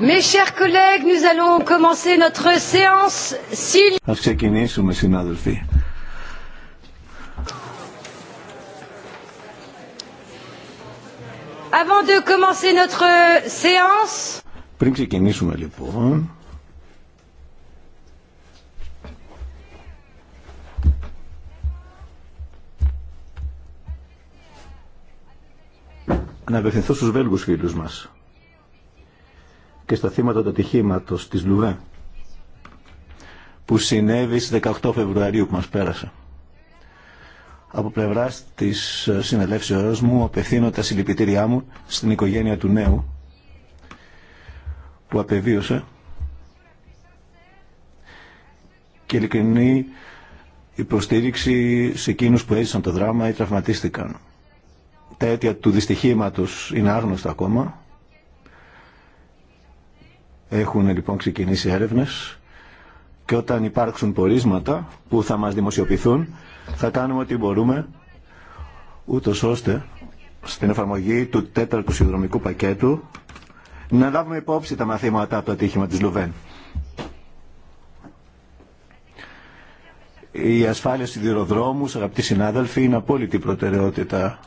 Mes chers collègues, nous allons commencer notre séance. Ας ξεκινήσουμε, συνάδελφοι. Avant de commencer notre séance. Πριν ξεκινήσουμε, λοιπόν. Να απευθυνθώ στους Βέλγους φίλους μας και στα θύματα του ατυχήματο της Λουβέ που συνέβη στις 18 Φεβρουαρίου που μας πέρασε. Από πλευρά της συνελεύσεώς μου απευθύνω τα συλληπιτήριά μου στην οικογένεια του νέου που απεβίωσε και ειλικρινή υποστήριξη σε εκείνους που έζησαν το δράμα ή τραυματίστηκαν. Τα αίτια του δυστυχήματος είναι άγνωστα ακόμα έχουν λοιπόν ξεκινήσει έρευνες και όταν υπάρξουν πορίσματα που θα μας δημοσιοποιηθούν θα κάνουμε ό,τι μπορούμε ούτω ώστε στην εφαρμογή του τέταρτου συνδρομικού πακέτου να λάβουμε υπόψη τα μαθήματα από το ατύχημα της Λουβέν. Η ασφάλεια σιδηροδρόμους, αγαπητοί συνάδελφοι, είναι απόλυτη προτεραιότητα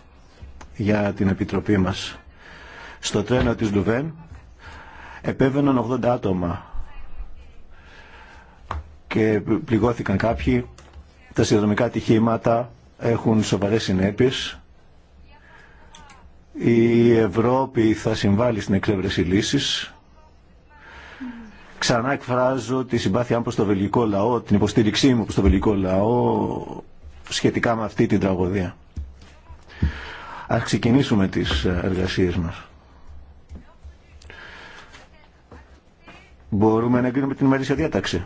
για την Επιτροπή μας. Στο τρένο της Λουβέν επέβαιναν 80 άτομα και πληγώθηκαν κάποιοι. Τα συνδρομικά ατυχήματα έχουν σοβαρές συνέπειες. Η Ευρώπη θα συμβάλλει στην εξέβρεση λύσης. Ξανά εκφράζω τη συμπάθειά μου προς το βελγικό λαό, την υποστήριξή μου προς το βελγικό λαό σχετικά με αυτή την τραγωδία. Ας ξεκινήσουμε τις εργασίες μας. Μπορούμε να εγκρίνουμε την ημερήσια διάταξη.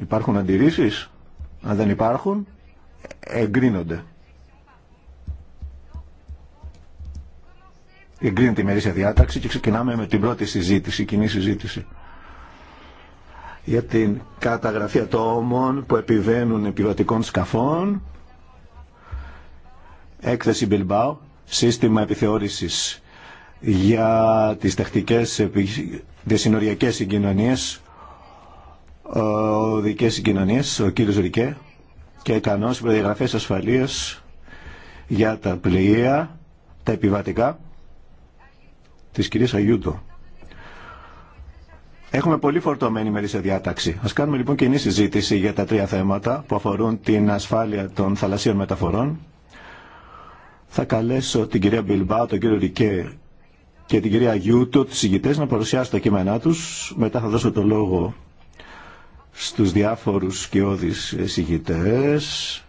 Υπάρχουν αντιρρήσει, Αν δεν υπάρχουν, εγκρίνονται. Εγκρίνεται η ημερήσια διάταξη και ξεκινάμε με την πρώτη συζήτηση, κοινή συζήτηση. Για την καταγραφή ατόμων που επιβαίνουν επιβατικών σκαφών. Έκθεση Bilbao, σύστημα επιθεώρησης για τις τεχνικές διασυνοριακές συγκοινωνίες, ε, οδικές συγκοινωνίες, ο κύριος Ρικέ και ικανό προδιαγραφές ασφαλείας για τα πλοία, τα επιβατικά της κυρίας Αγιούντο. Έχουμε πολύ φορτωμένη σε διάταξη. Ας κάνουμε λοιπόν κοινή συζήτηση για τα τρία θέματα που αφορούν την ασφάλεια των θαλασσίων μεταφορών. Θα καλέσω την κυρία Μπιλμπά, τον κύριο Ρικέ και την κυρία Γιούτο, τους ηγητές, να παρουσιάσουν τα κείμενά τους. Μετά θα δώσω το λόγο στους διάφορους σκιώδεις ηγητές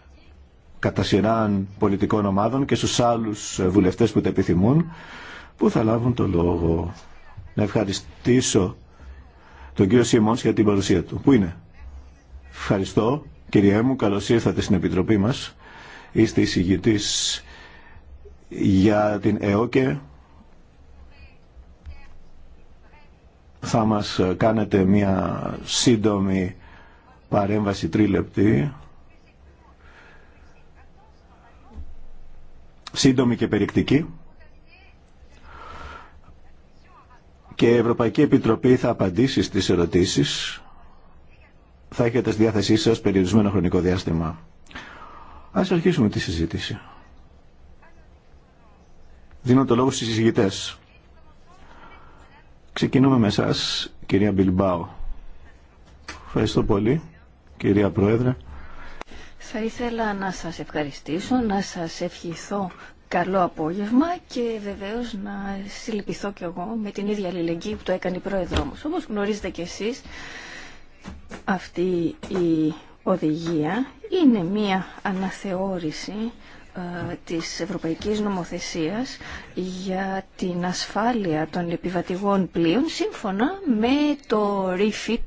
κατά σειράν πολιτικών ομάδων και στους άλλους βουλευτές που τα επιθυμούν που θα λάβουν το λόγο. Να ευχαριστήσω τον κύριο Σιμών για την παρουσία του. Πού είναι? Ευχαριστώ. κυρία μου, καλώς ήρθατε στην Επιτροπή μας. Είστε για την ΕΟΚΕ θα μας κάνετε μια σύντομη παρέμβαση τρίλεπτη. Σύντομη και περιεκτική. Και η Ευρωπαϊκή Επιτροπή θα απαντήσει στις ερωτήσεις. Θα έχετε στη διάθεσή σας περιορισμένο χρονικό διάστημα. Ας αρχίσουμε τη συζήτηση. Δίνω το λόγο στις συζητητές. Ξεκινούμε με εσά, κυρία Μπιλμπάου. Ευχαριστώ πολύ, κυρία Πρόεδρε. Θα ήθελα να σας ευχαριστήσω, να σας ευχηθώ καλό απόγευμα και βεβαίως να συλληπιθώ κι εγώ με την ίδια αλληλεγγύη που το έκανε η Πρόεδρό μας. Όπως γνωρίζετε κι εσείς, αυτή η οδηγία είναι μία αναθεώρηση ε, της Ευρωπαϊκής Νομοθεσίας για την ασφάλεια των επιβατηγών πλοίων σύμφωνα με το REFIT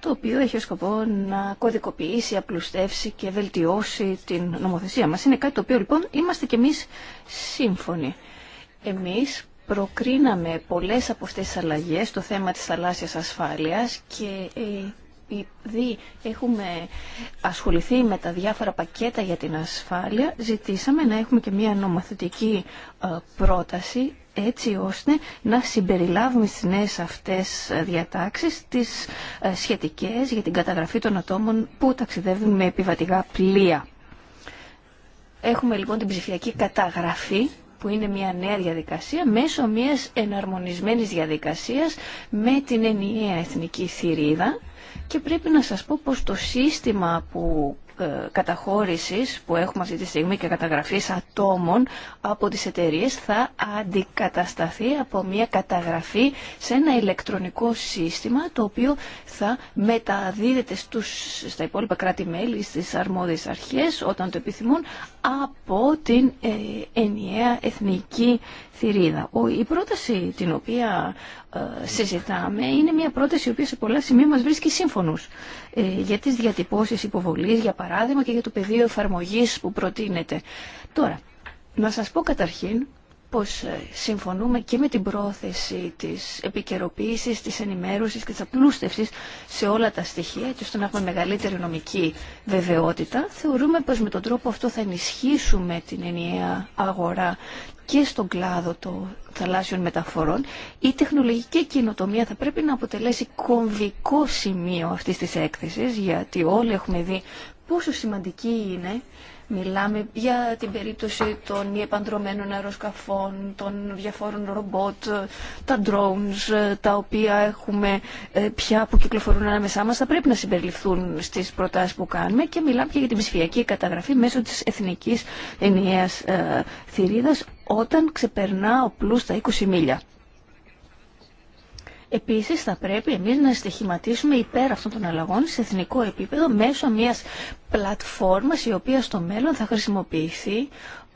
το οποίο έχει ως σκοπό να κωδικοποιήσει, απλουστεύσει και βελτιώσει την νομοθεσία μας. Είναι κάτι το οποίο λοιπόν είμαστε κι εμείς σύμφωνοι. Εμείς προκρίναμε πολλές από αυτές τις αλλαγές στο θέμα της θαλάσσιας ασφάλειας και ε, επειδή έχουμε ασχοληθεί με τα διάφορα πακέτα για την ασφάλεια, ζητήσαμε να έχουμε και μια νομοθετική ε, πρόταση έτσι ώστε να συμπεριλάβουμε στις νέες αυτές ε, διατάξεις τις ε, σχετικές για την καταγραφή των ατόμων που ταξιδεύουν με επιβατικά πλοία. Έχουμε λοιπόν την ψηφιακή καταγραφή που είναι μια νέα διαδικασία μέσω μιας εναρμονισμένης διαδικασίας με την ενιαία εθνική θηρίδα και πρέπει να σας πω πως το σύστημα που ε, καταχώρησης που έχουμε αυτή τη στιγμή και καταγραφής ατόμων από τις εταιρείες θα αντικατασταθεί από μια καταγραφή σε ένα ηλεκτρονικό σύστημα το οποίο θα μεταδίδεται στους, στα υπόλοιπα κράτη-μέλη, στις αρμόδιες αρχές όταν το επιθυμούν από την ε, ενιαία εθνική θηρίδα. Η πρόταση την οποία ε, συζητάμε είναι μια πρόταση η οποία σε πολλά σημεία μας βρίσκει σύμφωνους ε, για τις διατυπώσεις υποβολής, για παράδειγμα, και για το πεδίο εφαρμογής που προτείνεται. Τώρα, να σας πω καταρχήν πως ε, συμφωνούμε και με την πρόθεση της επικαιροποίηση, της ενημέρωσης και της απλούστευσης σε όλα τα στοιχεία, έτσι ώστε να έχουμε μεγαλύτερη νομική βεβαιότητα. Θεωρούμε πως με τον τρόπο αυτό θα ενισχύσουμε την ενιαία αγορά και στον κλάδο των θαλάσσιων μεταφορών, η τεχνολογική κοινοτομία θα πρέπει να αποτελέσει κομβικό σημείο αυτή τη έκθεση, γιατί όλοι έχουμε δει πόσο σημαντική είναι Μιλάμε για την περίπτωση των μη επανδρομένων αεροσκαφών, των διαφόρων ρομπότ, τα drones, τα οποία έχουμε ε, πια που κυκλοφορούν ανάμεσά μας, θα πρέπει να συμπεριληφθούν στις προτάσεις που κάνουμε και μιλάμε και για την ψηφιακή καταγραφή μέσω της Εθνικής Ενιαίας ε, Θηρίδας, όταν ξεπερνά ο πλούς τα 20 μίλια. Επίσης θα πρέπει εμείς να στοιχηματίσουμε υπέρ αυτών των αλλαγών σε εθνικό επίπεδο μέσω μιας πλατφόρμας η οποία στο μέλλον θα χρησιμοποιηθεί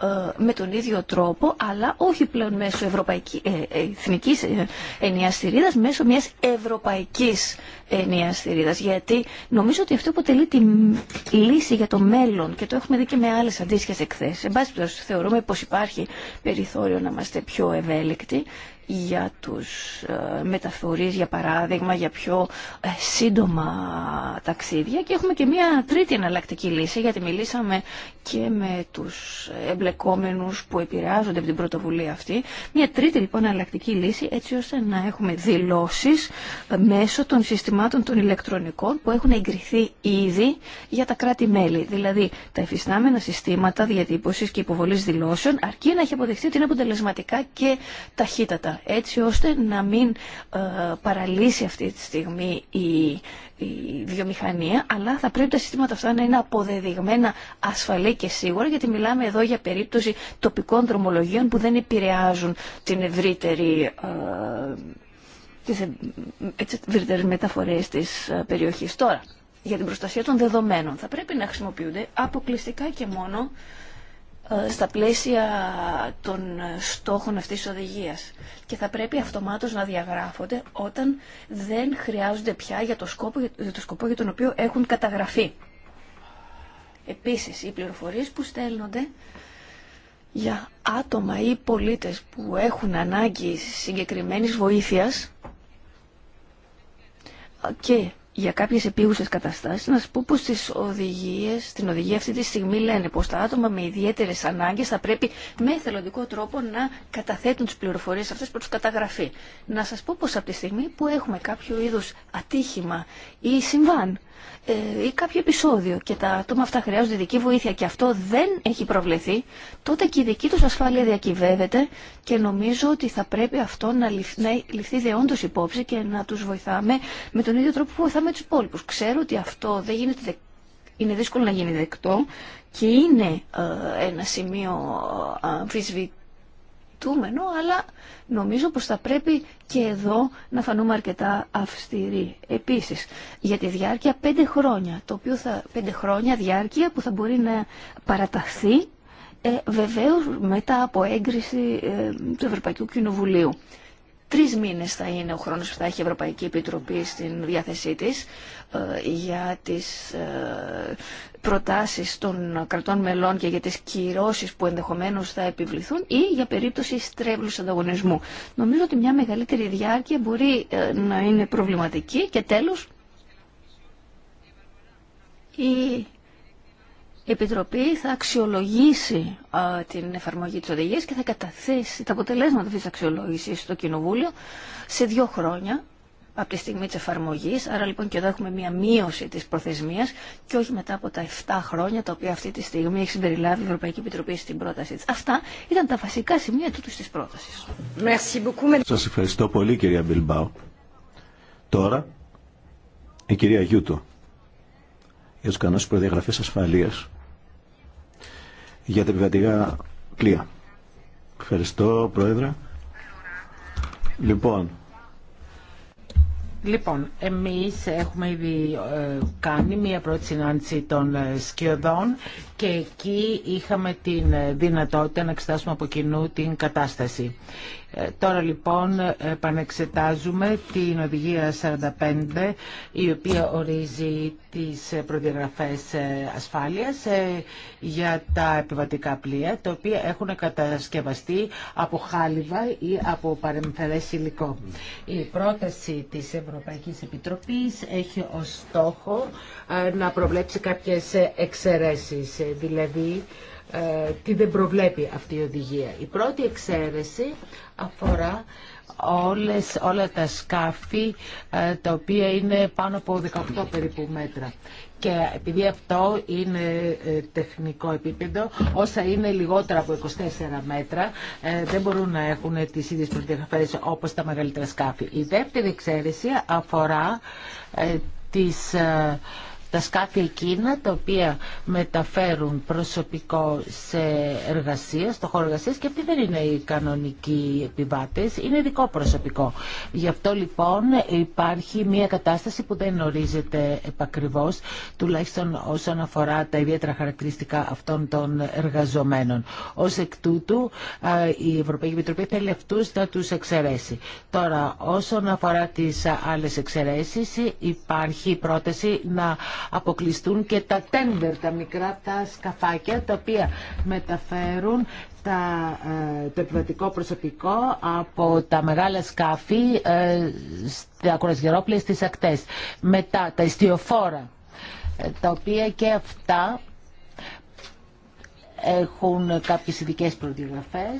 ε, με τον ίδιο τρόπο, αλλά όχι πλέον μέσω ευρωπαϊκή, ε, εθνικής ε, μέσω μιας ευρωπαϊκής ενιαίας Γιατί νομίζω ότι αυτό αποτελεί τη λύση για το μέλλον και το έχουμε δει και με άλλες αντίστοιχε εκθέσεις. Εν πάση θεωρούμε πως υπάρχει περιθώριο να είμαστε πιο ευέλικτοι για τους ε, μεταφορείς, για παράδειγμα, για πιο ε, σύντομα ταξίδια και έχουμε και μια τρίτη εναλλακτική λύση γιατί μιλήσαμε και με τους εμπλεκόμενους που επηρεάζονται από την πρωτοβουλία αυτή. Μια τρίτη λοιπόν εναλλακτική λύση έτσι ώστε να έχουμε δηλώσεις ε, μέσω των συστημάτων των ηλεκτρονικών που έχουν εγκριθεί ήδη για τα κράτη-μέλη. Δηλαδή τα εφιστάμενα συστήματα διατύπωσης και υποβολής δηλώσεων αρκεί να έχει αποδειχθεί ότι είναι αποτελεσματικά και ταχύτατα έτσι ώστε να μην ε, παραλύσει αυτή τη στιγμή η βιομηχανία, αλλά θα πρέπει τα συστήματα αυτά να είναι αποδεδειγμένα ασφαλή και σίγουρα, γιατί μιλάμε εδώ για περίπτωση τοπικών δρομολογίων που δεν επηρεάζουν την ευρύτερη ε, τις ευρύτερες μεταφορές της ε, περιοχής. Τώρα, για την προστασία των δεδομένων θα πρέπει να χρησιμοποιούνται αποκλειστικά και μόνο ε, στα πλαίσια των στόχων αυτής της οδηγίας και θα πρέπει αυτομάτως να διαγράφονται όταν δεν χρειάζονται πια για το σκόπο για, το σκοπό για τον οποίο έχουν καταγραφεί. Επίσης, οι πληροφορίες που στέλνονται για άτομα ή πολίτες που έχουν ανάγκη συγκεκριμένης βοήθειας και για κάποιες επίγουσες καταστάσεις να σας πω πως τις οδηγίες, στην οδηγία αυτή τη στιγμή λένε πως τα άτομα με ιδιαίτερες ανάγκες θα πρέπει με εθελοντικό τρόπο να καταθέτουν τις πληροφορίες αυτές προς καταγραφή. Να σας πω πως από τη στιγμή που έχουμε κάποιο είδους ατύχημα ή συμβάν ε, ή κάποιο επεισόδιο και τα άτομα αυτά χρειάζονται ειδική βοήθεια και αυτό δεν έχει προβλεθεί, τότε και η δική του ασφάλεια διακυβεύεται και νομίζω ότι θα πρέπει αυτό να, ληφ, να ληφθεί δεόντω υπόψη και να του βοηθάμε με τον ίδιο τρόπο που βοηθάμε του υπόλοιπου. Ξέρω ότι αυτό δεν γίνεται, είναι δύσκολο να γίνει δεκτό και είναι ε, ένα σημείο ε, αμφισβητή ζητούμενο, αλλά νομίζω πως θα πρέπει και εδώ να φανούμε αρκετά αυστηροί. Επίσης, για τη διάρκεια πέντε χρόνια, το οποίο θα, πέντε χρόνια διάρκεια που θα μπορεί να παραταχθεί ε, βεβαίως μετά από έγκριση ε, του Ευρωπαϊκού Κοινοβουλίου. Τρει μήνε θα είναι ο χρόνο που θα έχει η Ευρωπαϊκή Επιτροπή στην διάθεσή τη ε, για τι ε, προτάσει των κρατών μελών και για τι κυρώσει που ενδεχομένω θα επιβληθούν ή για περίπτωση στρέβλου ανταγωνισμού. Νομίζω ότι μια μεγαλύτερη διάρκεια μπορεί ε, να είναι προβληματική και τέλο. η για περιπτωση στρεβλου ανταγωνισμου νομιζω οτι μια μεγαλυτερη διαρκεια μπορει να ειναι προβληματικη και τελο η Επιτροπή θα αξιολογήσει την εφαρμογή της οδηγίας και θα καταθέσει τα αποτελέσματα αυτής της αξιολόγησης στο Κοινοβούλιο σε δύο χρόνια από τη στιγμή της εφαρμογής. Άρα λοιπόν και εδώ έχουμε μία μείωση της προθεσμίας και όχι μετά από τα 7 χρόνια τα οποία αυτή τη στιγμή έχει συμπεριλάβει η Ευρωπαϊκή Επιτροπή στην πρότασή της. Αυτά ήταν τα βασικά σημεία τούτου της πρότασης. Σας ευχαριστώ πολύ κυρία Μπιλμπάου. Τώρα η κυρία Γιούτο για τους κανόνες προδιαγραφής ασφαλείας για την επιβατικά πλοία. Ευχαριστώ, Πρόεδρε. Λοιπόν, Λοιπόν, εμείς έχουμε ήδη ε, κάνει μία πρώτη συνάντηση των ε, σκιωδών και εκεί είχαμε την ε, δυνατότητα να εξετάσουμε από κοινού την κατάσταση. Ε, τώρα λοιπόν επανεξετάζουμε την οδηγία 45 η οποία ορίζει τις προδιαγραφές ε, ασφάλειας ε, για τα επιβατικά πλοία τα οποία έχουν κατασκευαστεί από χάλιβα ή από παρεμφερές υλικό. Η πρόταση της Ευρωπαϊκής Επιτροπής έχει ως στόχο να προβλέψει κάποιες εξαιρέσεις, δηλαδή ε, τι δεν προβλέπει αυτή η οδηγία. Η πρώτη εξαίρεση αφορά όλες, όλα τα σκάφη ε, τα οποία είναι πάνω από 18 περίπου μέτρα. Και επειδή αυτό είναι ε, τεχνικό επίπεδο, όσα είναι λιγότερα από 24 μέτρα δεν μπορούν να έχουν τις ίδιες προδιαγραφές όπως τα μεγαλύτερα σκάφη. Η δεύτερη εξαίρεση αφορά τις τα σκάφη εκείνα τα οποία μεταφέρουν προσωπικό σε εργασία, στο χώρο εργασία και αυτοί δεν είναι οι κανονικοί επιβάτε, είναι ειδικό προσωπικό. Γι' αυτό λοιπόν υπάρχει μια κατάσταση που δεν ορίζεται επακριβώ, τουλάχιστον όσον αφορά τα ιδιαίτερα χαρακτηριστικά αυτών των εργαζομένων. Ω εκ τούτου η Ευρωπαϊκή Επιτροπή θέλει αυτού να του εξαιρέσει. Τώρα, όσον αφορά τι άλλε εξαιρέσει, υπάρχει πρόταση να αποκλειστούν και τα τέντερ, τα μικρά τα σκαφάκια τα οποία μεταφέρουν τα, ε, το επιβατικό προσωπικό από τα μεγάλα σκάφη ε, στα κουρασγερόπλαια στις ακτές. Μετά τα ιστιοφόρα, ε, τα οποία και αυτά έχουν κάποιες ειδικέ προδιαγραφές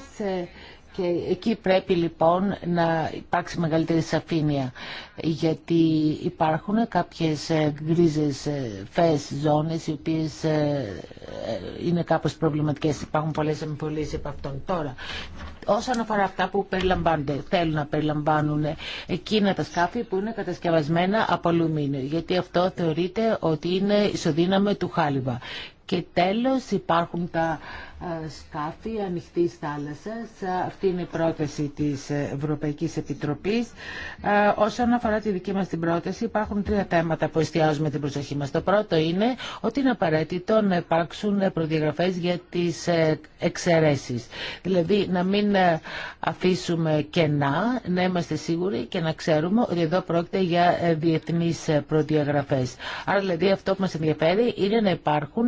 και εκεί πρέπει λοιπόν να υπάρξει μεγαλύτερη σαφήνεια γιατί υπάρχουν κάποιες ε, γκρίζες ε, φές ζώνες οι οποίες ε, είναι κάπως προβληματικές. Υπάρχουν πολλές εμφωλίες από αυτόν τώρα. Όσον αφορά αυτά που περιλαμβάνονται, θέλουν να περιλαμβάνουν εκείνα τα σκάφη που είναι κατασκευασμένα από αλουμίνιο, γιατί αυτό θεωρείται ότι είναι ισοδύναμο του χάλιβα. Και τέλος υπάρχουν τα ε, σκάφη ανοιχτή θάλασσα. Αυτή είναι η πρόταση τη Ευρωπαϊκή Επιτροπή. Ε, όσον αφορά τη δική μα την πρόταση, υπάρχουν τρία θέματα που εστιάζουμε την προσοχή μα. Το πρώτο είναι ότι είναι απαραίτητο να υπάρξουν προδιαγραφέ για τι ε, εξαιρέσει. Δηλαδή να μην αφήσουμε κενά, να είμαστε σίγουροι και να ξέρουμε ότι εδώ πρόκειται για διεθνεί προδιαγραφέ. Άρα δηλαδή αυτό που μα ενδιαφέρει είναι να υπάρχουν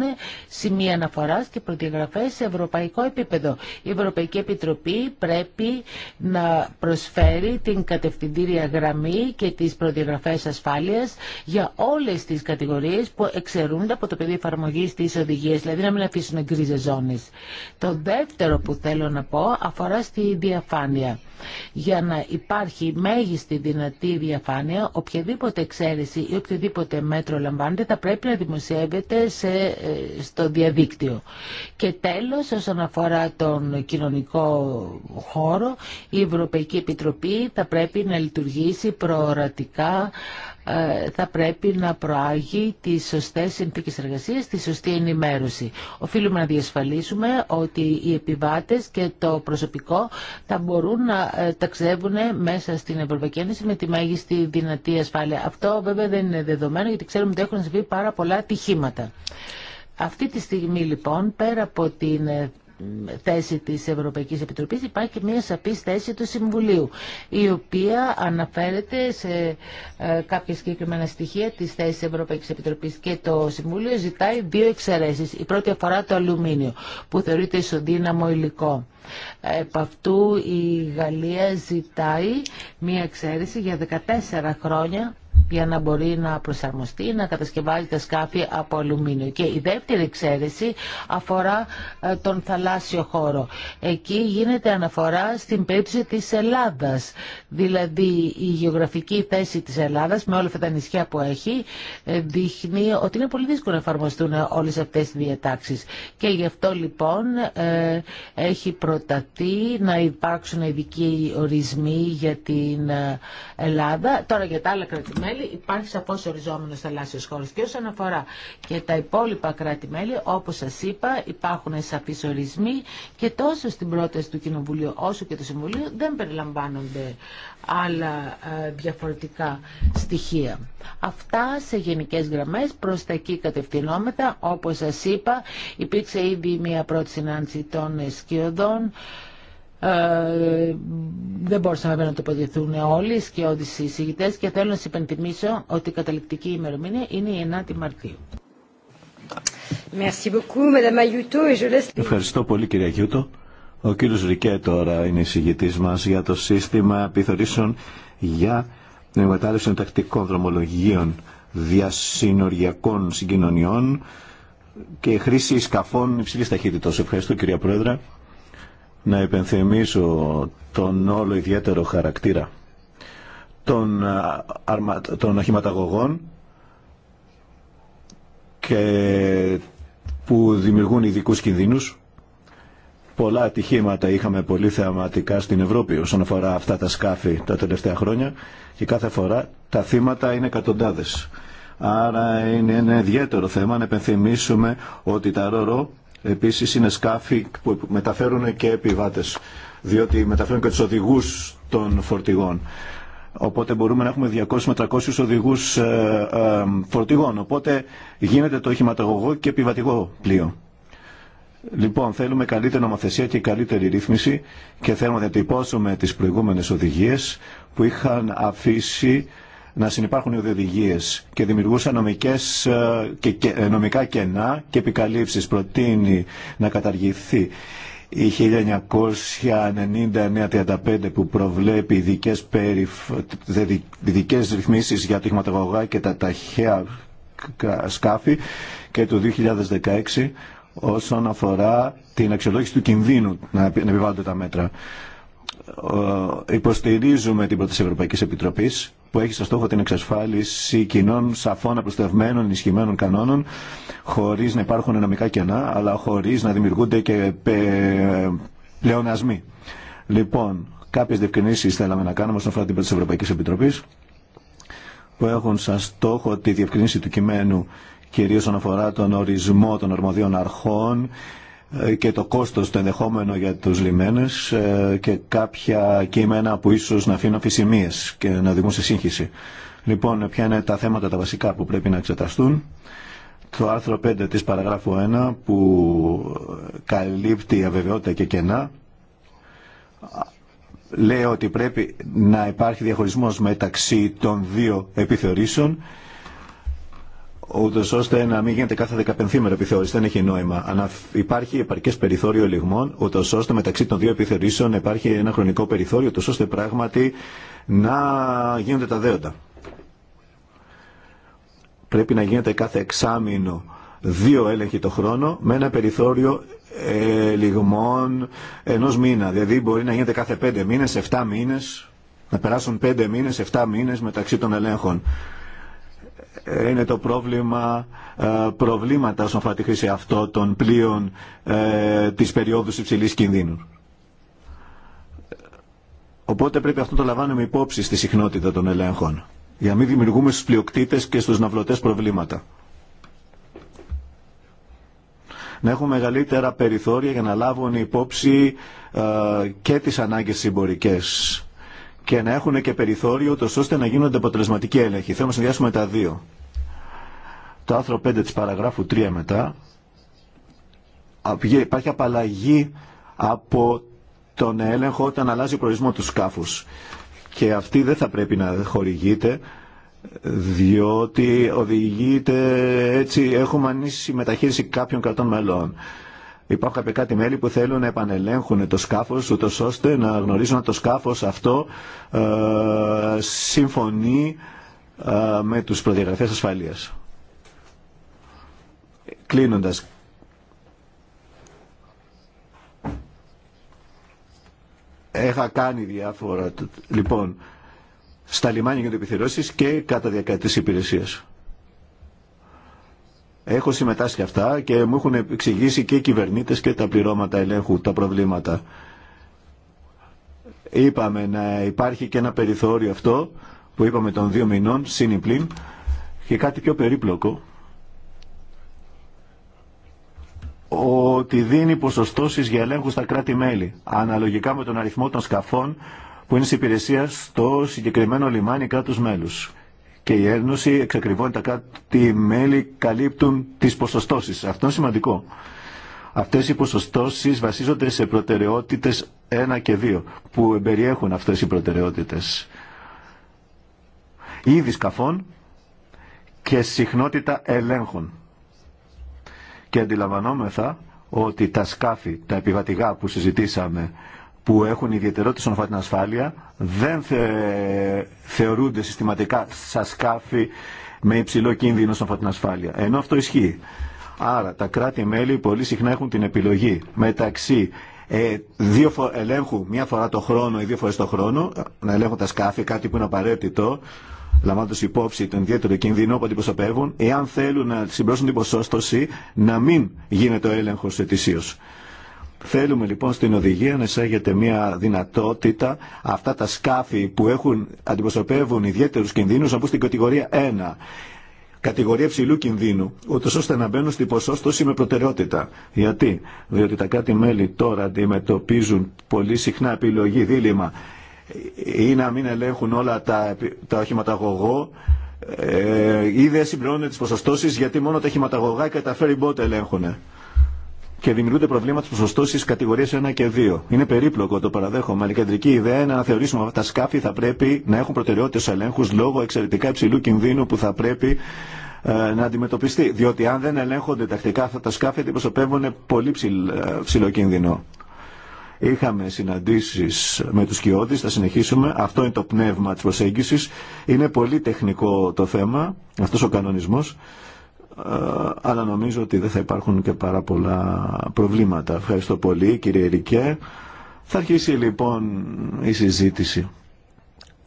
σημεία αναφορά και προδιαγραφέ ευρωπαϊκό επίπεδο. Η Ευρωπαϊκή Επιτροπή πρέπει να προσφέρει την κατευθυντήρια γραμμή και τις προδιαγραφές ασφάλειας για όλες τις κατηγορίες που εξαιρούνται από το πεδίο εφαρμογή της οδηγίας, δηλαδή να μην αφήσουν γκρίζες ζώνες. Το δεύτερο που θέλω να πω αφορά στη διαφάνεια. Για να υπάρχει μέγιστη δυνατή διαφάνεια, οποιαδήποτε εξαίρεση ή οποιοδήποτε μέτρο λαμβάνεται θα πρέπει να δημοσιεύεται σε, ε, στο διαδίκτυο. Και τέλος, όσον αφορά τον κοινωνικό χώρο, η Ευρωπαϊκή Επιτροπή θα πρέπει να λειτουργήσει προορατικά ε, θα πρέπει να προάγει τις σωστές συνθήκες εργασίας, τη σωστή ενημέρωση. Οφείλουμε να διασφαλίσουμε ότι οι επιβάτες και το προσωπικό θα μπορούν να ε, ταξιδεύουν μέσα στην Ευρωπαϊκή Ένωση με τη μέγιστη δυνατή ασφάλεια. Αυτό βέβαια δεν είναι δεδομένο γιατί ξέρουμε ότι έχουν συμβεί πάρα πολλά ατυχήματα. Αυτή τη στιγμή λοιπόν πέρα από την ε, θέση της Ευρωπαϊκής Επιτροπής υπάρχει και μια σαπή θέση του Συμβουλίου η οποία αναφέρεται σε ε, κάποια συγκεκριμένα στοιχεία της θέσης της Ευρωπαϊκής Επιτροπής και το Συμβούλιο ζητάει δύο εξαιρέσεις. Η πρώτη αφορά το αλουμίνιο που θεωρείται ισοδύναμο υλικό. Επ' αυτού η Γαλλία ζητάει μία εξαίρεση για 14 χρόνια για να μπορεί να προσαρμοστεί, να κατασκευάζει τα σκάφη από αλουμίνιο. Και η δεύτερη εξαίρεση αφορά ε, τον θαλάσσιο χώρο. Εκεί γίνεται αναφορά στην περίπτωση της Ελλάδας. Δηλαδή η γεωγραφική θέση της Ελλάδας με όλα αυτά τα νησιά που έχει ε, δείχνει ότι είναι πολύ δύσκολο να εφαρμοστούν όλες αυτές οι διατάξεις. Και γι' αυτό λοιπόν ε, έχει προ προταθεί να υπάρξουν ειδικοί ορισμοί για την ε, Ελλάδα. Τώρα για τα άλλα κράτη-μέλη υπάρχει σαφώς οριζόμενος θαλάσσιος χώρος. Και όσον αφορά και τα υπόλοιπα κράτη-μέλη, όπως σας είπα, υπάρχουν σαφείς ορισμοί και τόσο στην πρόταση του Κοινοβουλίου όσο και του Συμβουλίου δεν περιλαμβάνονται άλλα ε, διαφορετικά στοιχεία. Αυτά σε γενικές γραμμές προς τα εκεί κατευθυνόμετα. Όπως σας είπα υπήρξε ήδη μια πρώτη συνάντηση των σκιωδών. Ε, δεν μπορούσαμε να τοποθετηθούν όλοι οι σκιώδεις εισηγητές και θέλω να σας υπενθυμίσω ότι η καταληκτική ημερομηνία είναι η 9η Μαρτίου. Ευχαριστώ πολύ κυρία Γιούτο. Ο κύριος Ρικέ τώρα είναι εισηγητής μας για το σύστημα επιθορήσεων για την των τακτικών δρομολογίων διασυνοριακών συγκοινωνιών και χρήση σκαφών υψηλής ταχύτητας. Ευχαριστώ κυρία Πρόεδρε να επενθυμίσω τον όλο ιδιαίτερο χαρακτήρα των, αρμα... των αχηματαγωγών και που δημιουργούν ειδικού κινδύνους Πολλά ατυχήματα είχαμε πολύ θεαματικά στην Ευρώπη όσον αφορά αυτά τα σκάφη τα τελευταία χρόνια και κάθε φορά τα θύματα είναι εκατοντάδε. Άρα είναι ένα ιδιαίτερο θέμα να επενθυμίσουμε ότι τα ρορό επίσης είναι σκάφη που μεταφέρουν και επιβάτες διότι μεταφέρουν και τους οδηγούς των φορτηγών. Οπότε μπορούμε να έχουμε 200 με 300 οδηγούς ε, ε, φορτηγών. Οπότε γίνεται το οχηματαγωγό και επιβατικό πλοίο. Λοιπόν, θέλουμε καλύτερη νομοθεσία και καλύτερη ρύθμιση και θέλουμε να διατυπώσουμε τις προηγούμενες οδηγίες που είχαν αφήσει να συνεπάρχουν οι οδηγίε και δημιουργούσαν νομικές, ε, και, ε, νομικά κενά και επικαλύψεις. Προτείνει να καταργηθεί η 1999-35 που προβλέπει ειδικές, περιφ... ρυθμίσεις για τη και τα ταχαία σκάφη και το 2016 όσον αφορά την αξιολόγηση του κινδύνου να επιβάλλονται τα μέτρα. Υποστηρίζουμε την πρόταση Ευρωπαϊκής Επιτροπής που έχει στο στόχο την εξασφάλιση κοινών σαφών απλουστευμένων ενισχυμένων κανόνων χωρίς να υπάρχουν νομικά κενά αλλά χωρίς να δημιουργούνται και πλεονασμοί. Λοιπόν, κάποιες διευκρινήσεις θέλαμε να κάνουμε όσον αφορά την πρόταση Ευρωπαϊκής Επιτροπής που έχουν σαν στόχο τη διευκρινήση του κειμένου κυρίως όσον αφορά τον ορισμό των αρμοδίων αρχών ε, και το κόστο το ενδεχόμενο για τους λιμένες ε, και κάποια κείμενα που ίσως να αφήνουν αφησιμίες και να οδηγούν σε σύγχυση. Λοιπόν, ε, ποια είναι τα θέματα τα βασικά που πρέπει να εξεταστούν. Το άρθρο 5 της παραγράφου 1 που καλύπτει αβεβαιότητα και κενά λέει ότι πρέπει να υπάρχει διαχωρισμός μεταξύ των δύο επιθεωρήσεων ούτω ώστε να μην γίνεται κάθε δεκαπενθήμερο επιθεώρηση. Δεν έχει νόημα. Ανα... Υπάρχει επαρκέ περιθώριο λιγμών, ούτω ώστε μεταξύ των δύο επιθεωρήσεων υπάρχει ένα χρονικό περιθώριο, ούτω ώστε πράγματι να γίνονται τα δέοντα. Πρέπει να γίνεται κάθε εξάμεινο δύο έλεγχοι το χρόνο με ένα περιθώριο ε, λιγμών ενό μήνα. Δηλαδή μπορεί να γίνεται κάθε πέντε μήνε, εφτά μήνε, να περάσουν πέντε μήνε, εφτά μήνε μεταξύ των ελέγχων είναι το πρόβλημα ε, προβλήματα όσον αφορά τη χρήση αυτών των πλοίων ε, της περίοδου υψηλής κινδύνου. Οπότε πρέπει αυτό να το λαμβάνουμε υπόψη στη συχνότητα των ελέγχων για να μην δημιουργούμε στους πλειοκτήτες και στους ναυλωτές προβλήματα. Να έχουμε μεγαλύτερα περιθώρια για να λάβουν υπόψη ε, και τις ανάγκες συμπορικές και να έχουν και περιθώριο ώστε να γίνονται αποτελεσματικοί έλεγχοι. Θέλουμε να συνδυάσουμε τα δύο. Το άρθρο 5 της παραγράφου 3 μετά υπάρχει απαλλαγή από τον έλεγχο όταν αλλάζει ο προορισμό του σκάφους. Και αυτή δεν θα πρέπει να χορηγείται διότι οδηγείται έτσι έχουμε ανήσει μεταχείριση κάποιων κρατών μελών. Υπάρχουν κάποια κάτι μέλη που θέλουν να επανελέγχουν το σκάφος ούτως ώστε να γνωρίζουν ότι το σκάφο αυτό ε, συμφωνεί ε, με τους προδιαγραφές ασφαλείας. Κλείνοντας, Έχα κάνει διάφορα, λοιπόν, στα λιμάνια για επιθυρώσει και κατά διακάτης υπηρεσία. Έχω συμμετάσχει αυτά και μου έχουν εξηγήσει και οι κυβερνήτες και τα πληρώματα ελέγχου τα προβλήματα. Είπαμε να υπάρχει και ένα περιθώριο αυτό που είπαμε των δύο μηνών, συνυπλήν, και κάτι πιο περίπλοκο, ότι δίνει ποσοστώσεις για ελέγχου στα κράτη-μέλη, αναλογικά με τον αριθμό των σκαφών που είναι σε υπηρεσία στο συγκεκριμένο λιμάνι κράτους μέλους και η Ένωση εξακριβώνει τα κάτι μέλη καλύπτουν τις ποσοστώσεις. Αυτό είναι σημαντικό. Αυτές οι ποσοστώσεις βασίζονται σε προτεραιότητες 1 και 2 που εμπεριέχουν αυτές οι προτεραιότητες. Είδη σκαφών και συχνότητα ελέγχων. Και αντιλαμβανόμεθα ότι τα σκάφη, τα επιβατηγά που συζητήσαμε που έχουν ιδιαιτερότητα στον αφορά ασφάλεια δεν θεωρούνται συστηματικά σαν σκάφη με υψηλό κίνδυνο στον αφορά την ασφάλεια. Ενώ αυτό ισχύει. Άρα τα κράτη-μέλη πολύ συχνά έχουν την επιλογή μεταξύ ε, δύο ελέγχου μία φορά το χρόνο ή δύο φορές το χρόνο να ελέγχουν τα σκάφη, κάτι που είναι απαραίτητο λαμβάνοντας υπόψη τον ιδιαίτερο κίνδυνο που αντιπροσωπεύουν, εάν θέλουν να συμπληρώσουν την ποσόστοση, να μην γίνεται ο έλεγχο ετησίω. Θέλουμε λοιπόν στην οδηγία να εισάγεται μια δυνατότητα αυτά τα σκάφη που έχουν, αντιπροσωπεύουν ιδιαίτερους κινδύνου να μπουν στην κατηγορία 1 κατηγορία ψηλού κινδύνου, ούτω ώστε να μπαίνουν στην ποσόστοση με προτεραιότητα. Γιατί, διότι τα κάτι μελη τώρα αντιμετωπίζουν πολύ συχνά επιλογή, δίλημα, ή να μην ελέγχουν όλα τα, τα οχηματαγωγό, ε, ή δεν συμπληρώνουν τι ποσοστώσει γιατί μόνο τα οχηματαγωγά και τα ferry ελέγχουν και δημιουργούνται προβλήματα στου σωστού στι 1 και 2. Είναι περίπλοκο, το παραδέχομαι, αλλά η κεντρική ιδέα είναι να θεωρήσουμε ότι τα σκάφη θα πρέπει να έχουν προτεραιότητε ελέγχου λόγω εξαιρετικά υψηλού κινδύνου που θα πρέπει ε, να αντιμετωπιστεί. Διότι αν δεν ελέγχονται τακτικά αυτά τα σκάφη, αντιπροσωπεύουν πολύ ε, ψηλό κίνδυνο. Είχαμε συναντήσει με του κοιόδη, θα συνεχίσουμε. Αυτό είναι το πνεύμα τη προσέγγιση. Είναι πολύ τεχνικό το θέμα, αυτό ο κανονισμό. Ε, αλλά νομίζω ότι δεν θα υπάρχουν και πάρα πολλά προβλήματα. Ευχαριστώ πολύ κύριε Ερικέ. Θα αρχίσει λοιπόν η συζήτηση.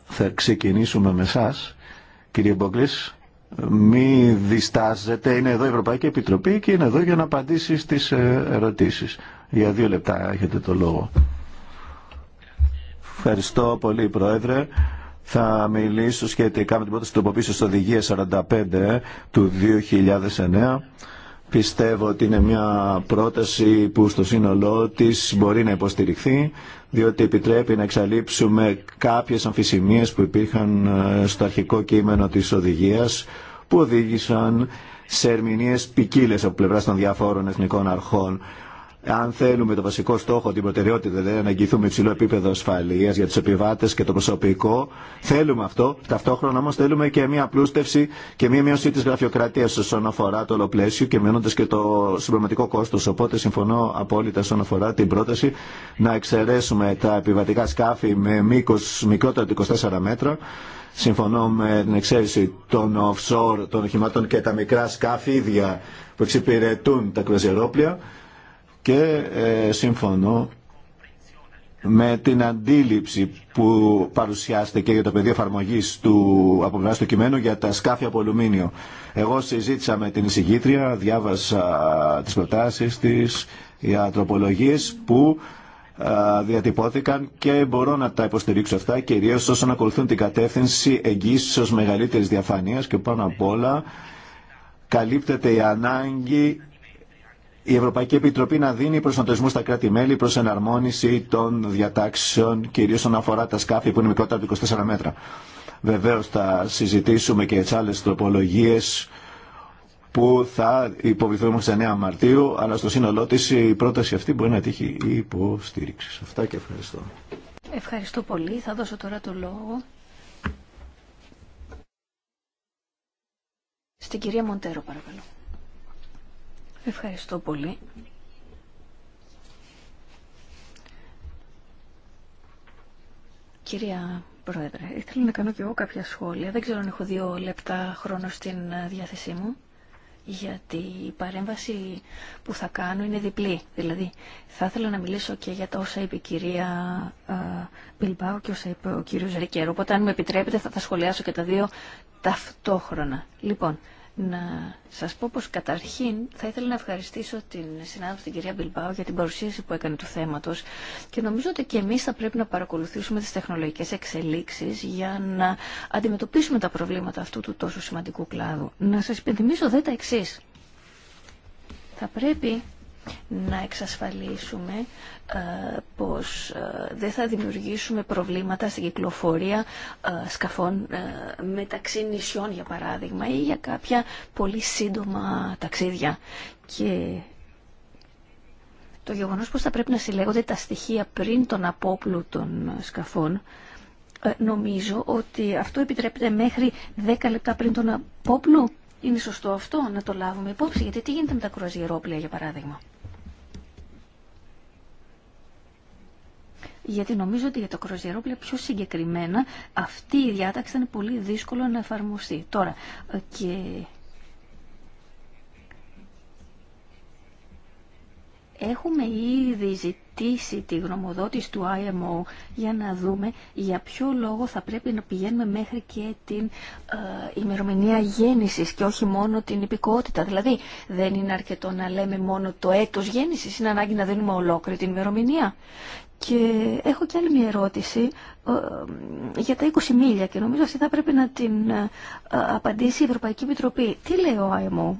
Θα ξεκινήσουμε με εσά, κύριε Μπόγκλης. Μη διστάζετε, είναι εδώ η Ευρωπαϊκή Επιτροπή και είναι εδώ για να απαντήσει στις ε, ερωτήσεις. Για δύο λεπτά έχετε το λόγο. Ευχαριστώ πολύ Πρόεδρε. Θα μιλήσω σχετικά με την πρόταση τροποποίηση οδηγία 45 του 2009. Πιστεύω ότι είναι μια πρόταση που στο σύνολό της μπορεί να υποστηριχθεί, διότι επιτρέπει να εξαλείψουμε κάποιες αμφισημίες που υπήρχαν ε, στο αρχικό κείμενο της οδηγίας, που οδήγησαν σε ερμηνείες ποικίλε από πλευρά των διαφόρων εθνικών αρχών αν θέλουμε το βασικό στόχο, την προτεραιότητα, δηλαδή να αγγιθούμε υψηλό επίπεδο ασφαλεία για του επιβάτε και το προσωπικό, θέλουμε αυτό. Ταυτόχρονα όμω θέλουμε και μια πλούστευση και μια μείωση τη γραφειοκρατία όσον αφορά το ολοπλαίσιο και μειώνοντα και το συμπληρωματικό κόστο. Οπότε συμφωνώ απόλυτα όσον αφορά την πρόταση να εξαιρέσουμε τα επιβατικά σκάφη με μήκο μικρότερο από 24 μέτρα. Συμφωνώ με την εξαίρεση των offshore, των οχημάτων και τα μικρά σκάφη ίδια που εξυπηρετούν τα κρουαζιερόπλια και ε, συμφωνώ με την αντίληψη που παρουσιάστηκε για το πεδίο εφαρμογή του αποβράσου του κειμένου για τα σκάφη από αλουμίνιο. Εγώ συζήτησα με την εισηγήτρια, διάβασα τις προτάσεις της, για τροπολογίε που ε, διατυπώθηκαν και μπορώ να τα υποστηρίξω αυτά κυρίως όσον ακολουθούν την κατεύθυνση εγγύησης μεγαλύτερης διαφανείας και πάνω απ' όλα καλύπτεται η ανάγκη η Ευρωπαϊκή Επιτροπή να δίνει προσανατολισμού στα κράτη-μέλη προ εναρμόνιση των διατάξεων, κυρίω όσον αφορά τα σκάφη που είναι μικρότερα από 24 μέτρα. Βεβαίω θα συζητήσουμε και τι άλλε τροπολογίε που θα υποβληθούμε στις 9 Μαρτίου, αλλά στο σύνολό τη η πρόταση αυτή μπορεί να τύχει υποστήριξη. Αυτά και ευχαριστώ. Ευχαριστώ πολύ. Θα δώσω τώρα το λόγο. Στην κυρία Μοντέρο, παρακαλώ. Ευχαριστώ πολύ. Κυρία Πρόεδρε, ήθελα να κάνω και εγώ κάποια σχόλια. Δεν ξέρω αν έχω δύο λεπτά χρόνο στην διάθεσή μου, γιατί η παρέμβαση που θα κάνω είναι διπλή. Δηλαδή, θα ήθελα να μιλήσω και για τα όσα είπε η κυρία ε, Μπιλμπάου και όσα είπε ο κύριος Ρικέρο. Οπότε, αν μου επιτρέπετε, θα τα σχολιάσω και τα δύο ταυτόχρονα. Λοιπόν, να σας πω πως καταρχήν θα ήθελα να ευχαριστήσω την συνάδελφη την κυρία Μπιλμπάου για την παρουσίαση που έκανε του θέματος και νομίζω ότι και εμείς θα πρέπει να παρακολουθήσουμε τις τεχνολογικές εξελίξεις για να αντιμετωπίσουμε τα προβλήματα αυτού του τόσο σημαντικού κλάδου. Να σας υπενθυμίσω δε τα εξής. Θα πρέπει να εξασφαλίσουμε ε, πως ε, δεν θα δημιουργήσουμε προβλήματα στην κυκλοφορία ε, σκαφών μεταξύ νησιών για παράδειγμα ή για κάποια πολύ σύντομα ταξίδια. Και το γεγονός πως θα πρέπει να συλλέγονται τα στοιχεία πριν τον απόπλου των σκαφών νομίζω ότι αυτό επιτρέπεται μέχρι 10 λεπτά πριν τον απόπλου. Είναι σωστό αυτό να το λάβουμε υπόψη, γιατί τι γίνεται με τα κρουαζιερόπλια για παράδειγμα. γιατί νομίζω ότι για το κροζιερόπλαιο πιο συγκεκριμένα αυτή η διάταξη είναι πολύ δύσκολο να εφαρμοστεί. Τώρα, ε, και... Έχουμε ήδη ζητήσει τη γνωμοδότηση του IMO για να δούμε για ποιο λόγο θα πρέπει να πηγαίνουμε μέχρι και την ε, ημερομηνία γέννησης και όχι μόνο την υπηκότητα. Δηλαδή δεν είναι αρκετό να λέμε μόνο το έτος γέννησης, είναι ανάγκη να δίνουμε ολόκληρη την ημερομηνία. Και έχω και άλλη μια ερώτηση ε, για τα 20 μίλια και νομίζω αυτή θα πρέπει να την ε, απαντήσει η Ευρωπαϊκή Επιτροπή. Τι λέει ο ΑΕΜΟ?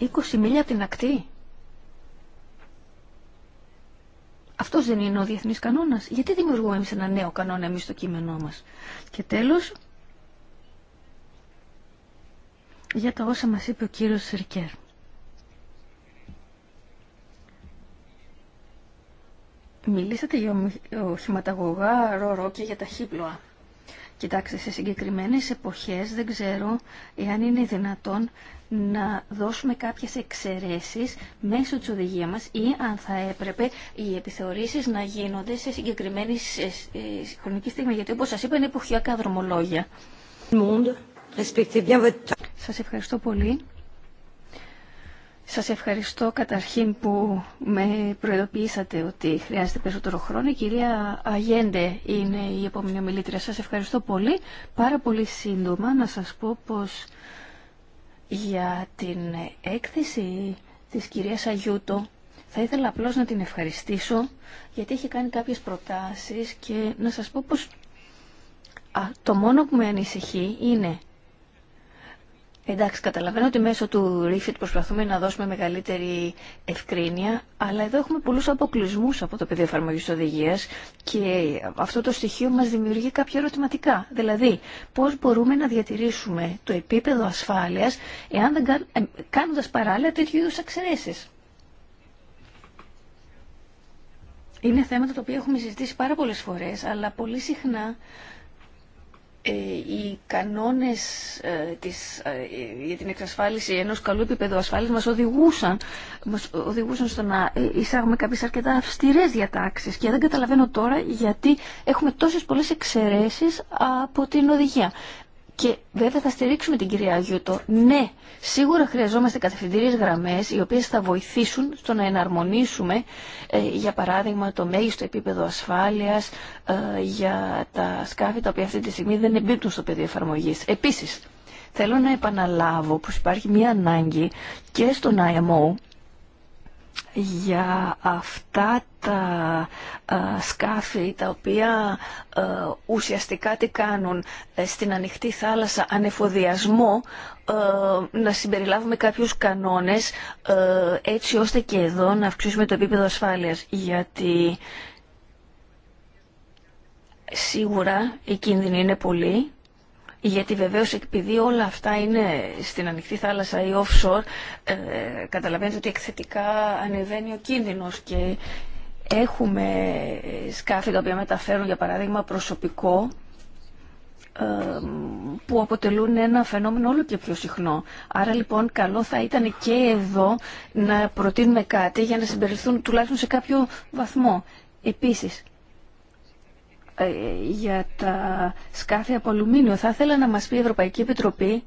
20 μίλια από την ακτή. Αυτός δεν είναι ο διεθνής κανόνας. Γιατί δημιουργούμε εμείς ένα νέο κανόνα εμείς στο κείμενό μας. Και τέλος, για τα όσα μας είπε ο κύριος Σερκέρ. Μιλήσατε για σηματαγωγά ρορό και για τα χύπλοα. Κοιτάξτε, σε συγκεκριμένες εποχές δεν ξέρω εάν είναι δυνατόν να δώσουμε κάποιες εξαιρέσεις μέσω της οδηγία μας ή αν θα έπρεπε οι επιθεωρήσεις να γίνονται σε συγκεκριμένη χρονική στιγμή, γιατί όπως σας είπα είναι εποχιακά δρομολόγια. Σας ευχαριστώ πολύ. Σας ευχαριστώ καταρχήν που με προειδοποιήσατε ότι χρειάζεται περισσότερο χρόνο. Η κυρία Αγέντε είναι η επόμενη ομιλήτρια. Σας ευχαριστώ πολύ. Πάρα πολύ σύντομα να σας πω πως για την έκθεση της κυρίας Αγιούτο θα ήθελα απλώς να την ευχαριστήσω γιατί έχει κάνει κάποιες προτάσεις και να σας πω πως το μόνο που με ανησυχεί είναι Εντάξει, καταλαβαίνω ότι μέσω του Refit προσπαθούμε να δώσουμε μεγαλύτερη ευκρίνεια, αλλά εδώ έχουμε πολλούς αποκλεισμούς από το πεδίο εφαρμογή οδηγία και αυτό το στοιχείο μας δημιουργεί κάποια ερωτηματικά. Δηλαδή, πώς μπορούμε να διατηρήσουμε το επίπεδο ασφάλειας εάν δεν, ε, κάνοντας παράλληλα τέτοιου είδους εξαιρέσεις. Είναι θέματα τα οποία έχουμε συζητήσει πάρα πολλές φορές, αλλά πολύ συχνά ε, οι κανόνες ε, ε, για την εξασφάλιση ενός καλού επίπεδου ασφάλισης μας οδηγούσαν, μας οδηγούσαν στο να εισάγουμε κάποιες αρκετά αυστηρές διατάξεις και δεν καταλαβαίνω τώρα γιατί έχουμε τόσες πολλές εξαιρέσεις από την οδηγία. Και βέβαια θα στηρίξουμε την κυρία Αγιούτο. Ναι, σίγουρα χρειαζόμαστε κατευθυντήριες γραμμές οι οποίες θα βοηθήσουν στο να εναρμονίσουμε ε, για παράδειγμα το μέγιστο επίπεδο ασφάλειας ε, για τα σκάφη τα οποία αυτή τη στιγμή δεν εμπίπτουν στο πεδίο εφαρμογή. Επίσης, θέλω να επαναλάβω πω υπάρχει μια ανάγκη και στον IMO για αυτά τα ε, σκάφη τα οποία ε, ουσιαστικά τι κάνουν ε, στην ανοιχτή θάλασσα ανεφοδιασμό να συμπεριλάβουμε κάποιους κανόνες έτσι ώστε και εδώ να αυξήσουμε το επίπεδο ασφάλειας γιατί σίγουρα οι κίνδυνοι είναι πολλοί γιατί βεβαίω, επειδή όλα αυτά είναι στην ανοιχτή θάλασσα ή offshore, ε, καταλαβαίνετε ότι εκθετικά ανεβαίνει ο κίνδυνος και έχουμε σκάφη τα οποία μεταφέρουν για παράδειγμα προσωπικό ε, που αποτελούν ένα φαινόμενο όλο και πιο συχνό. Άρα λοιπόν καλό θα ήταν και εδώ να προτείνουμε κάτι για να συμπεριληφθούν τουλάχιστον σε κάποιο βαθμό. Επίσης, ε, για τα σκάφη από αλουμίνιο. Θα ήθελα να μας πει η Ευρωπαϊκή Επιτροπή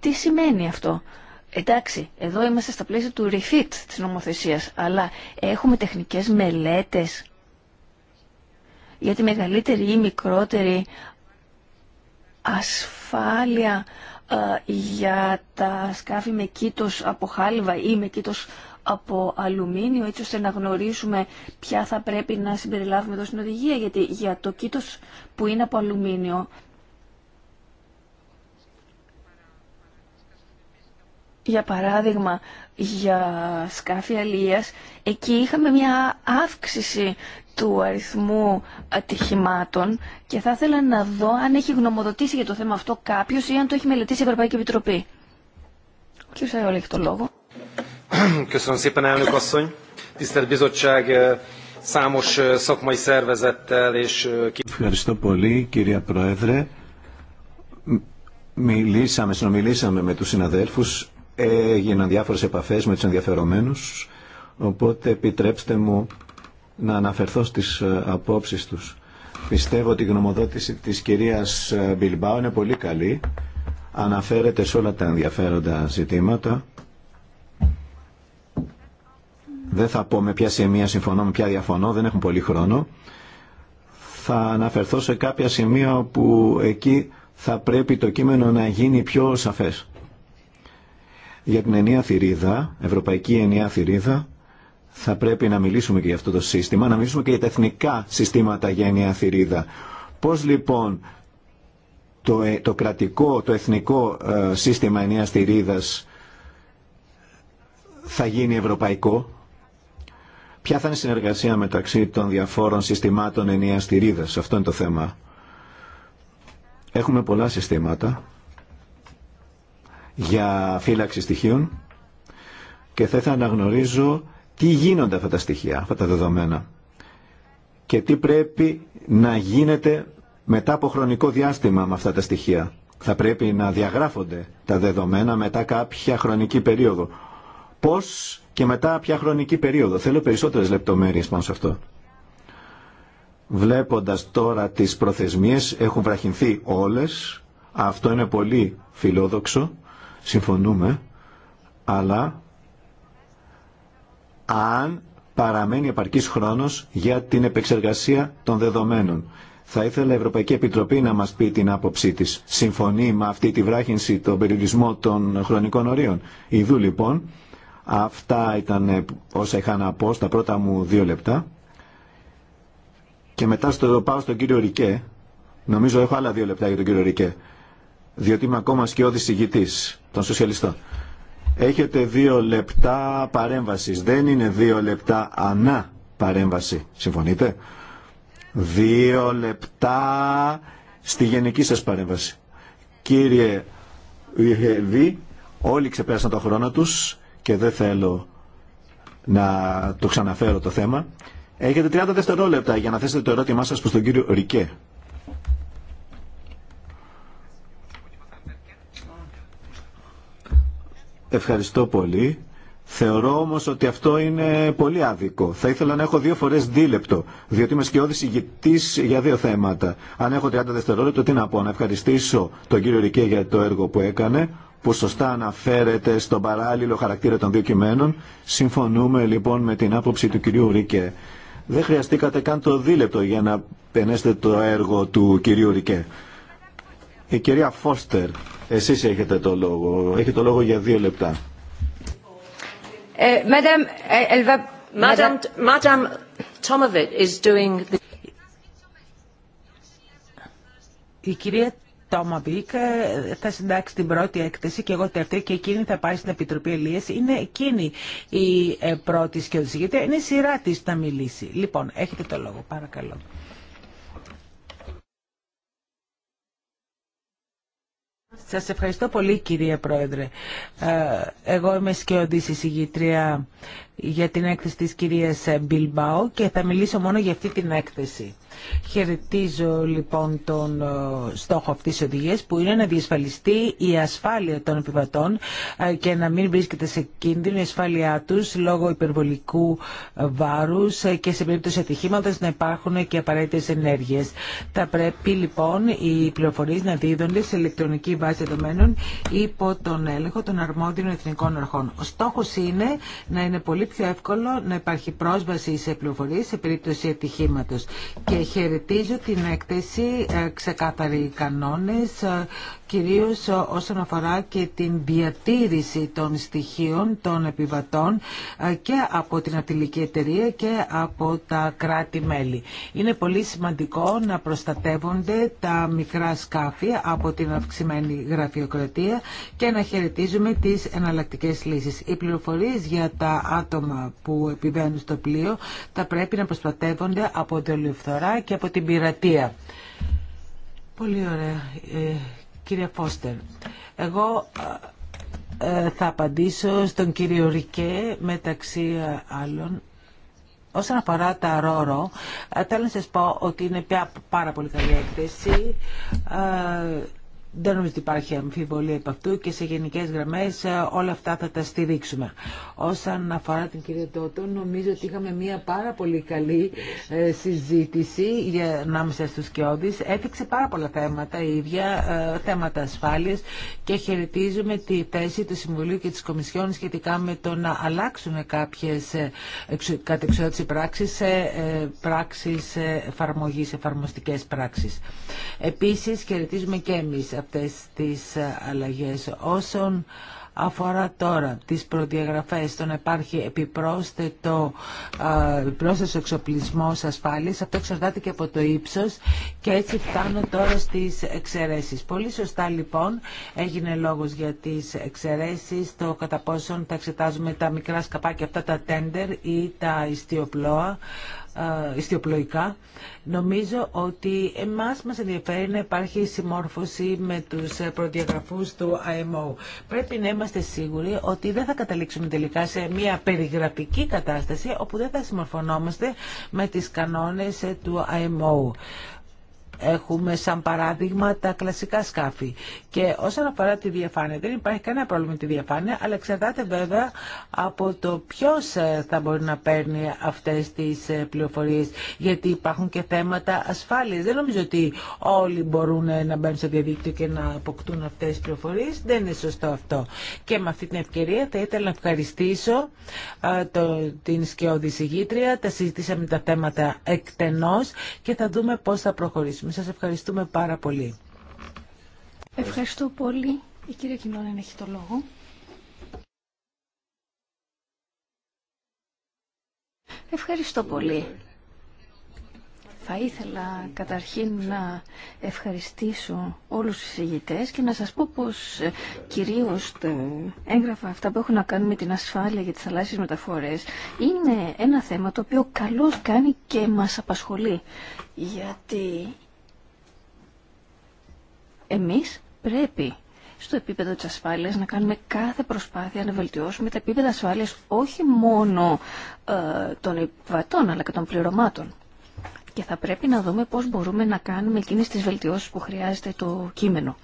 τι σημαίνει αυτό. Εντάξει, εδώ είμαστε στα πλαίσια του refit της νομοθεσίας, αλλά έχουμε τεχνικές μελέτες για τη μεγαλύτερη ή μικρότερη ασφάλεια ε, για τα σκάφη με κήτος από χάλιβα ή με κήτος από αλουμίνιο έτσι ώστε να γνωρίσουμε ποια θα πρέπει να συμπεριλάβουμε εδώ στην οδηγία γιατί για το κήτος που είναι από αλουμίνιο για παράδειγμα για σκάφη αλίας εκεί είχαμε μια αύξηση του αριθμού ατυχημάτων και θα ήθελα να δω αν έχει γνωμοδοτήσει για το θέμα αυτό κάποιος ή αν το έχει μελετήσει η Ευρωπαϊκή Επιτροπή. Ο κ. Σαϊόλ έχει το λόγο. Ευχαριστώ πολύ, κυρία Πρόεδρε. Μιλήσαμε, συνομιλήσαμε με τους συναδέλφους, έγιναν διάφορες επαφές με τους ενδιαφερομένους, οπότε επιτρέψτε μου να αναφερθώ στις ε, απόψεις τους. Πιστεύω ότι η γνωμοδότηση της κυρίας ε, Μπιλμπάου είναι πολύ καλή. Αναφέρεται σε όλα τα ενδιαφέροντα ζητήματα. Δεν θα πω με ποια σημεία συμφωνώ, με ποια διαφωνώ, δεν έχουν πολύ χρόνο. Θα αναφερθώ σε κάποια σημεία που εκεί θα πρέπει το κείμενο να γίνει πιο σαφές. Για την ενιαία θηρίδα, ευρωπαϊκή ενιαία θηρίδα, θα πρέπει να μιλήσουμε και για αυτό το σύστημα, να μιλήσουμε και για τα εθνικά συστήματα για ενιαία θηρίδα. Πώς λοιπόν το, ε, το κρατικό, το εθνικό ε, σύστημα ενιαίας θηρίδας θα γίνει ευρωπαϊκό, Ποια θα είναι η συνεργασία μεταξύ των διαφόρων συστημάτων ενιαία στηρίδας. Αυτό είναι το θέμα. Έχουμε πολλά συστήματα για φύλαξη στοιχείων και θα ήθελα να γνωρίζω τι γίνονται αυτά τα στοιχεία, αυτά τα δεδομένα και τι πρέπει να γίνεται μετά από χρονικό διάστημα με αυτά τα στοιχεία. Θα πρέπει να διαγράφονται τα δεδομένα μετά κάποια χρονική περίοδο. Πώς και μετά ποια χρονική περίοδο. Θέλω περισσότερες λεπτομέρειες πάνω σε αυτό. Βλέποντας τώρα τις προθεσμίες, έχουν βραχυνθεί όλες. Αυτό είναι πολύ φιλόδοξο, συμφωνούμε, αλλά αν παραμένει επαρκής χρόνος για την επεξεργασία των δεδομένων. Θα ήθελα η Ευρωπαϊκή Επιτροπή να μας πει την άποψή της. Συμφωνεί με αυτή τη βράχυνση, τον περιορισμό των χρονικών ορίων. Ιδού λοιπόν Αυτά ήταν ε, όσα είχα να πω στα πρώτα μου δύο λεπτά. Και μετά στο, πάω στον κύριο Ρικέ. Νομίζω έχω άλλα δύο λεπτά για τον κύριο Ρικέ. Διότι είμαι ακόμα σκιώδη ηγητή των σοσιαλιστών. Έχετε δύο λεπτά παρέμβαση. Δεν είναι δύο λεπτά ανά παρέμβαση. Συμφωνείτε. Δύο λεπτά στη γενική σας παρέμβαση. Κύριε Βιχεβή, όλοι ξεπέρασαν τον χρόνο τους και δεν θέλω να το ξαναφέρω το θέμα. Έχετε 30 δευτερόλεπτα για να θέσετε το ερώτημά σας προς τον κύριο Ρικέ. Ευχαριστώ πολύ. Θεωρώ όμω ότι αυτό είναι πολύ άδικο. Θα ήθελα να έχω δύο φορέ δίλεπτο, διότι είμαι σκιώδη ηγητή για δύο θέματα. Αν έχω 30 δευτερόλεπτα, τι να πω, να ευχαριστήσω τον κύριο Ρικέ για το έργο που έκανε, που σωστά αναφέρεται στον παράλληλο χαρακτήρα των δύο κειμένων. Συμφωνούμε λοιπόν με την άποψη του κυρίου Ρίκε. Δεν χρειαστήκατε καν το δίλεπτο για να πενέστε το έργο του κυρίου Ρικέ. Η κυρία Φώστερ, εσείς έχετε το λόγο. Έχετε το λόγο για δύο λεπτά. Η κυρία το Μπίκ θα συντάξει την πρώτη έκθεση και εγώ τελευταία και εκείνη θα πάει στην Επιτροπή Ελίες. Είναι εκείνη η ε, πρώτη γιατί Είναι η σειρά τη να μιλήσει. Λοιπόν, έχετε το λόγο. Παρακαλώ. Σας ευχαριστώ πολύ κυρία Πρόεδρε. Ε, εγώ είμαι σκιώδης εισηγήτρια για την έκθεση της κυρίας Μπιλμπάου και θα μιλήσω μόνο για αυτή την έκθεση. Χαιρετίζω λοιπόν τον ε, στόχο αυτή τη οδηγία, που είναι να διασφαλιστεί η ασφάλεια των επιβατών ε, και να μην βρίσκεται σε κίνδυνο η ασφάλειά του λόγω υπερβολικού ε, βάρου και σε περίπτωση ατυχήματο να υπάρχουν και απαραίτητε ενέργειε. Θα πρέπει λοιπόν οι πληροφορίε να δίδονται σε ηλεκτρονική βάση δεδομένων υπό τον έλεγχο των αρμόδιων εθνικών αρχών. Ο στόχο είναι να είναι πολύ πιο εύκολο να υπάρχει πρόσβαση σε πληροφορίε σε περίπτωση ατυχήματο χαιρετίζω την έκθεση ε, ξεκάθαρη κανόνες, ε, κυρίως ε, όσον αφορά και την διατήρηση των στοιχείων των επιβατών και από την Ατυλική Εταιρεία και από τα κράτη-μέλη. Είναι πολύ σημαντικό να προστατεύονται τα μικρά σκάφη από την αυξημένη γραφειοκρατία και να χαιρετίζουμε τις εναλλακτικέ λύσεις. Οι πληροφορίες για τα άτομα που επιβαίνουν στο πλοίο θα πρέπει να προστατεύονται από τελειοφθορά και από την πειρατεία. Πολύ ωραία. Ε, κύριε Φώστερ, εγώ ε, ε, θα απαντήσω στον κύριο Ρικέ μεταξύ ε, άλλων. Όσον αφορά τα ρόρο, θέλω να σας πω ότι είναι πια πάρα πολύ καλή έκθεση. Δεν νομίζω ότι υπάρχει αμφιβολία από αυτού και σε γενικέ γραμμέ ε, όλα αυτά θα τα στηρίξουμε. Όσον αφορά την κυρία Τότο, νομίζω ότι είχαμε μια πάρα πολύ καλή ε, συζήτηση για, ανάμεσα στου Κιώδη. Έδειξε πάρα πολλά θέματα η ίδια, ε, θέματα ασφάλεια και χαιρετίζουμε τη θέση του Συμβουλίου και τη Κομισιόν σχετικά με το να αλλάξουν κάποιε κατεξοδότηση πράξει σε πράξει εφαρμογή, εφαρμοστικέ πράξει. Επίση, χαιρετίζουμε και εμεί αυτές τις ε, αλλαγές. Όσον αφορά τώρα τις προδιαγραφές, το να υπάρχει επιπρόσθετο, πρόσθετο εξοπλισμός ασφάλειας, αυτό εξαρτάται και από το ύψος και έτσι φτάνω τώρα στις εξαιρέσεις. Πολύ σωστά λοιπόν έγινε λόγος για τις εξαιρέσεις, το κατά πόσον θα εξετάζουμε τα μικρά σκαπάκια αυτά, τα τέντερ ή τα ιστιοπλώα. Ε, ιστιοπλοϊκά. Νομίζω ότι εμάς μας ενδιαφέρει να υπάρχει συμμόρφωση με τους ε, προδιαγραφούς του IMO. Πρέπει να είμαστε σίγουροι ότι δεν θα καταλήξουμε τελικά σε μια περιγραφική κατάσταση όπου δεν θα συμμορφωνόμαστε με τις κανόνες ε, του IMO. Έχουμε σαν παράδειγμα τα κλασικά σκάφη. Και όσον αφορά τη διαφάνεια, δεν υπάρχει κανένα πρόβλημα με τη διαφάνεια, αλλά εξαρτάται βέβαια από το ποιο ε, θα μπορεί να παίρνει αυτέ τι ε, πληροφορίε. Γιατί υπάρχουν και θέματα ασφάλεια. Δεν νομίζω ότι όλοι μπορούν ε, να μπαίνουν στο διαδίκτυο και να αποκτούν αυτέ τι πληροφορίε. Δεν είναι σωστό αυτό. Και με αυτή την ευκαιρία θα ήθελα να ευχαριστήσω το, την σκιώδη συγγήτρια. Τα συζητήσαμε τα θέματα εκτενώ και θα δούμε πώ θα προχωρήσουμε συζητήσουμε. Σας ευχαριστούμε πάρα πολύ. Ευχαριστώ πολύ. Η κυρία Κοινώνεν έχει το λόγο. Ευχαριστώ πολύ. Θα ήθελα καταρχήν να ευχαριστήσω όλους τους συζητητές και να σας πω πως ε, κυρίως τα έγγραφα αυτά που έχουν να κάνουν με την ασφάλεια για τις θαλάσσιες μεταφορές είναι ένα θέμα το οποίο καλώς κάνει και μας απασχολεί γιατί εμείς πρέπει στο επίπεδο της ασφάλειας να κάνουμε κάθε προσπάθεια να βελτιώσουμε τα επίπεδα ασφάλειας όχι μόνο ε, των επιβατών αλλά και των πληρωμάτων. Και θα πρέπει να δούμε πώς μπορούμε να κάνουμε εκείνες τις βελτιώσεις που χρειάζεται το κείμενο.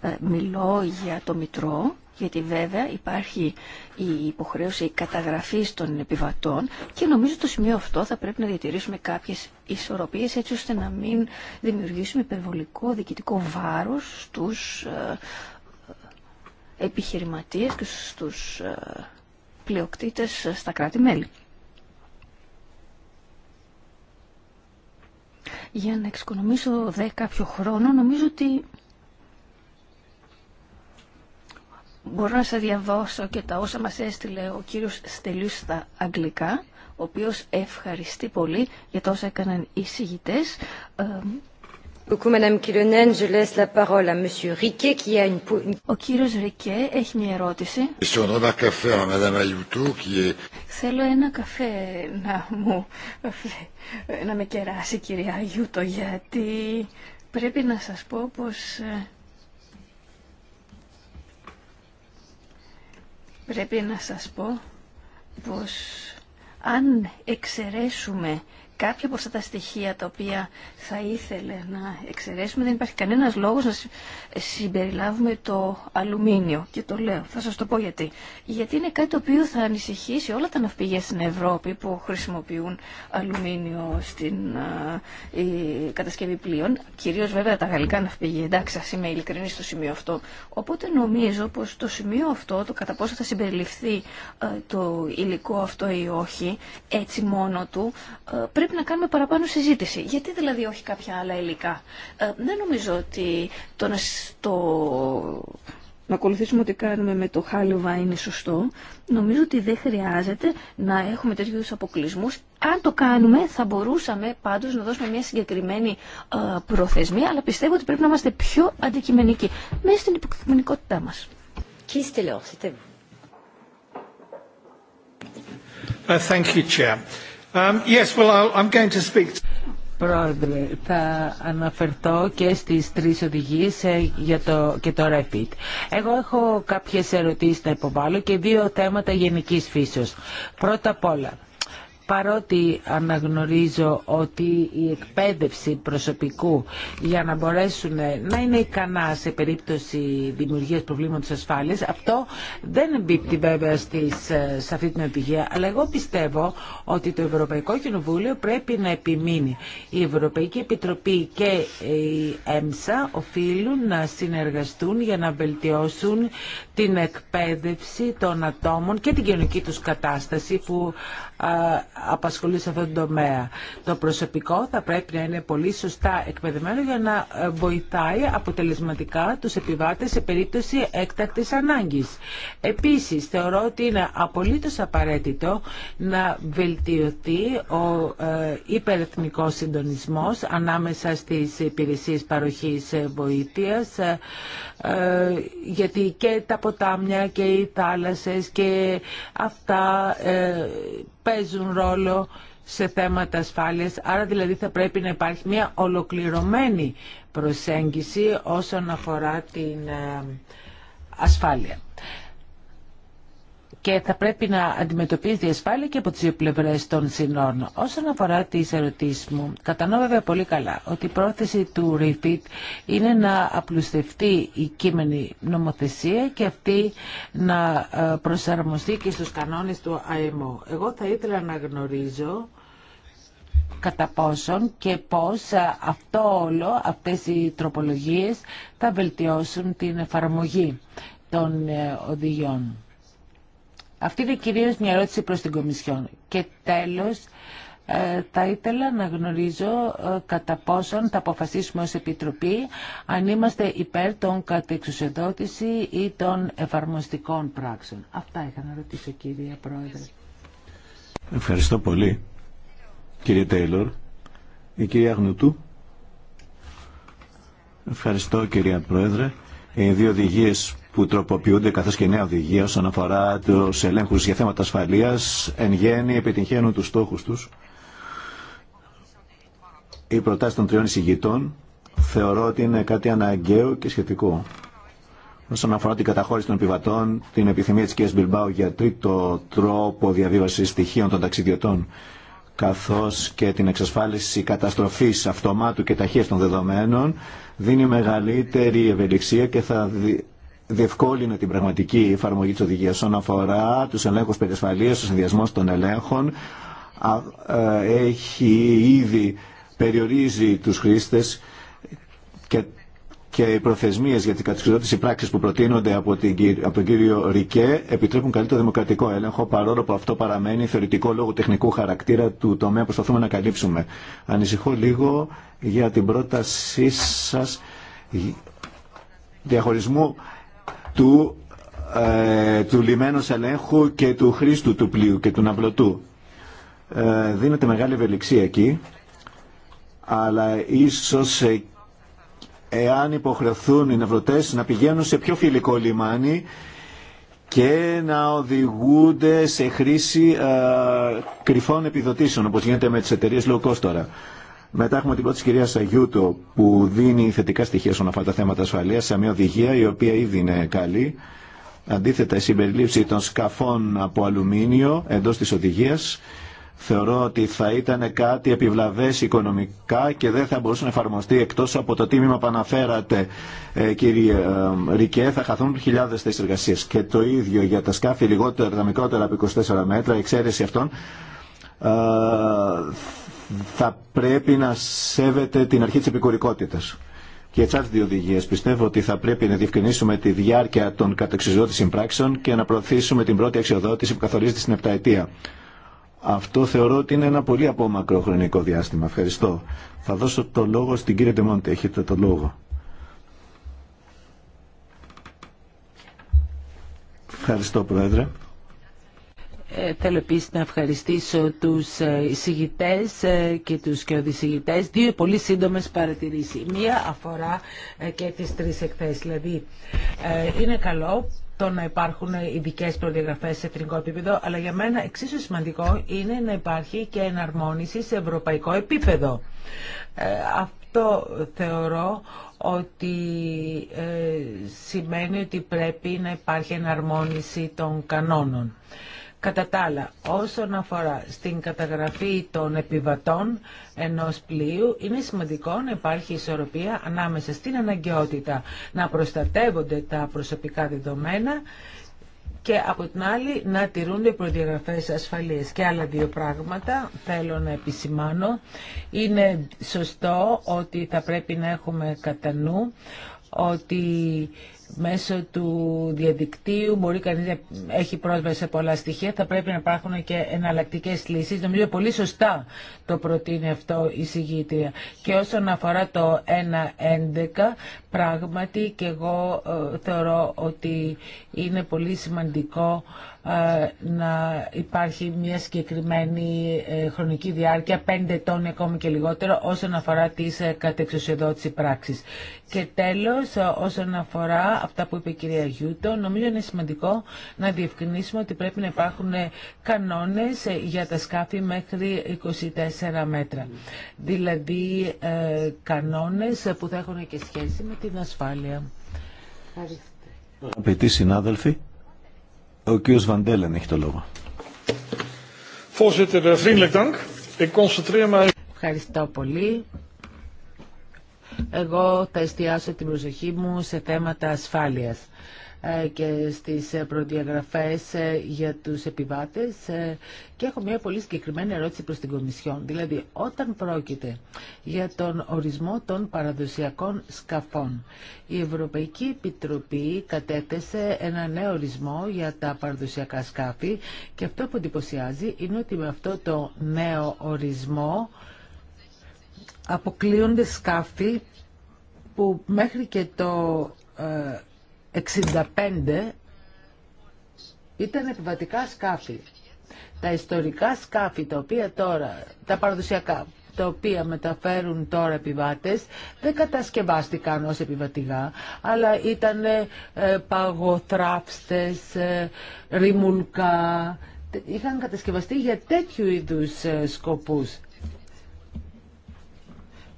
Ε, μιλώ για το Μητρό γιατί βέβαια υπάρχει η υποχρέωση καταγραφής των επιβατών και νομίζω το σημείο αυτό θα πρέπει να διατηρήσουμε κάποιες ισορροπίες έτσι ώστε να μην δημιουργήσουμε υπερβολικό διοικητικό βάρος στους ε, ε, επιχειρηματίες και στους ε, πλειοκτήτες στα κράτη-μέλη. Για να εξοικονομήσω δε κάποιο χρόνο, νομίζω ότι Μπορώ να σας διαβάσω και τα όσα μας έστειλε ο κύριος Στελίου στα αγγλικά, ο οποίος ευχαριστεί πολύ για τα όσα έκαναν οι συγητές. Ο κύριος Ρικέ έχει μια ερώτηση. Θέλω ένα καφέ να μου να με κεράσει κυρία Αγιούτο γιατί πρέπει να σας πω πως ε, Πρέπει να σας πω πως αν εξαιρέσουμε κάποια από αυτά τα στοιχεία τα οποία θα ήθελε να εξαιρέσουμε δεν υπάρχει κανένας λόγος να συμπεριλάβουμε το αλουμίνιο και το λέω, θα σας το πω γιατί γιατί είναι κάτι το οποίο θα ανησυχήσει όλα τα ναυπηγεία στην Ευρώπη που χρησιμοποιούν αλουμίνιο στην κατασκευή πλοίων κυρίως βέβαια τα γαλλικά ναυπηγεία εντάξει ας είμαι ειλικρινή στο σημείο αυτό οπότε νομίζω πως το σημείο αυτό το κατά πόσο θα συμπεριληφθεί το υλικό αυτό ή όχι έτσι μόνο του πρέπει να κάνουμε παραπάνω συζήτηση. Γιατί δηλαδή όχι κάποια άλλα υλικά. Ε, δεν νομίζω ότι το να, στο να ακολουθήσουμε ό,τι κάνουμε με το χάλιβα είναι σωστό. Νομίζω ότι δεν χρειάζεται να έχουμε τέτοιου αποκλεισμού. Αν το κάνουμε θα μπορούσαμε πάντως να δώσουμε μια συγκεκριμένη ε, προθεσμία, αλλά πιστεύω ότι πρέπει να είμαστε πιο αντικειμενικοί μέσα στην υποκειμενικότητά μα. Uh, thank you, Chair. Um, yes, well, θα αναφερθώ και στις τρεις οδηγίες ε, για το, και το Refit. Εγώ έχω κάποιες ερωτήσεις να υποβάλω και δύο θέματα γενικής φύσεως. Πρώτα απ' όλα, παρότι αναγνωρίζω ότι η εκπαίδευση προσωπικού για να μπορέσουν να είναι ικανά σε περίπτωση δημιουργίας προβλήματος ασφάλειας, αυτό δεν εμπίπτει βέβαια στις, ε, σε αυτή την Αλλά εγώ πιστεύω ότι το Ευρωπαϊκό Κοινοβούλιο πρέπει να επιμείνει. Η Ευρωπαϊκή Επιτροπή και η ΕΜΣΑ οφείλουν να συνεργαστούν για να βελτιώσουν την εκπαίδευση των ατόμων και την κοινωνική τους κατάσταση που απασχολεί σε αυτόν τον τομέα. Το προσωπικό θα πρέπει να είναι πολύ σωστά εκπαιδευμένο για να ε, βοηθάει αποτελεσματικά τους επιβάτες σε περίπτωση έκτακτης ανάγκης. Επίσης, θεωρώ ότι είναι απολύτως απαραίτητο να βελτιωθεί ο ε, υπερεθνικός συντονισμός ανάμεσα στις υπηρεσίες παροχής ε, βοήθειας γιατί και τα ποτάμια και οι θάλασσες και αυτά παίζουν ρόλο σε θέματα ασφάλειας, άρα δηλαδή θα πρέπει να υπάρχει μια ολοκληρωμένη προσέγγιση όσον αφορά την ε, ασφάλεια και θα πρέπει να αντιμετωπίζει ασφάλεια και από τις δύο πλευρές των συνόρων. Όσον αφορά τις ερωτήσεις μου, κατανοώ βέβαια πολύ καλά ότι η πρόθεση του REFIT είναι να απλουστευτεί η κείμενη νομοθεσία και αυτή να ε, προσαρμοστεί και στους κανόνες του ΑΕΜΟ. Εγώ θα ήθελα να γνωρίζω κατά πόσον και πώς ε, αυτό όλο, αυτές οι τροπολογίες θα βελτιώσουν την εφαρμογή των ε, οδηγιών. Αυτή είναι κυρίως μια ερώτηση προς την Κομισιόν. Και τέλος, ε, θα ήθελα να γνωρίζω ε, κατά πόσον θα αποφασίσουμε ως Επιτροπή αν είμαστε υπέρ των κατεξουσιοδότηση ή των εφαρμοστικών πράξεων. Αυτά είχα να ρωτήσω κύριε Πρόεδρε. Ευχαριστώ πολύ κύριε Τέιλορ. Η κυρία Γνωτού. Ευχαριστώ τειλορ η κυρια γνουτου Πρόεδρε. Οι δύο οδηγίε που τροποποιούνται καθώς και νέα οδηγία όσον αφορά τους ελέγχους για θέματα ασφαλείας εν γέννη επιτυχαίνουν τους στόχους τους. Οι προτάσει των τριών εισηγητών θεωρώ ότι είναι κάτι αναγκαίο και σχετικό. Όσον αφορά την καταχώρηση των επιβατών, την επιθυμία της κ. Μπιλμπάου για τρίτο τρόπο διαβίβασης στοιχείων των ταξιδιωτών, καθώς και την εξασφάλιση καταστροφής αυτομάτου και ταχείας των δεδομένων, δίνει μεγαλύτερη ευελιξία και θα διευκόλυνε την πραγματική εφαρμογή της οδηγία όσον αφορά τους ελέγχους περιασφαλείας, ο συνδυασμό των ελέγχων ε, έχει ήδη περιορίζει τους χρήστες και, και οι προθεσμίες για την κατασκευή πράξης που προτείνονται από, από τον κύριο Ρικέ επιτρέπουν καλύτερο δημοκρατικό έλεγχο παρόλο που αυτό παραμένει θεωρητικό λόγω τεχνικού χαρακτήρα του τομέα που προσπαθούμε να καλύψουμε. Ανησυχώ λίγο για την πρότασή σας διαχωρισμού του, ε, του ελέγχου και του χρήστου του πλοίου και του ναυλωτού. Ε, δίνεται μεγάλη ευελιξία εκεί, αλλά ίσως ε, εάν υποχρεωθούν οι ναυλωτές να πηγαίνουν σε πιο φιλικό λιμάνι και να οδηγούνται σε χρήση ε, κρυφών επιδοτήσεων, όπως γίνεται με τις εταιρείες low μετά έχουμε την πρώτη κυρία Σαγιούτο που δίνει θετικά στοιχεία στον αυτά τα θέματα ασφαλείας σε μια οδηγία η οποία ήδη είναι καλή. Αντίθετα, η συμπεριλήψη των σκαφών από αλουμίνιο εντός της οδηγίας θεωρώ ότι θα ήταν κάτι επιβλαβές οικονομικά και δεν θα μπορούσε να εφαρμοστεί εκτός από το τίμημα που αναφέρατε ε, κύριε ε, Ρικέ θα χαθούν χιλιάδες θέσεις εργασίες και το ίδιο για τα σκάφη λιγότερα, τα μικρότερα από 24 μέτρα εξαίρεση αυτών ε, θα πρέπει να σέβεται την αρχή της επικουρικότητας. Και έτσι άλλες δύο οδηγίες. Πιστεύω ότι θα πρέπει να διευκρινίσουμε τη διάρκεια των κατεξιζώτης συμπράξεων και να προωθήσουμε την πρώτη αξιοδότηση που καθορίζεται στην επταετία. Αυτό θεωρώ ότι είναι ένα πολύ απόμακρο χρονικό διάστημα. Ευχαριστώ. Θα δώσω το λόγο στην κύριε Ντεμόντε. Έχετε το λόγο. Ευχαριστώ, Πρόεδρε. Ε, θέλω επίσης να ευχαριστήσω τους ε, εισηγητές ε, και τους και οδησηγητές. Δύο πολύ σύντομες παρατηρήσεις. Μία αφορά και τις τρεις εκθέσεις. Δηλαδή, είναι καλό το να υπάρχουν ειδικέ προδιαγραφέ σε εθνικό επίπεδο, αλλά για μένα εξίσου σημαντικό είναι να υπάρχει και εναρμόνιση σε ευρωπαϊκό επίπεδο. αυτό θεωρώ ότι σημαίνει ότι πρέπει να υπάρχει εναρμόνιση των κανόνων. Κατά τα άλλα, όσον αφορά στην καταγραφή των επιβατών ενός πλοίου, είναι σημαντικό να υπάρχει ισορροπία ανάμεσα στην αναγκαιότητα να προστατεύονται τα προσωπικά δεδομένα και από την άλλη να τηρούνται οι προδιαγραφές ασφαλείας. Και άλλα δύο πράγματα θέλω να επισημάνω. Είναι σωστό ότι θα πρέπει να έχουμε κατά νου ότι μέσω του διαδικτύου μπορεί κανείς να έχει πρόσβαση σε πολλά στοιχεία. Θα πρέπει να υπάρχουν και εναλλακτικέ λύσεις. Νομίζω πολύ σωστά το προτείνει αυτό η συγγήτρια. Και όσον αφορά το 1.11, πράγματι και εγώ ε, θεωρώ ότι είναι πολύ σημαντικό ε, να υπάρχει μια συγκεκριμένη ε, χρονική διάρκεια, πέντε ετών ή ακόμη και λιγότερο, όσον αφορά τις ε, κατεξουσιοδότηση πράξεις. Και τέλος, όσον αφορά αυτά που είπε κυρία Γιούτο, νομίζω είναι σημαντικό να διευκρινίσουμε ότι πρέπει να υπάρχουν κανόνες για τα σκάφη μέχρι 24 μέτρα. Δηλαδή, κανόνες που θα έχουν και σχέση με την ασφάλεια. Αγαπητοί συνάδελφοι, ο κ. Βαντέλεν έχει το λόγο. Eh, Ευχαριστώ πολύ. Εγώ θα εστιάσω την προσοχή μου σε θέματα ασφάλειας. Ε, και στις προδιαγραφές ε, για τους επιβάτες ε, και έχω μια πολύ συγκεκριμένη ερώτηση προς την Κομισιόν. Δηλαδή, όταν πρόκειται για τον ορισμό των παραδοσιακών σκαφών, η Ευρωπαϊκή Επιτροπή κατέθεσε ένα νέο ορισμό για τα παραδοσιακά σκάφη και αυτό που εντυπωσιάζει είναι ότι με αυτό το νέο ορισμό αποκλείονται σκάφη που μέχρι και το 65 ήταν επιβατικά σκάφη. Τα ιστορικά σκάφη, τα οποία τώρα, τα παραδοσιακά, τα οποία μεταφέρουν τώρα επιβάτες, δεν κατασκευάστηκαν ως επιβατικά αλλά ήταν ε, παγοθράφστες, ε, ρημουλκά, είχαν κατασκευαστεί για τέτοιου είδους ε, σκοπούς.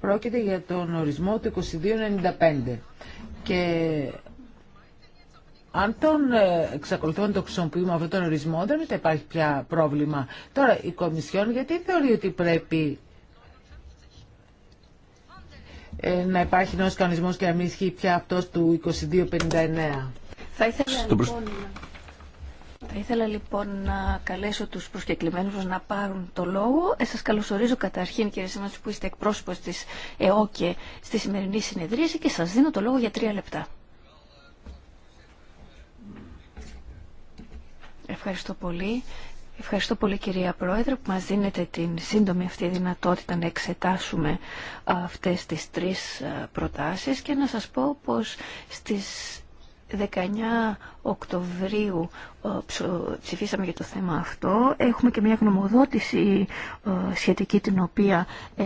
Πρόκειται για τον ορισμό του 2295 και αν τον ε, εξακολουθούμε να το χρησιμοποιούμε αυτόν τον ορισμό, δεν θα υπάρχει πια πρόβλημα. Τώρα, η Κομισιόν γιατί θεωρεί ότι πρέπει ε, να υπάρχει νέος κανονισμός και να μην ισχύει πια αυτός του 2259. Λοιπόν- θα ήθελα, λοιπόν, να καλέσω τους προσκεκλημένους να πάρουν το λόγο. Ε, σας καλωσορίζω καταρχήν κύριε Σίμανς που είστε εκπρόσωπος της ΕΟΚΕ στη σημερινή συνεδρίαση και σας δίνω το λόγο για τρία λεπτά. Ευχαριστώ πολύ. Ευχαριστώ πολύ κυρία Πρόεδρε που μας δίνετε την σύντομη αυτή δυνατότητα να εξετάσουμε αυτές τις τρεις ε, προτάσεις και να σας πω πως στις 19 Οκτωβρίου ε, ψηφίσαμε για το θέμα αυτό. Έχουμε και μια γνωμοδότηση ε, σχετική την οποία ε,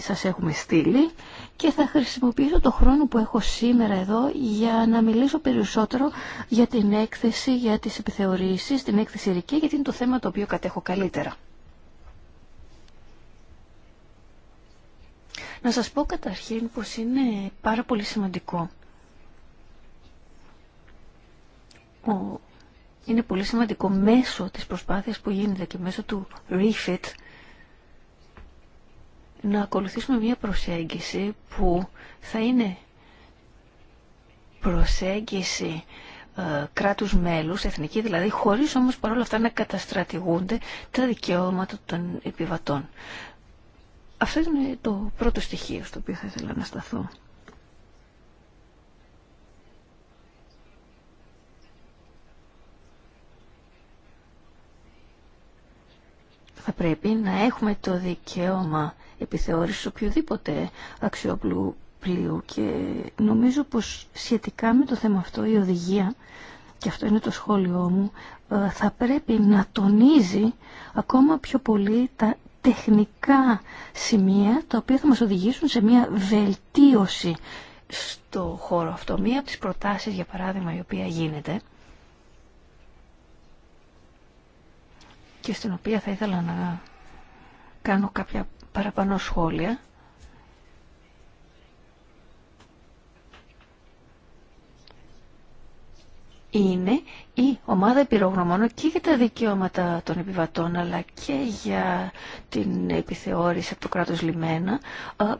σας έχουμε στείλει και θα χρησιμοποιήσω το χρόνο που έχω σήμερα εδώ για να μιλήσω περισσότερο για την έκθεση, για τις επιθεωρήσεις, την έκθεση ειρική γιατί είναι το θέμα το οποίο κατέχω καλύτερα. Να σας πω καταρχήν πως είναι πάρα πολύ σημαντικό είναι πολύ σημαντικό μέσω της προσπάθειας που γίνεται και μέσω του refit να ακολουθήσουμε μια προσέγγιση που θα είναι προσέγγιση ε, κράτους μέλους, εθνική δηλαδή, χωρίς όμως παρόλα αυτά να καταστρατηγούνται τα δικαιώματα των επιβατών. Αυτό είναι το πρώτο στοιχείο στο οποίο θα ήθελα να σταθώ. θα πρέπει να έχουμε το δικαίωμα επιθεώρησης οποιοδήποτε αξιόπλου πλοίου και νομίζω πως σχετικά με το θέμα αυτό η οδηγία και αυτό είναι το σχόλιο μου ε, θα πρέπει να τονίζει ακόμα πιο πολύ τα τεχνικά σημεία τα οποία θα μας οδηγήσουν σε μια βελτίωση στο χώρο αυτό. Μία από τις προτάσεις για παράδειγμα η οποία γίνεται και στην οποία θα ήθελα να κάνω κάποια παραπάνω σχόλια. είναι η ομάδα επιρρογνωμόνων και για τα δικαιώματα των επιβατών αλλά και για την επιθεώρηση από το κράτος λιμένα.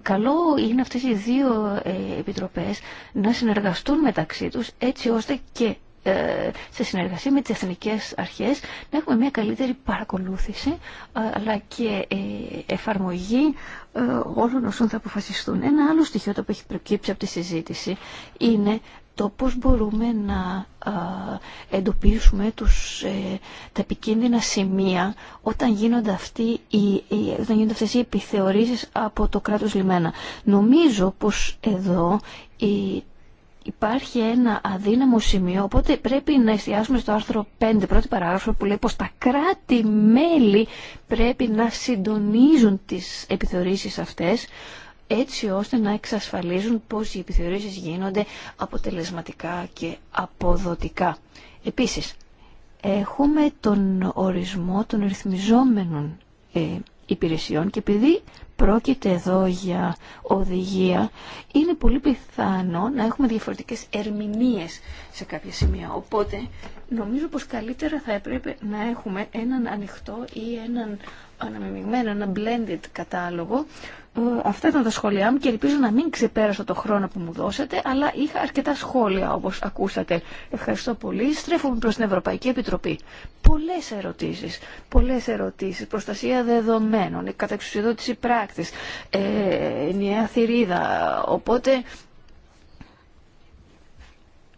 Καλό είναι αυτές οι δύο ε, επιτροπές να συνεργαστούν μεταξύ τους έτσι ώστε και ε, σε συνεργασία με τις εθνικές αρχές να έχουμε μια καλύτερη παρακολούθηση ε, αλλά και ε, εφαρμογή όλων όσων θα αποφασιστούν. Ένα άλλο στοιχείο το οποίο έχει προκύψει από τη συζήτηση είναι το πώς μπορούμε να εντοπίσουμε τους, τα επικίνδυνα σημεία όταν γίνονται, αυτοί οι, όταν γίνονται αυτές οι επιθεωρήσεις από το κράτος λιμένα. Νομίζω πως εδώ η, υπάρχει ένα αδύναμο σημείο, οπότε πρέπει να εστιάσουμε στο άρθρο 5, πρώτη παράγραφο, που λέει πως τα κράτη-μέλη πρέπει να συντονίζουν τις επιθεωρήσεις αυτές, έτσι ώστε να εξασφαλίζουν πως οι επιθεωρήσεις γίνονται αποτελεσματικά και αποδοτικά. Επίσης, έχουμε τον ορισμό των ρυθμιζόμενων ε, υπηρεσιών και επειδή πρόκειται εδώ για οδηγία, είναι πολύ πιθανό να έχουμε διαφορετικές ερμηνείες σε κάποια σημεία. Οπότε νομίζω πως καλύτερα θα έπρεπε να έχουμε έναν ανοιχτό ή έναν αναμειγμένο, ένα blended κατάλογο ε, αυτά ήταν τα σχόλιά μου και ελπίζω να μην ξεπέρασα το χρόνο που μου δώσατε, αλλά είχα αρκετά σχόλια όπως ακούσατε. Ευχαριστώ πολύ. Στρέφομαι προς την Ευρωπαϊκή Επιτροπή. Πολλές ερωτήσεις, πολλές ερωτήσεις. Προστασία δεδομένων, καταξουσιοδότηση πράκτης, ε, ενιαία θηρίδα. Οπότε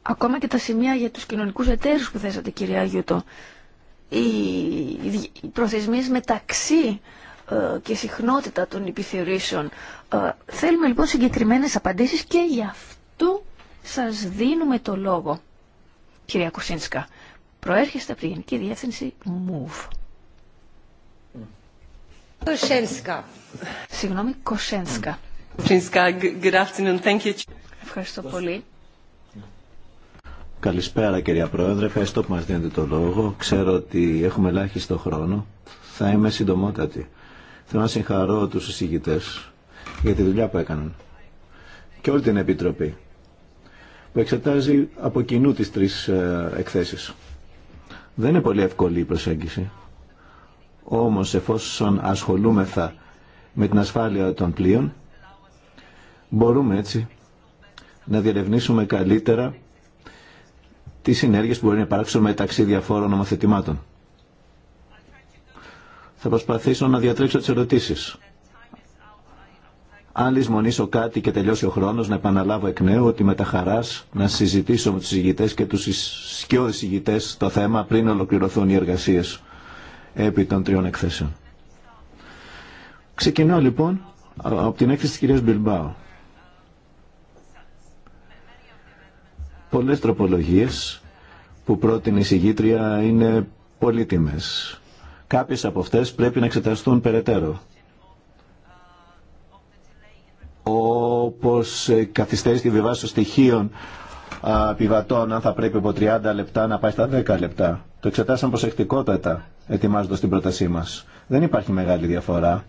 ακόμα και τα σημεία για τους κοινωνικούς εταίρους που θέσατε κυρία Γιούτο. Οι προθεσμίες μεταξύ ε, και συχνότητα των επιθεωρήσεων. Ε, θέλουμε λοιπόν συγκεκριμένες απαντήσεις και γι' αυτό σας δίνουμε το λόγο, κυρία Κουσίνσκα. Προέρχεστε από τη Γενική Διεύθυνση MOVE. Κοσένσκα. Συγγνώμη, Κοσένσκα. Good afternoon. Thank you. Ευχαριστώ πολύ. Καλησπέρα κυρία Πρόεδρε, ευχαριστώ που μας δίνετε το λόγο. Ξέρω ότι έχουμε ελάχιστο χρόνο. Θα είμαι συντομότατη. Θέλω να συγχαρώ τους εισηγητές για τη δουλειά που έκαναν και όλη την Επιτροπή που εξετάζει από κοινού τις τρεις ε, εκθέσεις. Δεν είναι πολύ εύκολη η προσέγγιση. Όμως εφόσον ασχολούμεθα με την ασφάλεια των πλοίων, μπορούμε έτσι να διερευνήσουμε καλύτερα τις συνέργειες που μπορεί να υπάρξουν μεταξύ διαφόρων νομοθετημάτων. Θα προσπαθήσω να διατρέξω τις ερωτήσεις. Αν λησμονήσω κάτι και τελειώσει ο χρόνος, να επαναλάβω εκ νέου ότι με τα χαράς να συζητήσω με τους ηγητές και τους σκιώδης ηγητές το θέμα πριν ολοκληρωθούν οι εργασίες επί των τριών εκθέσεων. Ξεκινώ λοιπόν από την έκθεση της κυρίας Μπιλμπάου. Πολλές τροπολογίες που πρότεινε η συγγήτρια είναι πολύτιμες. Κάποιες από αυτές πρέπει να εξεταστούν περαιτέρω. Όπως ε, καθυστέρηση τη των στοιχείων πιβατών, αν θα πρέπει από 30 λεπτά να πάει στα 10 λεπτά. Το εξετάσαμε προσεκτικότατα, ετοιμάζοντας την πρότασή μας. Δεν υπάρχει μεγάλη διαφορά.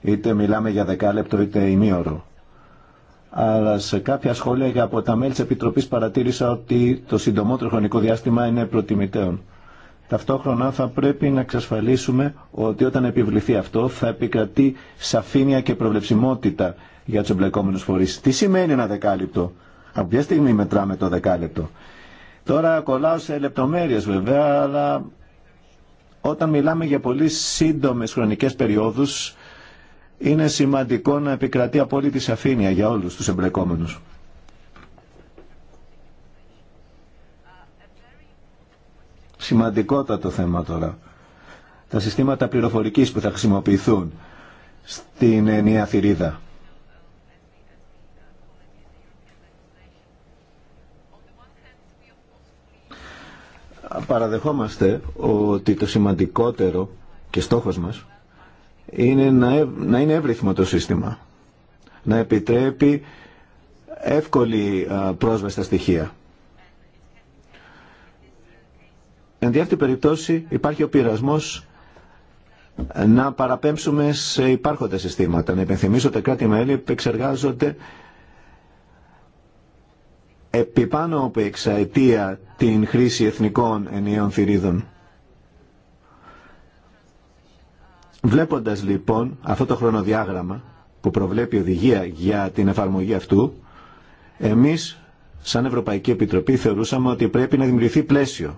Είτε μιλάμε για 10 λεπτό είτε ημίωρο. Αλλά σε κάποια σχόλια από τα μέλη της Επιτροπής παρατήρησα ότι το συντομότερο χρονικό διάστημα είναι προτιμητέων. Ταυτόχρονα θα πρέπει να εξασφαλίσουμε ότι όταν επιβληθεί αυτό θα επικρατεί σαφήνεια και προβλεψιμότητα για τους εμπλεκόμενους φορείς. Τι σημαίνει ένα δεκάλεπτο. Από ποια στιγμή μετράμε το δεκάλεπτο. Τώρα κολλάω σε λεπτομέρειες βέβαια, αλλά όταν μιλάμε για πολύ σύντομες χρονικές περιόδους είναι σημαντικό να επικρατεί απόλυτη σαφήνεια για όλους τους εμπλεκόμενους. Σημαντικότατο θέμα τώρα. Τα συστήματα πληροφορικής που θα χρησιμοποιηθούν στην ενιαία θηρίδα. Παραδεχόμαστε ότι το σημαντικότερο και στόχος μας είναι να είναι εύρυθμο το σύστημα. Να επιτρέπει εύκολη πρόσβαση στα στοιχεία. Εν την περίπτωση υπάρχει ο πειρασμός να παραπέμψουμε σε υπάρχοντα συστήματα. Να υπενθυμίσω ότι τα κράτη-μέλη επεξεργάζονται επί πάνω από εξαετία την χρήση εθνικών ενιαίων θηρίδων. Βλέποντας λοιπόν αυτό το χρονοδιάγραμμα που προβλέπει η οδηγία για την εφαρμογή αυτού, εμείς σαν Ευρωπαϊκή Επιτροπή θεωρούσαμε ότι πρέπει να δημιουργηθεί πλαίσιο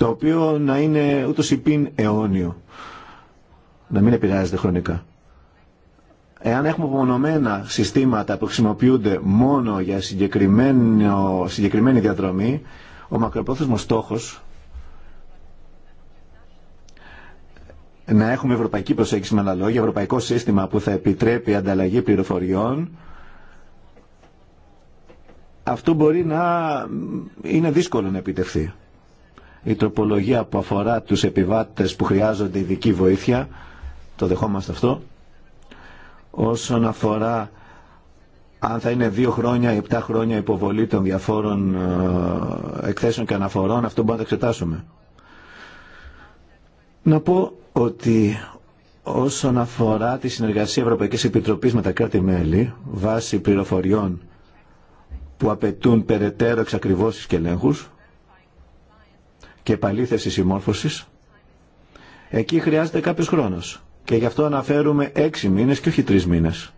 το οποίο να είναι ούτως υπήν αιώνιο, να μην επηρεάζεται χρονικά. Εάν έχουμε απομονωμένα συστήματα που χρησιμοποιούνται μόνο για συγκεκριμένη διαδρομή, ο μακροπρόθεσμος στόχος να έχουμε ευρωπαϊκή προσέγγιση με αναλόγια, ευρωπαϊκό σύστημα που θα επιτρέπει ανταλλαγή πληροφοριών, αυτό μπορεί να είναι δύσκολο να επιτευχθεί η τροπολογία που αφορά τους επιβάτες που χρειάζονται ειδική βοήθεια, το δεχόμαστε αυτό, όσον αφορά αν θα είναι δύο χρόνια ή επτά χρόνια υποβολή των διαφόρων ε, εκθέσεων και αναφορών, αυτό μπορούμε να το εξετάσουμε. Να πω ότι όσον αφορά τη συνεργασία Ευρωπαϊκής Επιτροπής με τα κράτη-μέλη, βάσει πληροφοριών που απαιτούν περαιτέρω εξακριβώσεις και ελέγχους, και επαλήθευση συμμόρφωση. εκεί χρειάζεται κάποιος χρόνος. Και γι' αυτό αναφέρουμε έξι μήνες και όχι τρει μήνες.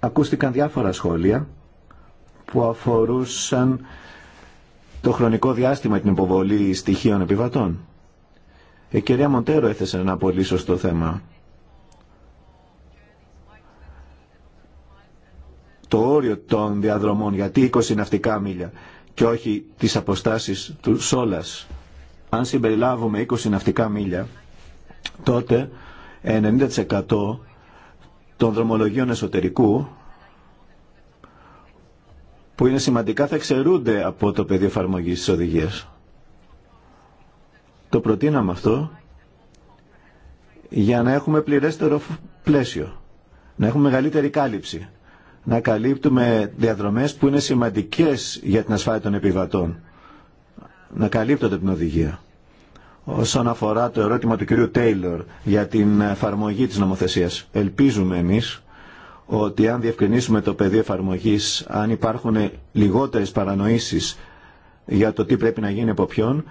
Ακούστηκαν διάφορα σχόλια που αφορούσαν το χρονικό διάστημα την υποβολή στοιχείων επιβατών. Η ε, κυρία Μοντέρο έθεσε ένα πολύ σωστό θέμα. το όριο των διαδρομών, γιατί 20 ναυτικά μίλια και όχι τις αποστάσεις του Σόλας. Αν συμπεριλάβουμε 20 ναυτικά μίλια, τότε 90% των δρομολογίων εσωτερικού που είναι σημαντικά θα εξαιρούνται από το πεδίο εφαρμογή της οδηγίας. Το προτείναμε αυτό για να έχουμε πληρέστερο πλαίσιο, να έχουμε μεγαλύτερη κάλυψη να καλύπτουμε διαδρομές που είναι σημαντικές για την ασφάλεια των επιβατών. Να καλύπτονται την οδηγία. Όσον αφορά το ερώτημα του κυρίου Τέιλορ για την εφαρμογή της νομοθεσίας, ελπίζουμε εμείς ότι αν διευκρινίσουμε το πεδίο εφαρμογής, αν υπάρχουν λιγότερες παρανοήσεις για το τι πρέπει να γίνει από ποιον,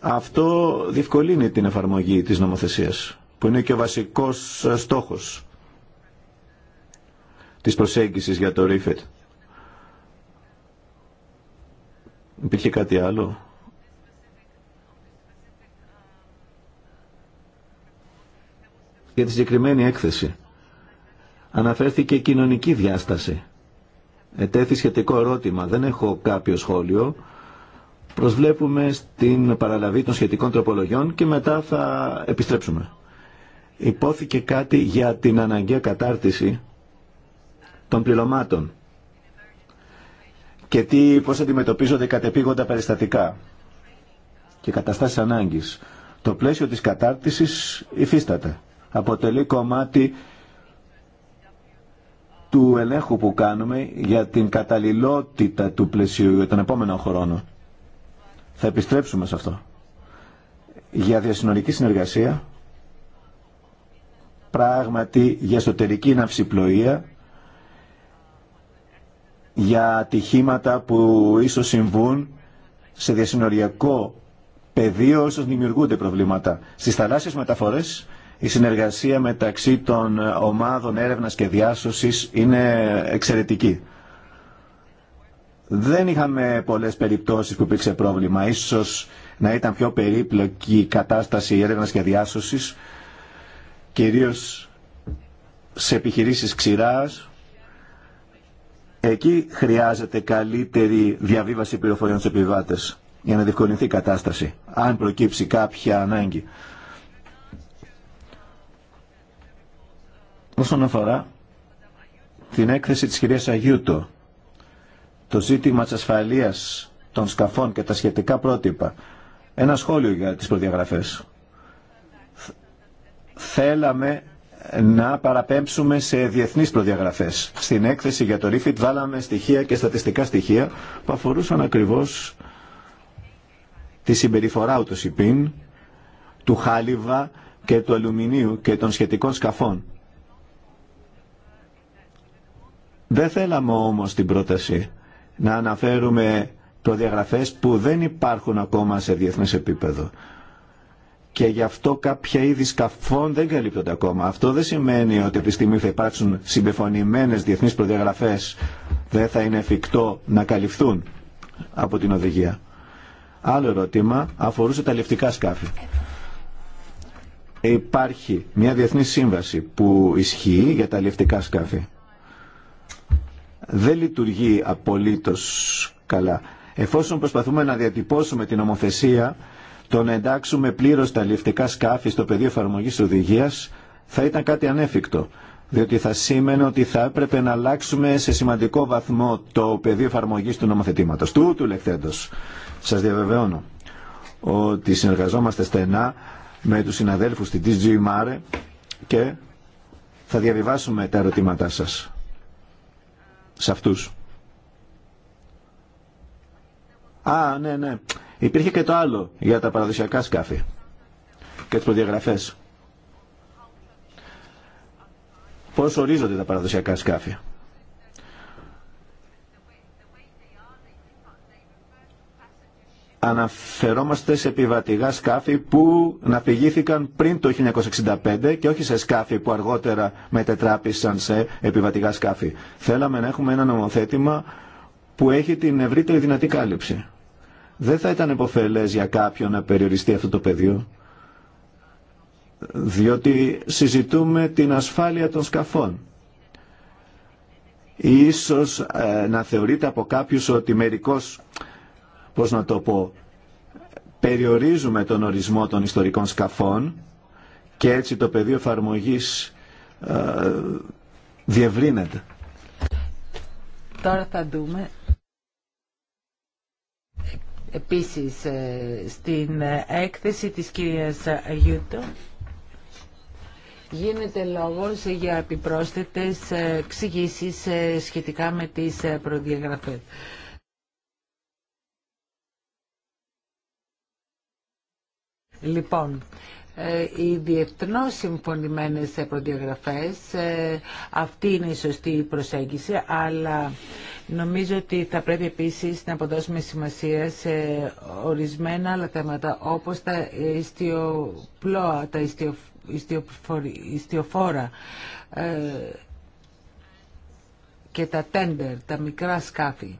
αυτό διευκολύνει την εφαρμογή της νομοθεσίας, που είναι και ο βασικός στόχος της προσέγγισης για το ΡΙΦΕΤ. Υπήρχε κάτι άλλο. Για τη συγκεκριμένη έκθεση. Αναφέρθηκε κοινωνική διάσταση. Ετέθη σχετικό ερώτημα. Δεν έχω κάποιο σχόλιο. Προσβλέπουμε στην παραλαβή των σχετικών τροπολογιών και μετά θα επιστρέψουμε. Υπόθηκε κάτι για την αναγκαία κατάρτιση των πληρωμάτων και τι, πώς αντιμετωπίζονται κατεπήγοντα περιστατικά και καταστάσεις ανάγκης. Το πλαίσιο της κατάρτισης υφίσταται. Αποτελεί κομμάτι του ελέγχου που κάνουμε για την καταλληλότητα του πλαισίου για τον επόμενο χρόνο. Θα επιστρέψουμε σε αυτό. Για διασυνορική συνεργασία, πράγματι για εσωτερική ναυσιπλοεία για ατυχήματα που ίσως συμβούν σε διασυνοριακό πεδίο, ίσως δημιουργούνται προβλήματα. Στις θαλάσσιες μεταφορές η συνεργασία μεταξύ των ομάδων έρευνας και διάσωσης είναι εξαιρετική. Δεν είχαμε πολλές περιπτώσεις που υπήρξε πρόβλημα. Ίσως να ήταν πιο περίπλοκη η κατάσταση έρευνας και διάσωσης, κυρίως σε επιχειρήσεις ξηράς, Εκεί χρειάζεται καλύτερη διαβίβαση πληροφοριών στους επιβάτες για να διευκολυνθεί η κατάσταση, αν προκύψει κάποια ανάγκη. Όσον αφορά την έκθεση της κυρίας Αγιούτο, το ζήτημα της ασφαλείας των σκαφών και τα σχετικά πρότυπα, ένα σχόλιο για τις προδιαγραφές. Θέλαμε να παραπέμψουμε σε διεθνείς προδιαγραφές. Στην έκθεση για το Refit βάλαμε στοιχεία και στατιστικά στοιχεία που αφορούσαν ακριβώς τη συμπεριφορά του ΣΥΠΗΝ, του χάλιβα και του αλουμινίου και των σχετικών σκαφών. Δεν θέλαμε όμως την πρόταση να αναφέρουμε προδιαγραφές που δεν υπάρχουν ακόμα σε διεθνές επίπεδο και γι' αυτό κάποια είδη σκαφών δεν καλύπτονται ακόμα. Αυτό δεν σημαίνει ότι από τη στιγμή θα υπάρξουν συμπεφωνημένε διεθνεί προδιαγραφέ δεν θα είναι εφικτό να καλυφθούν από την οδηγία. Άλλο ερώτημα αφορούσε τα λευτικά σκάφη. Υπάρχει μια διεθνή σύμβαση που ισχύει για τα λευτικά σκάφη. Δεν λειτουργεί απολύτως καλά. Εφόσον προσπαθούμε να διατυπώσουμε την ομοθεσία το να εντάξουμε πλήρως τα ληφτικά σκάφη στο πεδίο εφαρμογή οδηγία θα ήταν κάτι ανέφικτο. Διότι θα σήμαινε ότι θα έπρεπε να αλλάξουμε σε σημαντικό βαθμό το πεδίο εφαρμογή του νομοθετήματο. Του του λεχθέντο. Σα διαβεβαιώνω ότι συνεργαζόμαστε στενά με του συναδέλφου τη DG Mare και θα διαβιβάσουμε τα ερωτήματά σα σε αυτού. Α, ναι, ναι. Υπήρχε και το άλλο για τα παραδοσιακά σκάφη και τις προδιαγραφές. Πώς ορίζονται τα παραδοσιακά σκάφη. αναφερόμαστε σε επιβατηγά σκάφη που ναυπηγήθηκαν πριν το 1965 και όχι σε σκάφη που αργότερα μετετράπησαν σε επιβατηγά σκάφη. Θέλαμε να έχουμε ένα νομοθέτημα που έχει την ευρύτερη δυνατή κάλυψη. Δεν θα ήταν επωφελές για κάποιον να περιοριστεί αυτό το πεδίο, διότι συζητούμε την ασφάλεια των σκαφών. Ίσως ε, να θεωρείται από κάποιους ότι μερικώς, πώς να το πω, περιορίζουμε τον ορισμό των ιστορικών σκαφών και έτσι το πεδίο εφαρμογή ε, διευρύνεται. Τώρα θα δούμε Επίσης, ε, στην έκθεση της κυρίας Αγιούτο γίνεται λόγος για επιπρόσθετες εξηγήσει ε, σχετικά με τις ε, προδιαγραφές. Λοιπόν, ε, οι διεθνώς συμφωνημένες προδιαγραφές. Ε, αυτή είναι η σωστή προσέγγιση, αλλά νομίζω ότι θα πρέπει επίσης να αποδώσουμε σημασία σε ορισμένα άλλα θέματα, όπως τα ιστιοπλώα, τα ιστιοφόρα ε, και τα τέντερ, τα μικρά σκάφη.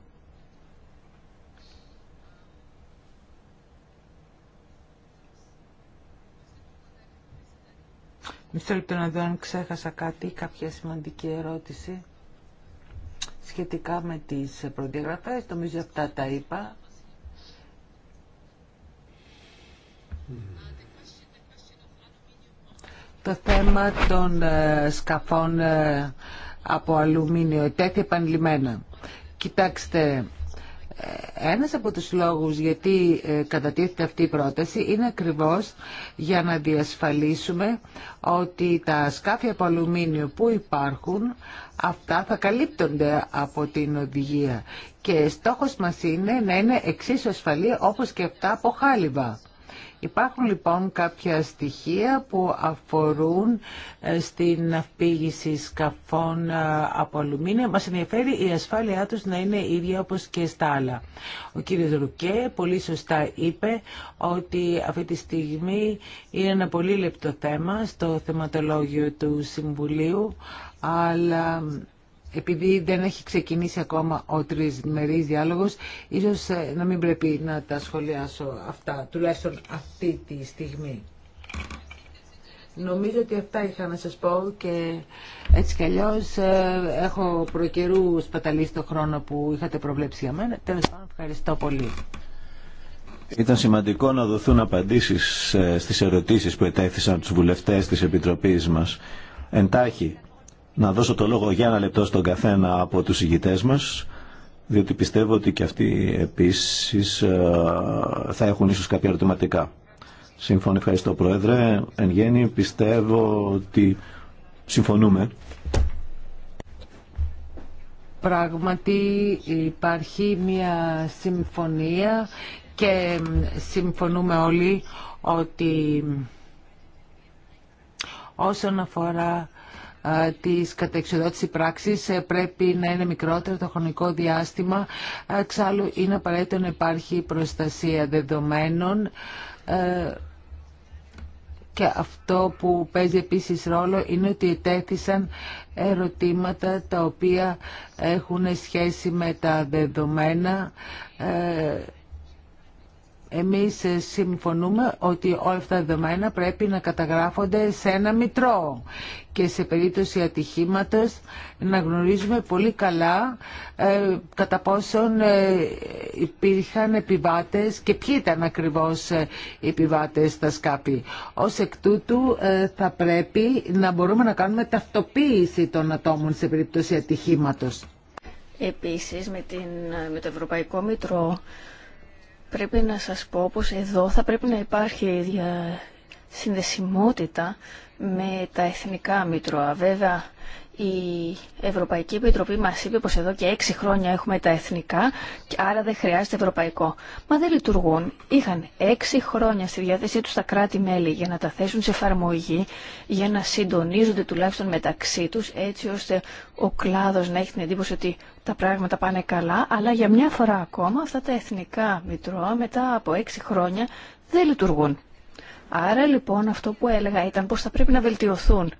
Μισό λεπτό να δω αν ξέχασα κάτι, κάποια σημαντική ερώτηση σχετικά με τις προδιαγραφές. Νομίζω αυτά τα είπα. Το θέμα των ε, σκαφών ε, από αλουμίνιο τέτοια επανειλημμένα. Κοιτάξτε, ένας από τους λόγους γιατί ε, κατατίθεται αυτή η πρόταση είναι ακριβώς για να διασφαλίσουμε ότι τα σκάφη από αλουμίνιο που υπάρχουν αυτά θα καλύπτονται από την οδηγία και στόχος μας είναι να είναι εξίσου ασφαλή όπως και αυτά από χάλιβα. Υπάρχουν λοιπόν κάποια στοιχεία που αφορούν ε, στην αυπήγηση σκαφών ε, από αλουμίνια. Μας ενδιαφέρει η ασφάλειά τους να είναι ίδια όπως και στα άλλα. Ο κύριος Ρουκέ πολύ σωστά είπε ότι αυτή τη στιγμή είναι ένα πολύ λεπτό θέμα στο θεματολόγιο του Συμβουλίου αλλά επειδή δεν έχει ξεκινήσει ακόμα ο τρισμερής διάλογος, ίσως ε, να μην πρέπει να τα σχολιάσω αυτά, τουλάχιστον αυτή τη στιγμή. Νομίζω ότι αυτά είχα να σας πω και έτσι κι αλλιώς ε, έχω προκαιρού σπαταλήσει το χρόνο που είχατε προβλέψει για μένα. Τέλος πάντων, ευχαριστώ πολύ. Ήταν σημαντικό να δοθούν απαντήσεις ε, στις ερωτήσεις που ετέθησαν τους βουλευτές της Επιτροπής μας. Εντάχει, να δώσω το λόγο για ένα λεπτό στον καθένα από τους ηγητές μας, διότι πιστεύω ότι και αυτοί επίσης ε, θα έχουν ίσως κάποια ερωτηματικά. Σύμφωνα, ευχαριστώ Πρόεδρε. Εν γέννη πιστεύω ότι συμφωνούμε. Πράγματι υπάρχει μια συμφωνία και συμφωνούμε όλοι ότι όσον αφορά της κατεξοδότηση πράξης ε, πρέπει να είναι μικρότερο το χρονικό διάστημα. Εξάλλου είναι απαραίτητο να υπάρχει προστασία δεδομένων ε, και αυτό που παίζει επίσης ρόλο είναι ότι ετέθησαν ερωτήματα τα οποία έχουν σχέση με τα δεδομένα ε, εμείς συμφωνούμε ότι όλα αυτά τα δεδομένα πρέπει να καταγράφονται σε ένα μητρό και σε περίπτωση ατυχήματος να γνωρίζουμε πολύ καλά ε, κατά πόσον ε, υπήρχαν επιβάτες και ποιοι ήταν ακριβώς ε, οι επιβάτες στα σκάπη. Ως εκ τούτου θα πρέπει να μπορούμε να κάνουμε ταυτοποίηση των ατόμων σε περίπτωση ατυχήματος. Επίσης με, την, με το Ευρωπαϊκό Μητρό Πρέπει να σας πω πως εδώ θα πρέπει να υπάρχει δια... συνδεσιμότητα με τα εθνικά μήτρωα. Βέβαια η Ευρωπαϊκή Επιτροπή μας είπε πως εδώ και έξι χρόνια έχουμε τα εθνικά και άρα δεν χρειάζεται ευρωπαϊκό. Μα δεν λειτουργούν. Είχαν έξι χρόνια στη διάθεσή τους τα κράτη-μέλη για να τα θέσουν σε εφαρμογή, για να συντονίζονται τουλάχιστον μεταξύ τους έτσι ώστε ο κλάδος να έχει την εντύπωση ότι τα πράγματα πάνε καλά, αλλά για μια φορά ακόμα αυτά τα εθνικά μητρώα μετά από έξι χρόνια δεν λειτουργούν. Άρα λοιπόν αυτό που έλεγα ήταν πως θα πρέπει να βελτιωθούν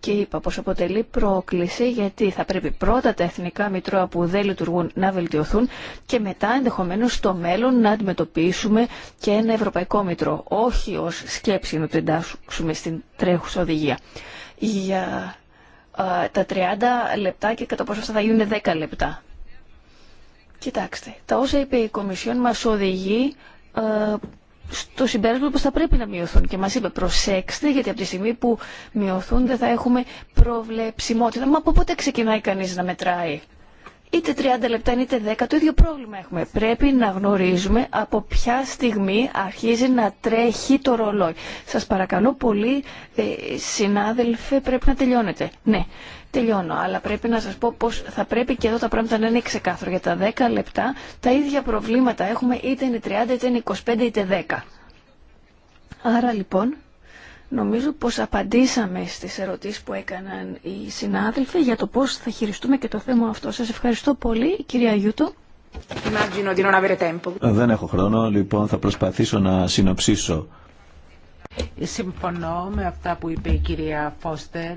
και είπα πως αποτελεί πρόκληση γιατί θα πρέπει πρώτα τα εθνικά μητρώα που δεν λειτουργούν να βελτιωθούν και μετά ενδεχομένως στο μέλλον να αντιμετωπίσουμε και ένα ευρωπαϊκό μητρό, όχι ως σκέψη να το στην τρέχουσα οδηγία. Για τα 30 λεπτά και κατά πόσο αυτά θα γίνουν 10 λεπτά. Κοιτάξτε, τα όσα είπε η Κομισιόν μας οδηγεί στο συμπέρασμα πως θα πρέπει να μειωθούν και μας είπε προσέξτε γιατί από τη στιγμή που μειωθούν δεν θα έχουμε προβλεψιμότητα. Μα από πότε ξεκινάει κανείς να μετράει είτε 30 λεπτά είτε 10, το ίδιο πρόβλημα έχουμε. Πρέπει να γνωρίζουμε από ποια στιγμή αρχίζει να τρέχει το ρολόι. Σας παρακαλώ πολύ, ε, συνάδελφε, πρέπει να τελειώνετε. Ναι, τελειώνω, αλλά πρέπει να σας πω πως θα πρέπει και εδώ τα πράγματα να είναι ξεκάθαρο. Για τα 10 λεπτά τα ίδια προβλήματα έχουμε είτε είναι 30, είτε είναι 25, είτε 10. Άρα λοιπόν Νομίζω πως απαντήσαμε στις ερωτήσεις που έκαναν οι συνάδελφοι για το πώς θα χειριστούμε και το θέμα αυτό. Σας ευχαριστώ πολύ, κυρία Γιούτο. Ε, δεν έχω χρόνο, λοιπόν θα προσπαθήσω να συνοψίσω. Συμφωνώ με αυτά που είπε η κυρία Φώστερ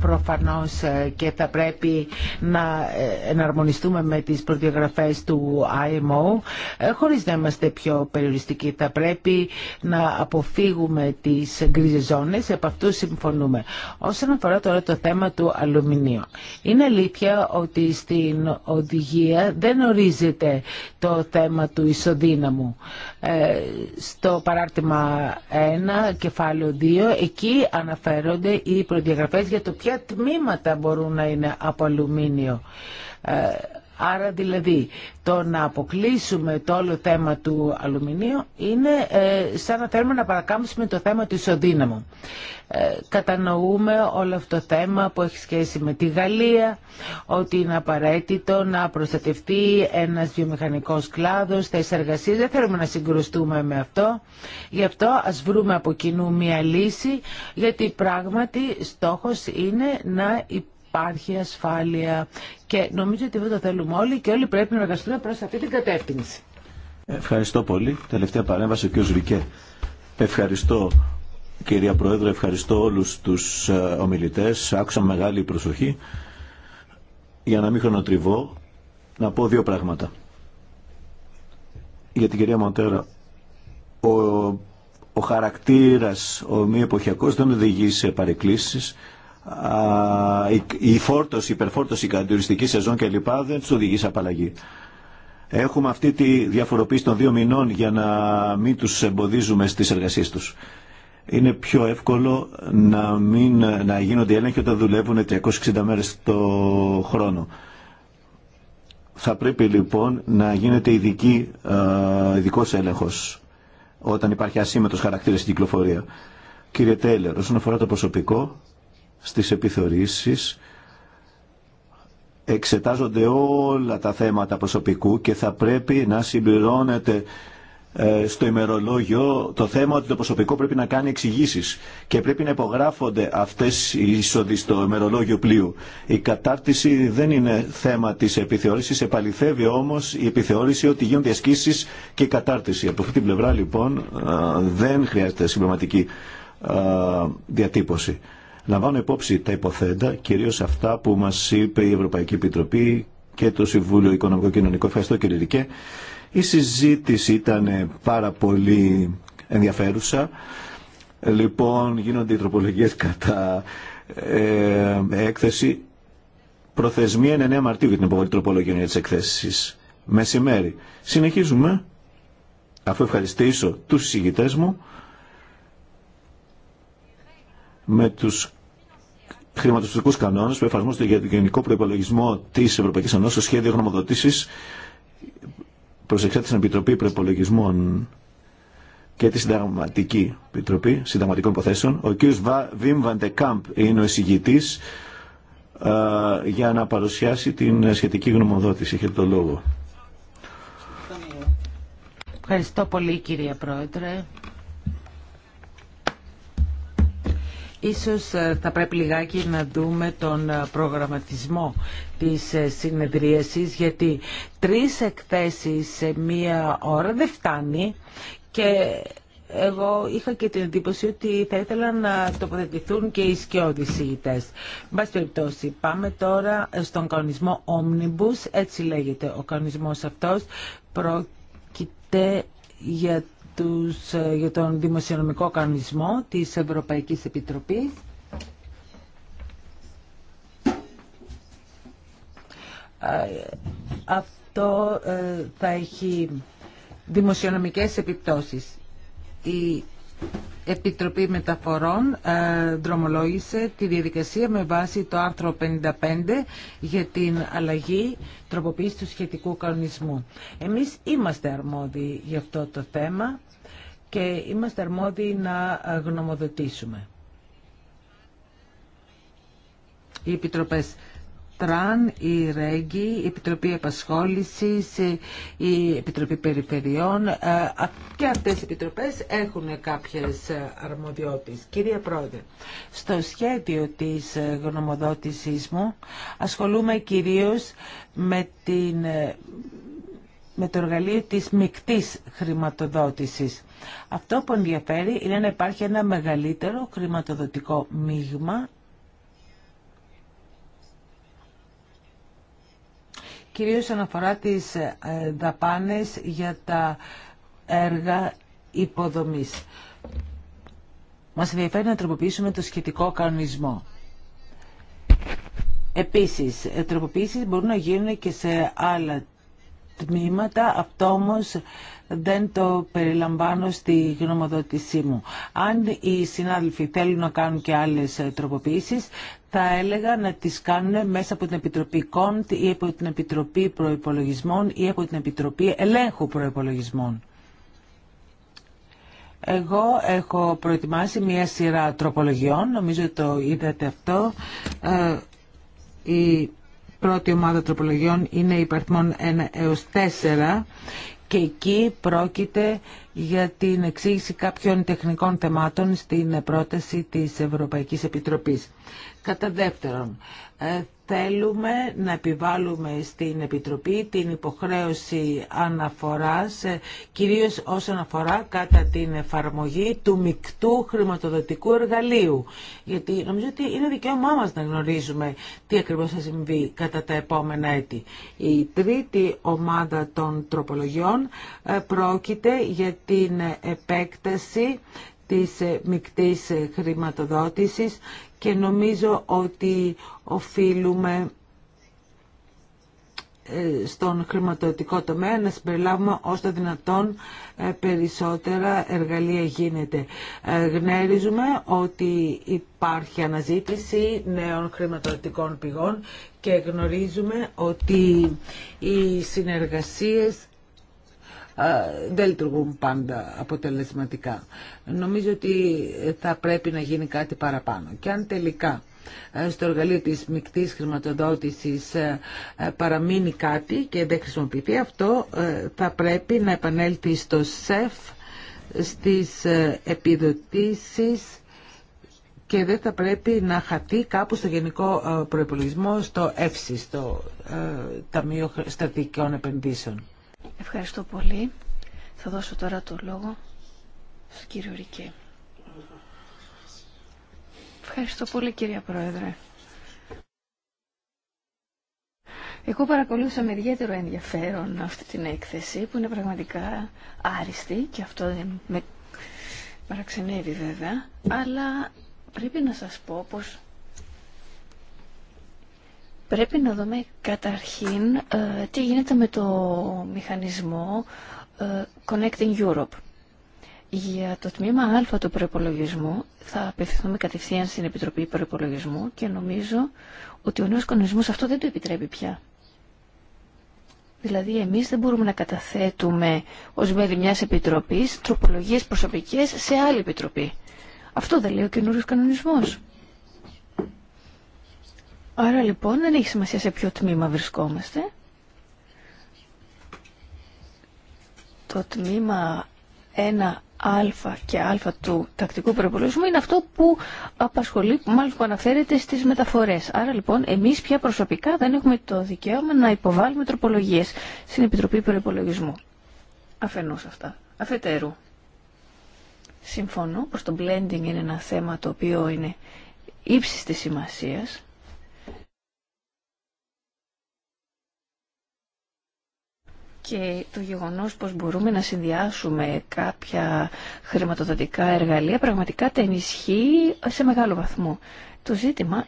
προφανώς ε, και θα πρέπει να ε, εναρμονιστούμε με τις προδιαγραφές του IMO ε, χωρίς να είμαστε πιο περιοριστικοί. Θα πρέπει να αποφύγουμε τις γκρίζες ζώνες, επ' αυτού συμφωνούμε. Όσον αφορά τώρα το θέμα του αλουμινίου. Είναι αλήθεια ότι στην οδηγία δεν ορίζεται το θέμα του ισοδύναμου. στο παράρτημα 1, κεφάλαιο 2, εκεί αναφέρονται οι προδιαγραφές για το ποια τμήματα μπορούν να είναι από αλουμίνιο. Ε, Άρα δηλαδή το να αποκλείσουμε το όλο θέμα του αλουμινίου είναι ε, σαν να θέλουμε να παρακάμψουμε το θέμα του ισοδύναμου. Ε, κατανοούμε όλο αυτό το θέμα που έχει σχέση με τη Γαλλία, ότι είναι απαραίτητο να προστατευτεί ένας βιομηχανικός κλάδος, θέσει εργασία. Δεν θέλουμε να συγκρουστούμε με αυτό. Γι' αυτό ας βρούμε από κοινού μια λύση, γιατί πράγματι στόχος είναι να υπάρχει ασφάλεια και νομίζω ότι αυτό το θέλουμε όλοι και όλοι πρέπει να εργαστούμε προς αυτή την κατεύθυνση. Ευχαριστώ πολύ. Τελευταία παρέμβαση ο κ. Ρικέ. Ευχαριστώ κυρία Πρόεδρε, ευχαριστώ όλους τους ε, ομιλητές. Άκουσα μεγάλη προσοχή. Για να μην χρονοτριβώ, να πω δύο πράγματα. Για την κυρία Μοντέρα, ο, ο χαρακτήρας, ο μη εποχιακός δεν οδηγεί σε παρεκκλήσεις η φόρτωση, η υπερφόρτωση κατά σεζόν κλπ. δεν του οδηγεί σε απαλλαγή. Έχουμε αυτή τη διαφοροποίηση των δύο μηνών για να μην του εμποδίζουμε στις εργασίες του. Είναι πιο εύκολο να, μην, να γίνονται έλεγχοι όταν δουλεύουν 360 μέρε το χρόνο. Θα πρέπει λοιπόν να γίνεται ειδική, ειδικός έλεγχος όταν υπάρχει ασύμμετο χαρακτήρα στην κυκλοφορία. Κύριε Τέλερ, όσον αφορά το προσωπικό, στις επιθεωρήσεις εξετάζονται όλα τα θέματα προσωπικού και θα πρέπει να συμπληρώνεται ε, στο ημερολόγιο το θέμα ότι το προσωπικό πρέπει να κάνει εξηγήσει και πρέπει να υπογράφονται αυτέ οι είσοδοι στο ημερολόγιο πλοίου. Η κατάρτιση δεν είναι θέμα τη επιθεώρηση, επαληθεύει όμω η επιθεώρηση ότι γίνονται ασκήσει και η κατάρτιση. Από αυτή την πλευρά λοιπόν ε, δεν χρειάζεται συμπληρωματική ε, διατύπωση λαμβάνω υπόψη τα υποθέντα, κυρίως αυτά που μας είπε η Ευρωπαϊκή Επιτροπή και το Συμβούλιο Οικονομικό Κοινωνικό. Ευχαριστώ κύριε Ρικέ. Η συζήτηση ήταν πάρα πολύ ενδιαφέρουσα. Λοιπόν, γίνονται οι τροπολογίες κατά ε, έκθεση. Προθεσμία είναι 9 Μαρτίου για την υποβολή τροπολογίων για τις εκθέσεις. Μεσημέρι. Συνεχίζουμε, αφού ευχαριστήσω τους συζητητές μου, με τους χρηματοστατικού κανόνε που εφαρμόζονται για τον γενικό προπολογισμό τη Ευρωπαϊκή στο σχέδιο προ εξέτηση στην Επιτροπή Προπολογισμών και τη Συνταγματική Επιτροπή Συνταγματικών Υποθέσεων. Ο κ. Βιμ Βαντεκάμπ είναι ο εισηγητή ε, για να παρουσιάσει την σχετική γνωμοδότηση. Έχετε το λόγο. Ευχαριστώ πολύ κύριε Πρόεδρε. Ίσως ε, θα πρέπει λιγάκι να δούμε τον ε, προγραμματισμό της ε, συνεδρίασης γιατί τρεις εκθέσεις σε μία ώρα δεν φτάνει και εγώ είχα και την εντύπωση ότι θα ήθελα να τοποθετηθούν και οι σκιώδεις ηγητές. Μπας περιπτώσει, πάμε τώρα στον κανονισμό Omnibus, έτσι λέγεται ο κανονισμός αυτός, πρόκειται για τους, ε, για τον δημοσιονομικό κανονισμό της Ευρωπαϊκής Επιτροπής. Ε, αυτό ε, θα έχει δημοσιονομικές επιπτώσεις. Η Επιτροπή Μεταφορών δρομολόγησε τη διαδικασία με βάση το άρθρο 55 για την αλλαγή τροποποίηση του σχετικού κανονισμού. Εμείς είμαστε αρμόδιοι για αυτό το θέμα και είμαστε αρμόδιοι να γνωμοδοτήσουμε. Οι επιτροπές Τραν, η Ρέγγι, η Επιτροπή Επασχόλησης, η Επιτροπή Περιφερειών ε, και αυτές οι επιτροπές έχουν κάποιες αρμοδιότητες. Κυρία Πρόεδρε, στο σχέδιο της γνωμοδότησής μου ασχολούμαι κυρίως με την ε, με το εργαλείο της μικτής χρηματοδότησης. Αυτό που ενδιαφέρει είναι να υπάρχει ένα μεγαλύτερο χρηματοδοτικό μείγμα κυρίως αναφορά αφορά τις ε, δαπάνες για τα έργα υποδομής. Μας ενδιαφέρει να τροποποιήσουμε το σχετικό κανονισμό. Επίσης, τροποποιήσεις μπορούν να γίνουν και σε άλλα τμήματα. Αυτό όμω δεν το περιλαμβάνω στη γνωμοδότησή μου. Αν οι συνάδελφοι θέλουν να κάνουν και άλλες ε, τροποποιήσεις, θα έλεγα να τις κάνουν μέσα από την Επιτροπή Κόντ ή από την Επιτροπή Προϋπολογισμών ή από την Επιτροπή Ελέγχου Προϋπολογισμών. Εγώ έχω προετοιμάσει μία σειρά τροπολογιών, νομίζω το είδατε αυτό. Ε, η πρώτη ομάδα τροπολογιών είναι υπαριθμών 1 έως 4 και εκεί πρόκειται για την εξήγηση κάποιων τεχνικών θεμάτων στην πρόταση της Ευρωπαϊκής Επιτροπής. Κατά δεύτερον, ε, θέλουμε να επιβάλλουμε στην Επιτροπή την υποχρέωση αναφοράς, ε, κυρίως όσον αφορά κατά την εφαρμογή του μικτού χρηματοδοτικού εργαλείου. Γιατί νομίζω ότι είναι δικαίωμά μας να γνωρίζουμε τι ακριβώς θα συμβεί κατά τα επόμενα έτη. Η τρίτη ομάδα των τροπολογιών ε, πρόκειται για την επέκταση της ε, μικτής χρηματοδότησης και νομίζω ότι οφείλουμε ε, στον χρηματοδοτικό τομέα να συμπεριλάβουμε όσο το δυνατόν ε, περισσότερα εργαλεία γίνεται. Ε, γνέριζουμε ότι υπάρχει αναζήτηση νέων χρηματοδοτικών πηγών και γνωρίζουμε ότι οι συνεργασίες δεν λειτουργούν πάντα αποτελεσματικά. Νομίζω ότι θα πρέπει να γίνει κάτι παραπάνω. Και αν τελικά ε, στο εργαλείο της μικτής χρηματοδότησης ε, ε, παραμείνει κάτι και δεν χρησιμοποιηθεί, αυτό θα πρέπει να επανέλθει στο ΣΕΦ, στις επιδοτήσεις και δεν θα πρέπει να χαθεί κάπου στο γενικό προϋπολογισμό, στο ΕΦΣΙ, στο Ταμείο Στατικών Επενδύσεων. Ευχαριστώ πολύ. Θα δώσω τώρα το λόγο στον κύριο Ρικέ. Ευχαριστώ πολύ κύριε Πρόεδρε. Εγώ παρακολούθησα με ιδιαίτερο ενδιαφέρον αυτή την έκθεση που είναι πραγματικά άριστη και αυτό με παραξενεύει βέβαια, αλλά πρέπει να σας πω πως Πρέπει να δούμε καταρχήν ε, τι γίνεται με το μηχανισμό ε, Connecting Europe. Για το τμήμα Α του προπολογισμού θα απευθυνθούμε κατευθείαν στην Επιτροπή Προπολογισμού και νομίζω ότι ο νέος κανονισμός αυτό δεν το επιτρέπει πια. Δηλαδή εμείς δεν μπορούμε να καταθέτουμε ως μέλη μιας επιτροπής τροπολογίες προσωπικές σε άλλη επιτροπή. Αυτό δεν λέει ο καινούριο κανονισμός. Άρα λοιπόν δεν έχει σημασία σε ποιο τμήμα βρισκόμαστε. Το τμήμα 1α και α του τακτικού προπολογισμού είναι αυτό που απασχολεί, μάλλον που αναφέρεται στις μεταφορές. Άρα λοιπόν εμείς πια προσωπικά δεν έχουμε το δικαίωμα να υποβάλουμε τροπολογίες στην Επιτροπή Προπολογισμού. Αφενός αυτά. Αφετέρου. Συμφωνώ πως το blending είναι ένα θέμα το οποίο είναι ύψης της σημασίας και το γεγονός πως μπορούμε να συνδυάσουμε κάποια χρηματοδοτικά εργαλεία πραγματικά τα ενισχύει σε μεγάλο βαθμό. Το ζήτημα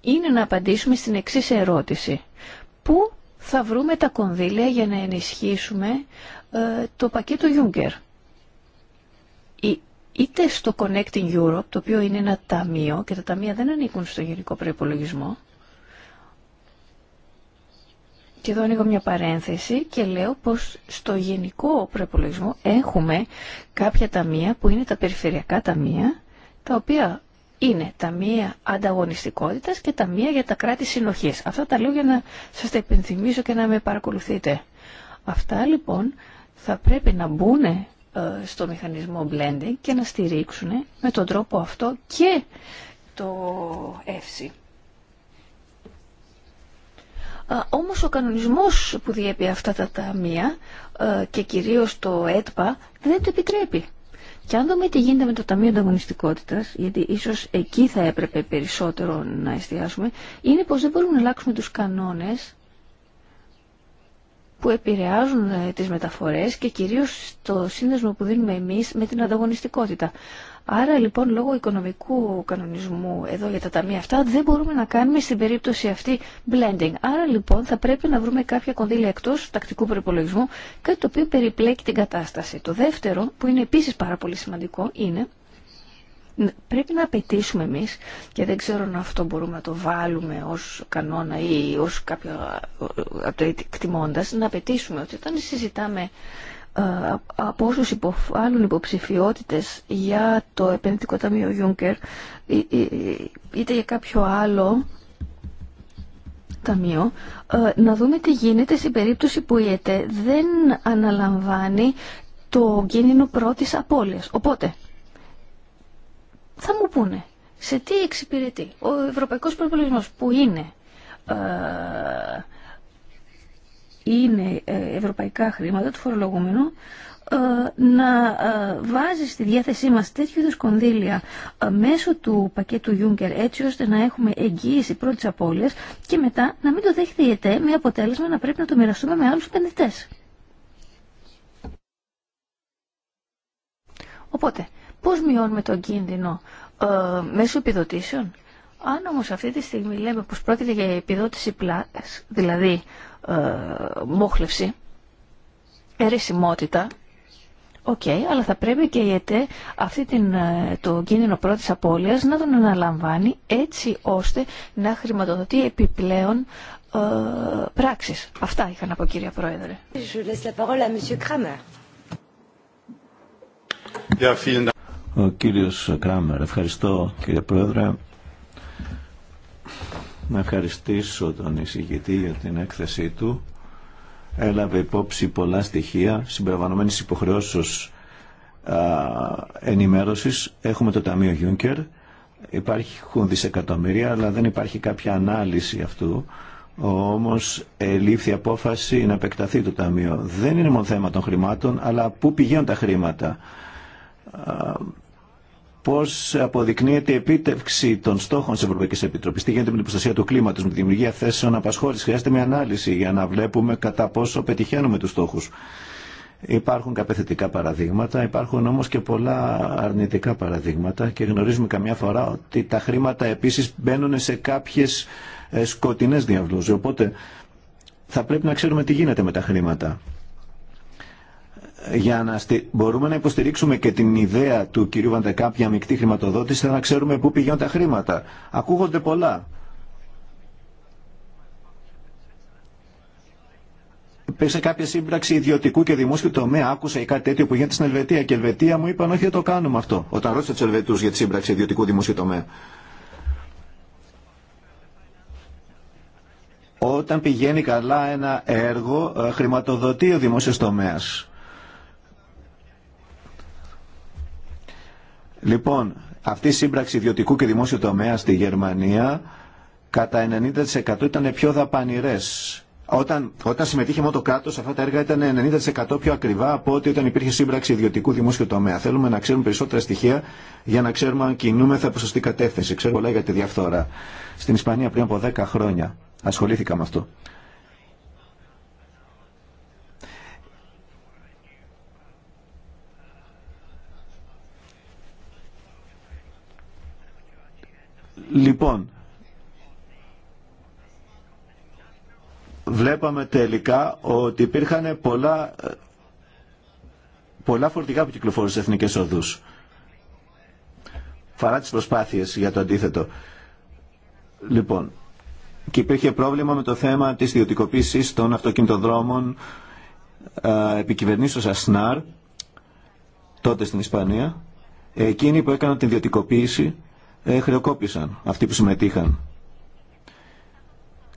είναι να απαντήσουμε στην εξής ερώτηση. Πού θα βρούμε τα κονδύλια για να ενισχύσουμε ε, το πακέτο Juncker. Είτε στο Connecting Europe, το οποίο είναι ένα ταμείο και τα ταμεία δεν ανήκουν στο γενικό προϋπολογισμό, και εδώ ανοίγω μια παρένθεση και λέω πως στο γενικό προπολογισμό έχουμε κάποια ταμεία που είναι τα περιφερειακά ταμεία, τα οποία είναι ταμεία ανταγωνιστικότητας και ταμεία για τα κράτη συνοχής. Αυτά τα λέω για να σας τα και να με παρακολουθείτε. Αυτά λοιπόν θα πρέπει να μπουν ε, στο μηχανισμό blending και να στηρίξουν με τον τρόπο αυτό και το εύση. Όμως ο κανονισμός που διέπει αυτά τα ταμεία ε, και κυρίως το ΕΤΠΑ δεν το επιτρέπει. Και αν δούμε τι γίνεται με το Ταμείο Ανταγωνιστικότητα, γιατί ίσω εκεί θα έπρεπε περισσότερο να εστιάσουμε, είναι πω δεν μπορούμε να αλλάξουμε του κανόνε που επηρεάζουν ε, τις μεταφορές και κυρίως το σύνδεσμο που δίνουμε εμείς με την ανταγωνιστικότητα. Άρα λοιπόν λόγω οικονομικού κανονισμού εδώ για τα ταμεία αυτά δεν μπορούμε να κάνουμε στην περίπτωση αυτή blending. Άρα λοιπόν θα πρέπει να βρούμε κάποια κονδύλια εκτό τακτικού προπολογισμού, κάτι το οποίο περιπλέκει την κατάσταση. Το δεύτερο, που είναι επίσης πάρα πολύ σημαντικό, είναι πρέπει να απαιτήσουμε εμείς και δεν ξέρω αν αυτό μπορούμε να το βάλουμε ως κανόνα ή ως κάποιο εκτιμώντας να απαιτήσουμε ότι όταν συζητάμε ε, από όσους υποφάλουν υποψηφιότητες για το επενδυτικό ταμείο Juncker είτε για κάποιο άλλο ταμείο ε, να δούμε τι γίνεται στην περίπτωση που η ΕΤΕ δεν αναλαμβάνει το κίνδυνο πρώτης απώλειας. Οπότε, θα μου πούνε σε τι εξυπηρετεί ο ευρωπαϊκός προπολογισμός που είναι ε, είναι ε, ευρωπαϊκά χρήματα του φορολογούμενου ε, να ε, βάζει στη διάθεσή μας τέτοιου είδους κονδύλια μέσω του πακέτου Juncker έτσι ώστε να έχουμε εγγύηση πρώτης απώλειας και μετά να μην το δέχεται η ΕΤΕ με αποτέλεσμα να πρέπει να το μοιραστούμε με άλλους επενδυτές. Οπότε, πώς μειώνουμε τον κίνδυνο ε, μέσω επιδοτήσεων. Αν όμως αυτή τη στιγμή λέμε πως μειωνουμε τον κινδυνο μεσω επιδοτησεων αν ομως αυτη τη στιγμη λεμε πως προκειται για επιδότηση πλάτες δηλαδή ε, μόχλευση, ερεσιμότητα, Οκ, okay, αλλά θα πρέπει και η ΕΤΕ αυτή την, ε, το κίνδυνο πρώτης απώλειας να τον αναλαμβάνει έτσι ώστε να χρηματοδοτεί επιπλέον ε, πράξεις. Αυτά είχα να πω κύριε Πρόεδρε. Ο κύριος Κράμερ, ευχαριστώ κύριε Πρόεδρε να ευχαριστήσω τον εισηγητή για την έκθεσή του. Έλαβε υπόψη πολλά στοιχεία συμπεριλαμβανομένης υποχρεώσεως ενημέρωσης. Έχουμε το Ταμείο Γιούνκερ. Υπάρχουν δισεκατομμύρια, αλλά δεν υπάρχει κάποια ανάλυση αυτού. Όμως ελήφθη απόφαση να επεκταθεί το Ταμείο. Δεν είναι μόνο θέμα των χρημάτων, αλλά πού πηγαίνουν τα χρήματα Πώ αποδεικνύεται η επίτευξη των στόχων τη Ευρωπαϊκή Επιτροπή, τι γίνεται με την προστασία του κλίματο με τη δημιουργία θέσεων απασχόληση, Χρειάζεται μια ανάλυση για να βλέπουμε κατά πόσο πετυχαίνουμε του στόχου. Υπάρχουν κάποια θετικά παραδείγματα, υπάρχουν όμω και πολλά αρνητικά παραδείγματα και γνωρίζουμε καμιά φορά ότι τα χρήματα επίση μπαίνουν σε κάποιε σκοτεινέ διαβλούς. Οπότε θα πρέπει να ξέρουμε τι γίνεται με τα χρήματα για να μπορούμε να υποστηρίξουμε και την ιδέα του κυρίου Βαντεκάμπ για μεικτή χρηματοδότηση, θα να ξέρουμε πού πηγαίνουν τα χρήματα. Ακούγονται πολλά. Υπήρξε κάποια σύμπραξη ιδιωτικού και δημόσιου τομέα. Άκουσα ή κάτι τέτοιο που γίνεται στην Ελβετία. Και η Ελβετία μου είπαν όχι, δεν το κάνουμε αυτό. Όταν ρώτησα του Ελβετού για τη σύμπραξη ιδιωτικού δημόσιου τομέα. Όταν πηγαίνει καλά ένα έργο, ε, χρηματοδοτεί ο δημόσιο τομέα Λοιπόν, αυτή η σύμπραξη ιδιωτικού και δημόσιου τομέα στη Γερμανία κατά 90% ήταν πιο δαπανηρέ. Όταν, όταν συμμετείχε μόνο το κράτο, αυτά τα έργα ήταν 90% πιο ακριβά από ότι όταν υπήρχε σύμπραξη ιδιωτικού δημόσιου τομέα. Θέλουμε να ξέρουμε περισσότερα στοιχεία για να ξέρουμε αν κινούμεθα προ σωστή κατεύθυνση. Ξέρω πολλά για τη διαφθορά. Στην Ισπανία πριν από 10 χρόνια ασχολήθηκα με αυτό. Λοιπόν, βλέπαμε τελικά ότι υπήρχαν πολλά, πολλά φορτηγά που κυκλοφορούν στις εθνικές οδούς. Φαρά τις προσπάθειες για το αντίθετο. Λοιπόν, και υπήρχε πρόβλημα με το θέμα της ιδιωτικοποίησης των αυτοκινητοδρόμων κυβερνήσεως Ασνάρ, τότε στην Ισπανία. Εκείνοι που έκαναν την ιδιωτικοποίηση ε, χρεοκόπησαν αυτοί που συμμετείχαν.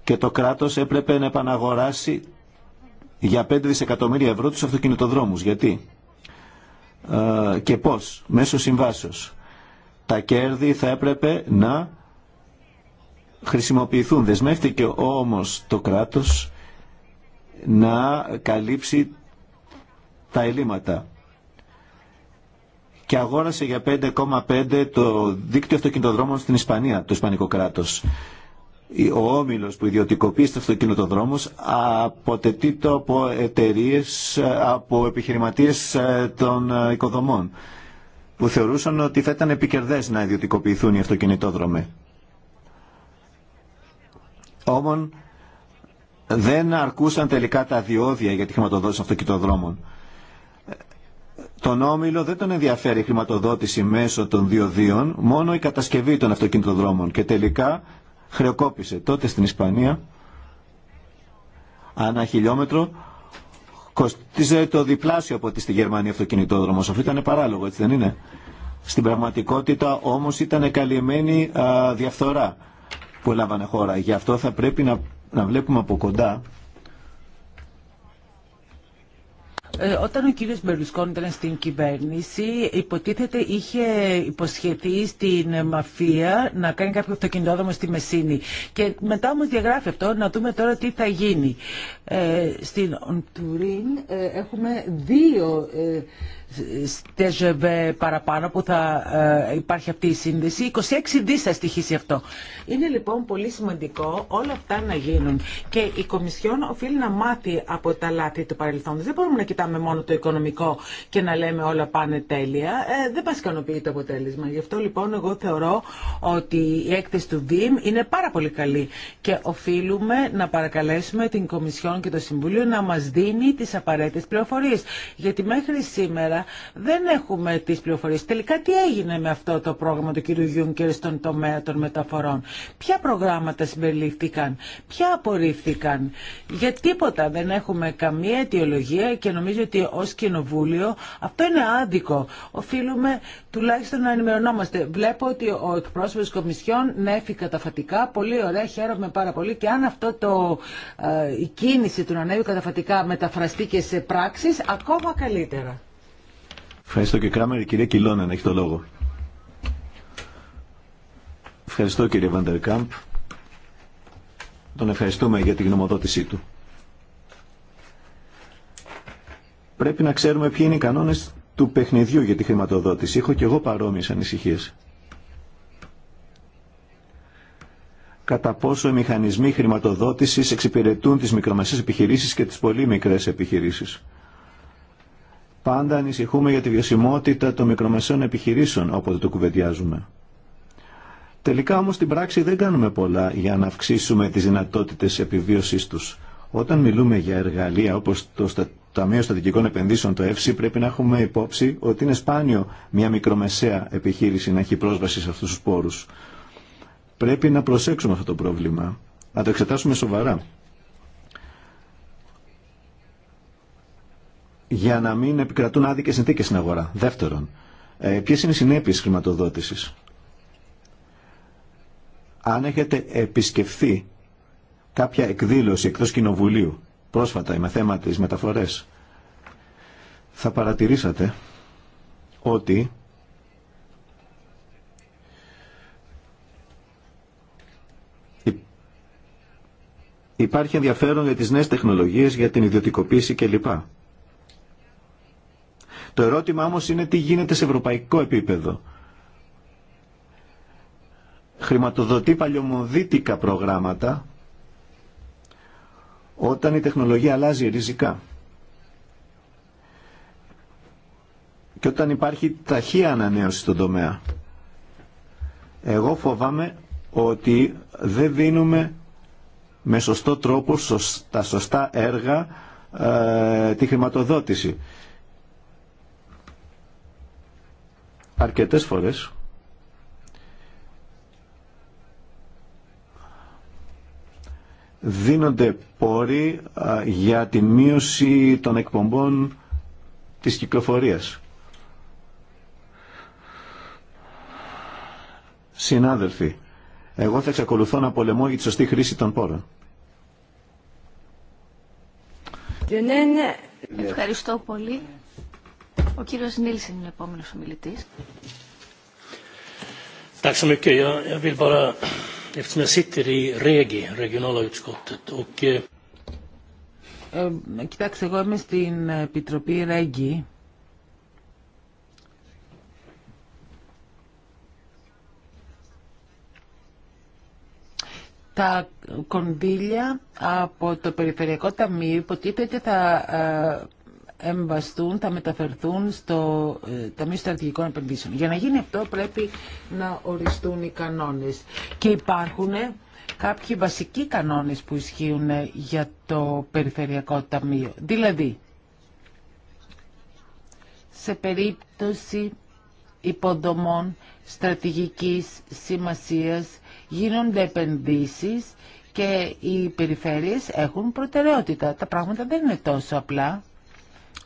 Και το κράτος έπρεπε να επαναγοράσει για 5 δισεκατομμύρια ευρώ τους αυτοκινητοδρόμους. Γιατί ε, και πώς, μέσω συμβάσεως. Τα κέρδη θα έπρεπε να χρησιμοποιηθούν. Δεσμεύτηκε όμως το κράτος να καλύψει τα ελλείμματα και αγόρασε για 5,5 το δίκτυο αυτοκινητοδρόμων στην Ισπανία, το Ισπανικό κράτο. Ο όμιλο που ιδιωτικοποίησε το αυτοκινητοδρόμους αποτετείται από εταιρείε, από επιχειρηματίες ε, των ε, οικοδομών που θεωρούσαν ότι θα ήταν επικερδές να ιδιωτικοποιηθούν οι αυτοκινητόδρομοι. Όμως δεν αρκούσαν τελικά τα διόδια για τη χρηματοδότηση αυτοκινητοδρόμων τον Όμιλο δεν τον ενδιαφέρει η χρηματοδότηση μέσω των δίων, μόνο η κατασκευή των αυτοκινητοδρόμων. Και τελικά χρεοκόπησε τότε στην Ισπανία ανά χιλιόμετρο κοστίζε το διπλάσιο από ότι στη Γερμανία αυτοκινητόδρομος. Αυτό ήταν παράλογο, έτσι δεν είναι. Στην πραγματικότητα όμως ήταν καλυμμένη διαφθορά που έλαβανε χώρα. Γι' αυτό θα πρέπει να, να βλέπουμε από κοντά Ε, όταν ο κύριος Μπερλουσκόν ήταν στην κυβέρνηση, υποτίθεται είχε υποσχεθεί στην μαφία να κάνει κάποιο αυτοκινητόδρομο στη Μεσίνη. Και μετά όμως διαγράφει αυτό, να δούμε τώρα τι θα γίνει. Ε, στην Οντουρίν ε, έχουμε δύο ε, TGV παραπάνω που θα ε, υπάρχει αυτή η σύνδεση. 26 δις θα στοιχήσει αυτό. Είναι λοιπόν πολύ σημαντικό όλα αυτά να γίνουν και η Κομισιόν οφείλει να μάθει από τα λάθη του παρελθόντος. Δεν μπορούμε να κοιτάμε μόνο το οικονομικό και να λέμε όλα πάνε τέλεια. Ε, δεν μας ικανοποιεί το αποτέλεσμα. Γι' αυτό λοιπόν εγώ θεωρώ ότι η έκθεση του ΔΥΜ είναι πάρα πολύ καλή και οφείλουμε να παρακαλέσουμε την Κομισιόν και το Συμβούλιο να μας δίνει τις απαραίτητες πληροφορίες. Γιατί μέχρι σήμερα δεν έχουμε τι πληροφορίε. Τελικά τι έγινε με αυτό το πρόγραμμα του κ. Γιούνκερ στον τομέα των μεταφορών. Ποια προγράμματα συμπεριληφθήκαν, ποια απορρίφθηκαν. Για τίποτα δεν έχουμε καμία αιτιολογία και νομίζω ότι ω κοινοβούλιο αυτό είναι άδικο. Οφείλουμε τουλάχιστον να ενημερωνόμαστε. Βλέπω ότι ο εκπρόσωπο τη Κομισιόν νέφει καταφατικά. Πολύ ωραία, χαίρομαι πάρα πολύ. Και αν αυτό το, ε, η κίνηση του να ανέβει καταφατικά μεταφραστεί και σε πράξεις, ακόμα καλύτερα. Ευχαριστώ και Κράμερ. Η κυρία Κιλώνεν έχει το λόγο. Ευχαριστώ κύριε Βαντερκάμπ. Τον ευχαριστούμε για τη γνωμοδότησή του. Πρέπει να ξέρουμε ποιοι είναι οι κανόνες του παιχνιδιού για τη χρηματοδότηση. Έχω και εγώ παρόμοιες ανησυχίες. Κατά πόσο οι μηχανισμοί χρηματοδότησης εξυπηρετούν τις μικρομεσαίες επιχειρήσεις και τις πολύ μικρές επιχειρήσεις. Πάντα ανησυχούμε για τη βιωσιμότητα των μικρομεσαίων επιχειρήσεων όποτε το κουβεντιάζουμε. Τελικά όμως στην πράξη δεν κάνουμε πολλά για να αυξήσουμε τις δυνατότητες επιβίωσής τους. Όταν μιλούμε για εργαλεία όπως το Ταμείο Στατικικών Επενδύσεων, το ΕΦΣΥ, πρέπει να έχουμε υπόψη ότι είναι σπάνιο μια μικρομεσαία επιχείρηση να έχει πρόσβαση σε αυτούς τους πόρους. Πρέπει να προσέξουμε αυτό το πρόβλημα, να το εξετάσουμε σοβαρά. για να μην επικρατούν άδικε συνθήκε στην αγορά. Δεύτερον, ε, ποιε είναι οι συνέπειε χρηματοδότηση. Αν έχετε επισκεφθεί κάποια εκδήλωση εκτός κοινοβουλίου πρόσφατα με θέμα της μεταφορές, θα παρατηρήσατε ότι υπάρχει ενδιαφέρον για τις νέες τεχνολογίες, για την ιδιωτικοποίηση κλπ. Το ερώτημα όμως είναι τι γίνεται σε ευρωπαϊκό επίπεδο. Χρηματοδοτεί παλιωμοδίτικα προγράμματα όταν η τεχνολογία αλλάζει ριζικά. Και όταν υπάρχει ταχεία ανανέωση στον τομέα. Εγώ φοβάμαι ότι δεν δίνουμε με σωστό τρόπο τα σωστά έργα ε, τη χρηματοδότηση. αρκετές φορές δίνονται πόροι για τη μείωση των εκπομπών της κυκλοφορίας. Συνάδελφοι, εγώ θα εξακολουθώ να πολεμώ για τη σωστή χρήση των πόρων. Ευχαριστώ πολύ. Ο κύριος Νίλσεν είναι ο επόμενος ομιλητής. Tack κοιτάξτε, εγώ είμαι στην Επιτροπή ΡΕΓΙ. Τα κονδύλια από το Περιφερειακό Ταμείο υποτίθεται θα ε, εμβαστούν, θα μεταφερθούν στο ε, Ταμείο Στρατηγικών Επενδύσεων. Για να γίνει αυτό πρέπει να οριστούν οι κανόνες. Και υπάρχουν κάποιοι βασικοί κανόνες που ισχύουν για το Περιφερειακό Ταμείο. Δηλαδή, σε περίπτωση υποδομών στρατηγικής σημασίας γίνονται επενδύσεις και οι περιφέρειες έχουν προτεραιότητα. Τα πράγματα δεν είναι τόσο απλά.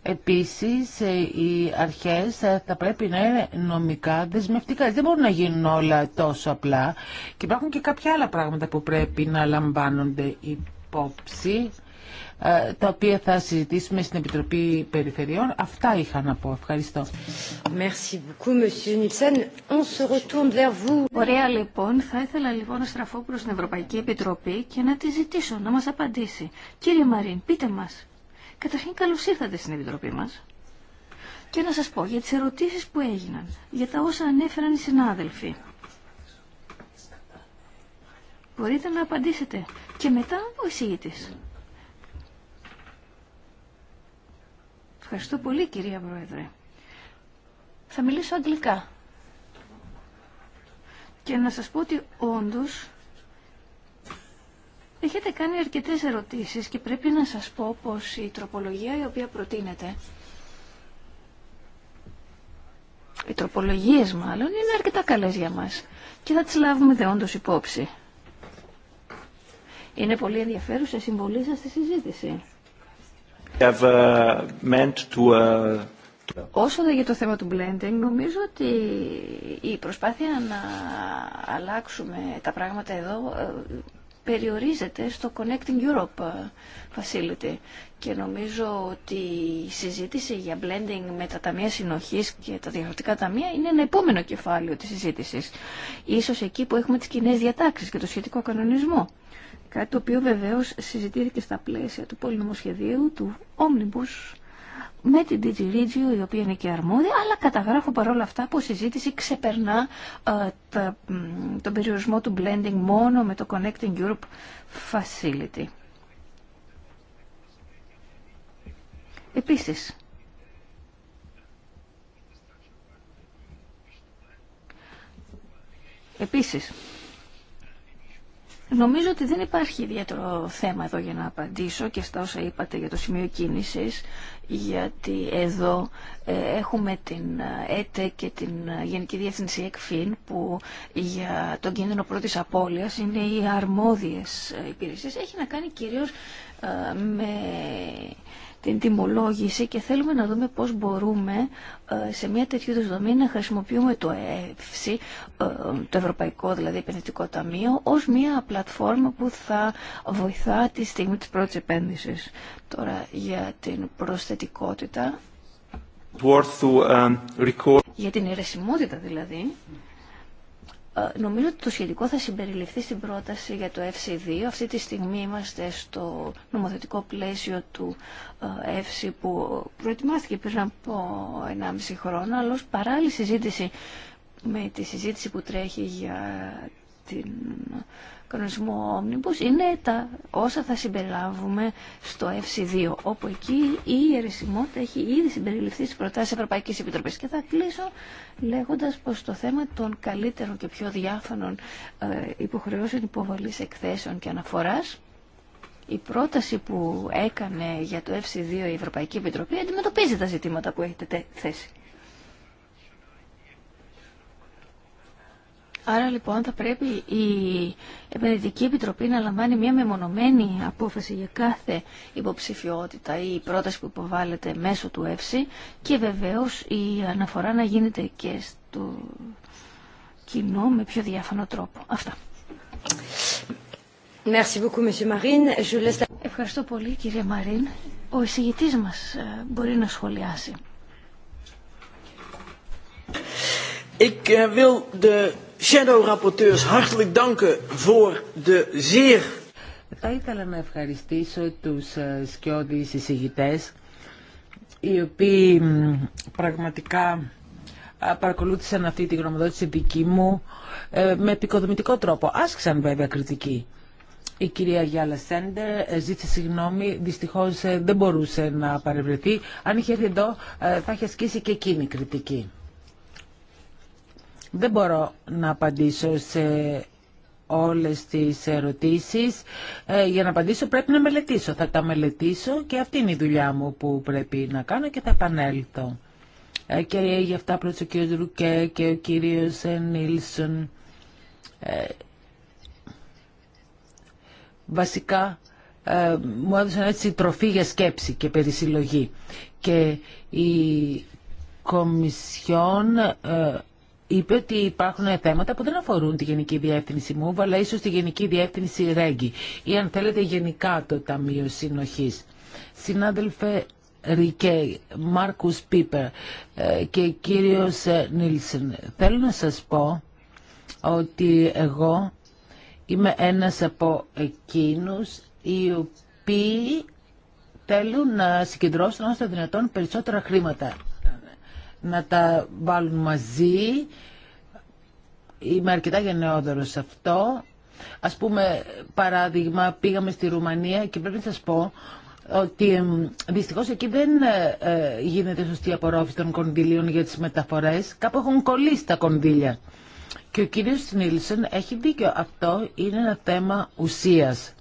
Επίσης, ε, οι αρχές ε, θα πρέπει να είναι νομικά δεσμευτικά. Δεν μπορούν να γίνουν όλα τόσο απλά. Και υπάρχουν και κάποια άλλα πράγματα που πρέπει να λαμβάνονται υπόψη, ε, τα οποία θα συζητήσουμε στην Επιτροπή Περιφερειών. Αυτά είχα να πω. Ευχαριστώ. Ωραία, λοιπόν. Θα ήθελα λοιπόν να στραφώ προς την Ευρωπαϊκή Επιτροπή και να τη ζητήσω να μας απαντήσει. Κύριε Μαρίν, πείτε μας. Καταρχήν καλώς ήρθατε στην Επιτροπή μας και να σας πω για τις ερωτήσεις που έγιναν, για τα όσα ανέφεραν οι συνάδελφοι. Μπορείτε να απαντήσετε και μετά ο εισηγητής. Ευχαριστώ πολύ κυρία Πρόεδρε. Θα μιλήσω αγγλικά. Και να σας πω ότι όντως Έχετε κάνει αρκετές ερωτήσεις και πρέπει να σας πω πως η τροπολογία η οποία προτείνεται οι τροπολογίες μάλλον είναι αρκετά καλές για μας και θα τις λάβουμε δεόντως υπόψη. Είναι πολύ ενδιαφέρουσα η συμβολή σας στη συζήτηση. Uh, uh, Όσο δε για το θέμα του blending, νομίζω ότι η προσπάθεια να αλλάξουμε τα πράγματα εδώ ε, περιορίζεται στο Connecting Europe ε, Facility. Και νομίζω ότι η συζήτηση για blending με τα ταμεία συνοχής και τα διαφορετικά ταμεία είναι ένα επόμενο κεφάλαιο της συζήτησης. Ίσως εκεί που έχουμε τις κοινέ διατάξεις και το σχετικό κανονισμό. Κάτι το οποίο βεβαίως συζητήθηκε στα πλαίσια του πολυνομοσχεδίου, του Omnibus με την DigiRegio, η οποία είναι και αρμόδια, αλλά καταγράφω παρόλα αυτά που η συζήτηση ξεπερνά ε, τα, τον περιορισμό του blending μόνο με το Connecting Europe Facility. Επίσης, Επίσης, νομίζω ότι δεν υπάρχει ιδιαίτερο θέμα εδώ για να απαντήσω και στα όσα είπατε για το σημείο κίνησης γιατί εδώ ε, έχουμε την ε, ΕΤΕ και την ε, Γενική Διεύθυνση ΕΚΦΙΝ που για τον κίνδυνο πρώτης απώλειας είναι οι αρμόδιες υπηρεσίες. Έχει να κάνει κυρίως με την τιμολόγηση και θέλουμε να δούμε πώς μπορούμε ε, σε μια τέτοιου δομή να χρησιμοποιούμε το ΕΕΦΣΙ, ε, το Ευρωπαϊκό δηλαδή Επενδυτικό Ταμείο, ως μια πλατφόρμα που θα βοηθά τη στιγμή της πρώτης επένδυσης. Τώρα για την προσθετικότητα, ε, για την αιρεσιμότητα δηλαδή, ε, νομίζω ότι το σχετικό θα συμπεριληφθεί στην πρόταση για το FC2. Αυτή τη στιγμή είμαστε στο νομοθετικό πλαίσιο του ε, FC που προετοιμάστηκε πριν από 1,5 χρόνο, αλλά ως παράλληλη συζήτηση με τη συζήτηση που τρέχει για την κανονισμό Omnibus είναι τα όσα θα συμπεριλάβουμε στο FC2, όπου εκεί η αιρεσιμότητα έχει ήδη συμπεριληφθεί στις προτάσεις Ευρωπαϊκής Επιτροπής. Και θα κλείσω λέγοντας πως το θέμα των καλύτερων και πιο διάφανων ε, υποχρεώσεων υποβολής εκθέσεων και αναφοράς η πρόταση που έκανε για το FC2 η Ευρωπαϊκή Επιτροπή αντιμετωπίζει τα ζητήματα που έχετε θέσει. Άρα λοιπόν θα πρέπει η Επενδυτική Επιτροπή να λαμβάνει μια μεμονωμένη απόφαση για κάθε υποψηφιότητα ή πρόταση που υποβάλλεται μέσω του ΕΦΣΥ και βεβαίως η αναφορά να γίνεται και στο κοινό με πιο διάφανο τρόπο. Αυτά. Ευχαριστώ πολύ κύριε Μαρίν. Ο εισηγητής μας ε, μπορεί να σχολιάσει. Ik ε, wil hartelijk danken voor de zeer... Θα ήθελα να ευχαριστήσω τους ε, σκιώδεις συζητητές οι οποίοι πραγματικά παρακολούθησαν αυτή τη γνωμοδότηση δική μου ε, με επικοδομητικό τρόπο. Άσκησαν βέβαια κριτική. Η κυρία Γιάλα Σέντερ ε, ζήτησε συγγνώμη, δυστυχώς δεν μπορούσε να παρευρεθεί. Αν είχε έρθει εδώ θα είχε ασκήσει και εκείνη κριτική. Δεν μπορώ να απαντήσω σε όλες τις ερωτήσεις. Ε, για να απαντήσω πρέπει να μελετήσω. Θα τα μελετήσω και αυτή είναι η δουλειά μου που πρέπει να κάνω και θα επανέλθω. Ε, και για αυτά προς ο κ. Ρουκέ και ο κύριος ε, Νίλσον. Ε, βασικά μου έδωσαν έτσι τροφή για σκέψη και περισυλλογή. Και η Κομισιόν είπε ότι υπάρχουν θέματα που δεν αφορούν τη Γενική Διεύθυνση μου, αλλά ίσω τη Γενική Διεύθυνση Ρέγγι ή αν θέλετε γενικά το Ταμείο συνοχή. Συνάδελφε Ρικέ, Μάρκους Πίπερ ε, και κύριος ε, Νίλσεν, θέλω να σας πω ότι εγώ είμαι ένας από εκείνους οι οποίοι θέλουν να συγκεντρώσουν όσο δυνατόν περισσότερα χρήματα να τα βάλουν μαζί. Είμαι αρκετά γενναιόδωρο σε αυτό. Ας πούμε, παράδειγμα, πήγαμε στη Ρουμανία και πρέπει να σας πω ότι δυστυχώ εκεί δεν ε, ε, γίνεται σωστή απορρόφηση των κονδυλίων για τις μεταφορές. Κάπου έχουν κολλήσει τα κονδύλια. Και ο κύριος Νίλσον έχει δίκιο. Αυτό είναι ένα θέμα ουσίας.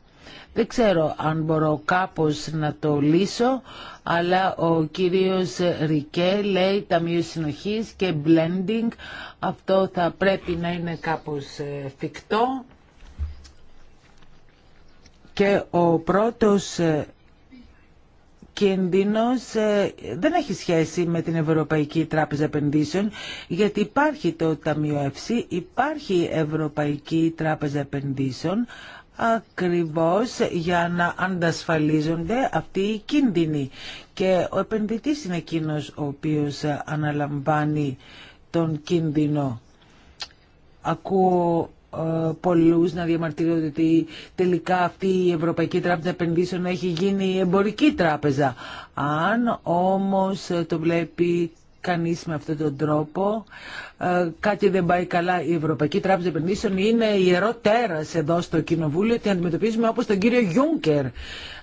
Δεν ξέρω αν μπορώ κάπως να το λύσω, αλλά ο κύριος Ρικέ λέει Ταμείο Συνοχής και Blending. Αυτό θα πρέπει να είναι κάπως ε, φυκτό. Και ο πρώτος ε, κίνδυνος ε, δεν έχει σχέση με την Ευρωπαϊκή Τράπεζα Επενδύσεων γιατί υπάρχει το Ταμείο ΕΦΣΥ, υπάρχει Ευρωπαϊκή Τράπεζα Επενδύσεων ακριβώς για να αντασφαλίζονται αυτοί οι κίνδυνοι. Και ο επενδυτής είναι εκείνος ο οποίος αναλαμβάνει τον κίνδυνο. Ακούω ε, πολλούς να διαμαρτύρονται ότι τελικά αυτή η Ευρωπαϊκή Τράπεζα Επενδύσεων έχει γίνει εμπορική τράπεζα. Αν όμως το βλέπει κανείς με αυτόν τον τρόπο. Ε, κάτι δεν πάει καλά. Η Ευρωπαϊκή Τράπεζα Επενδύσεων είναι ιερό τέρας εδώ στο Κοινοβούλιο. ότι αντιμετωπίζουμε όπως τον κύριο Γιούνκερ.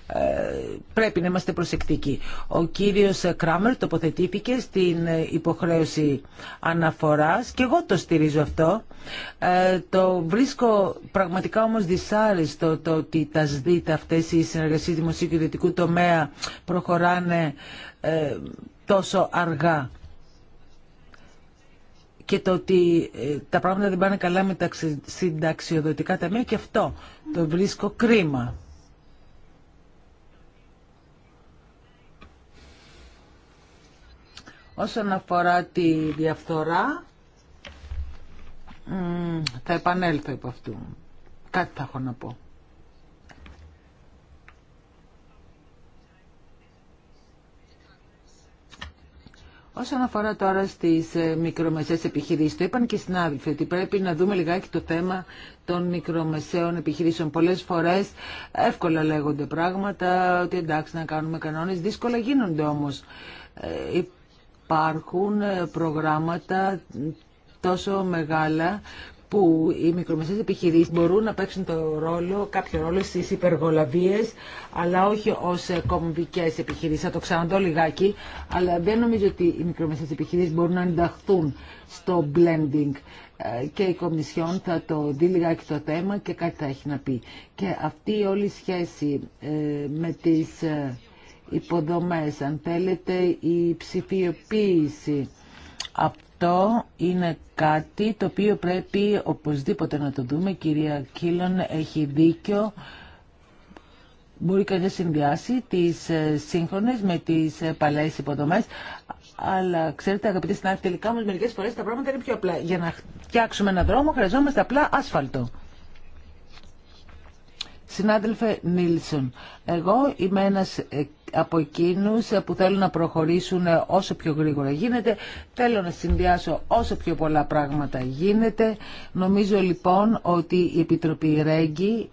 Ε, πρέπει να είμαστε προσεκτικοί. Ο κύριος Κράμερ τοποθετήθηκε στην υποχρέωση αναφοράς και εγώ το στηρίζω αυτό. Ε, το βρίσκω πραγματικά όμως δυσάρεστο το ότι τα ΣΔΙΤ αυτές οι συνεργασίες δημοσίου και ιδιωτικού τομέα προχωράνε τόσο αργά και το ότι ε, τα πράγματα δεν πάνε καλά με τα συνταξιοδοτικά ταμεία και αυτό το βρίσκω κρίμα. Όσον αφορά τη διαφθορά, θα επανέλθω από αυτού. Κάτι θα έχω να πω. Όσον αφορά τώρα στις ε, μικρομεσαίε επιχειρήσεις, το είπαν και οι συνάδελφοι ότι πρέπει να δούμε λιγάκι το θέμα των μικρομεσαίων επιχειρήσεων. Πολλές φορές εύκολα λέγονται πράγματα, ότι εντάξει να κάνουμε κανόνες, δύσκολα γίνονται όμως. Ε, υπάρχουν ε, προγράμματα τόσο μεγάλα που οι μικρομεσαίες επιχειρήσεις μπορούν να παίξουν το ρόλο, κάποιο ρόλο στις υπεργολαβίες, αλλά όχι ως κομβικές επιχειρήσεις. Θα το ξαναδώ λιγάκι, αλλά δεν νομίζω ότι οι μικρομεσαίες επιχειρήσεις μπορούν να ενταχθούν στο blending ε, και η Κομισιόν θα το δει λιγάκι το θέμα και κάτι θα έχει να πει. Και αυτή όλη σχέση ε, με τις ε, υποδομές, αν θέλετε, η ψηφιοποίηση, αυτό είναι κάτι το οποίο πρέπει οπωσδήποτε να το δούμε. Η κυρία Κίλον έχει δίκιο. Μπορεί κανείς να συνδυάσει τις ε, σύγχρονες με τις ε, παλαιές υποδομές. Αλλά ξέρετε αγαπητέ συνάδελφοι, τελικά όμως μερικές φορές τα πράγματα είναι πιο απλά. Για να φτιάξουμε έναν δρόμο χρειαζόμαστε απλά άσφαλτο. Συνάδελφε Νίλσον, εγώ είμαι ένας από εκείνους που θέλουν να προχωρήσουν όσο πιο γρήγορα γίνεται. Θέλω να συνδυάσω όσο πιο πολλά πράγματα γίνεται. Νομίζω λοιπόν ότι η Επιτροπή Ρέγγι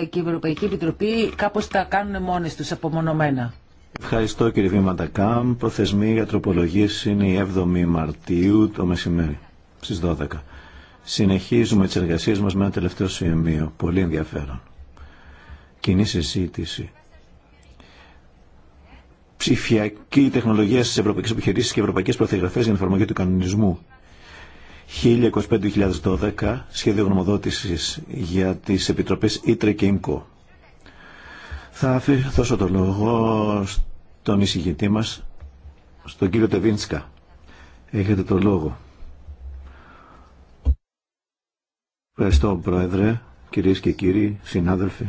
ε, και η Ευρωπαϊκή Επιτροπή κάπως τα κάνουν μόνες τους απομονωμένα. Ευχαριστώ κύριε Βήματα Καμ. Προθεσμοί για τροπολογίες είναι η 7η Μαρτίου το μεσημέρι στις 12. Συνεχίζουμε τις εργασίες μας με ένα τελευταίο σημείο, πολύ ενδιαφέρον. Κοινή συζήτηση ψηφιακή τεχνολογία στι ευρωπαϊκέ επιχειρήσει και ευρωπαϊκέ προθεγραφέ για την εφαρμογή του κανονισμού. 1025-2012, σχέδιο γνωμοδότηση για τι επιτροπέ ΙΤΡΕ και ΙΜΚΟ. Θα αφήσω το λόγο στον εισηγητή μα, στον κύριο Τεβίνσκα. Έχετε το λόγο. Ευχαριστώ, Πρόεδρε, κυρίες και κύριοι, συνάδελφοι.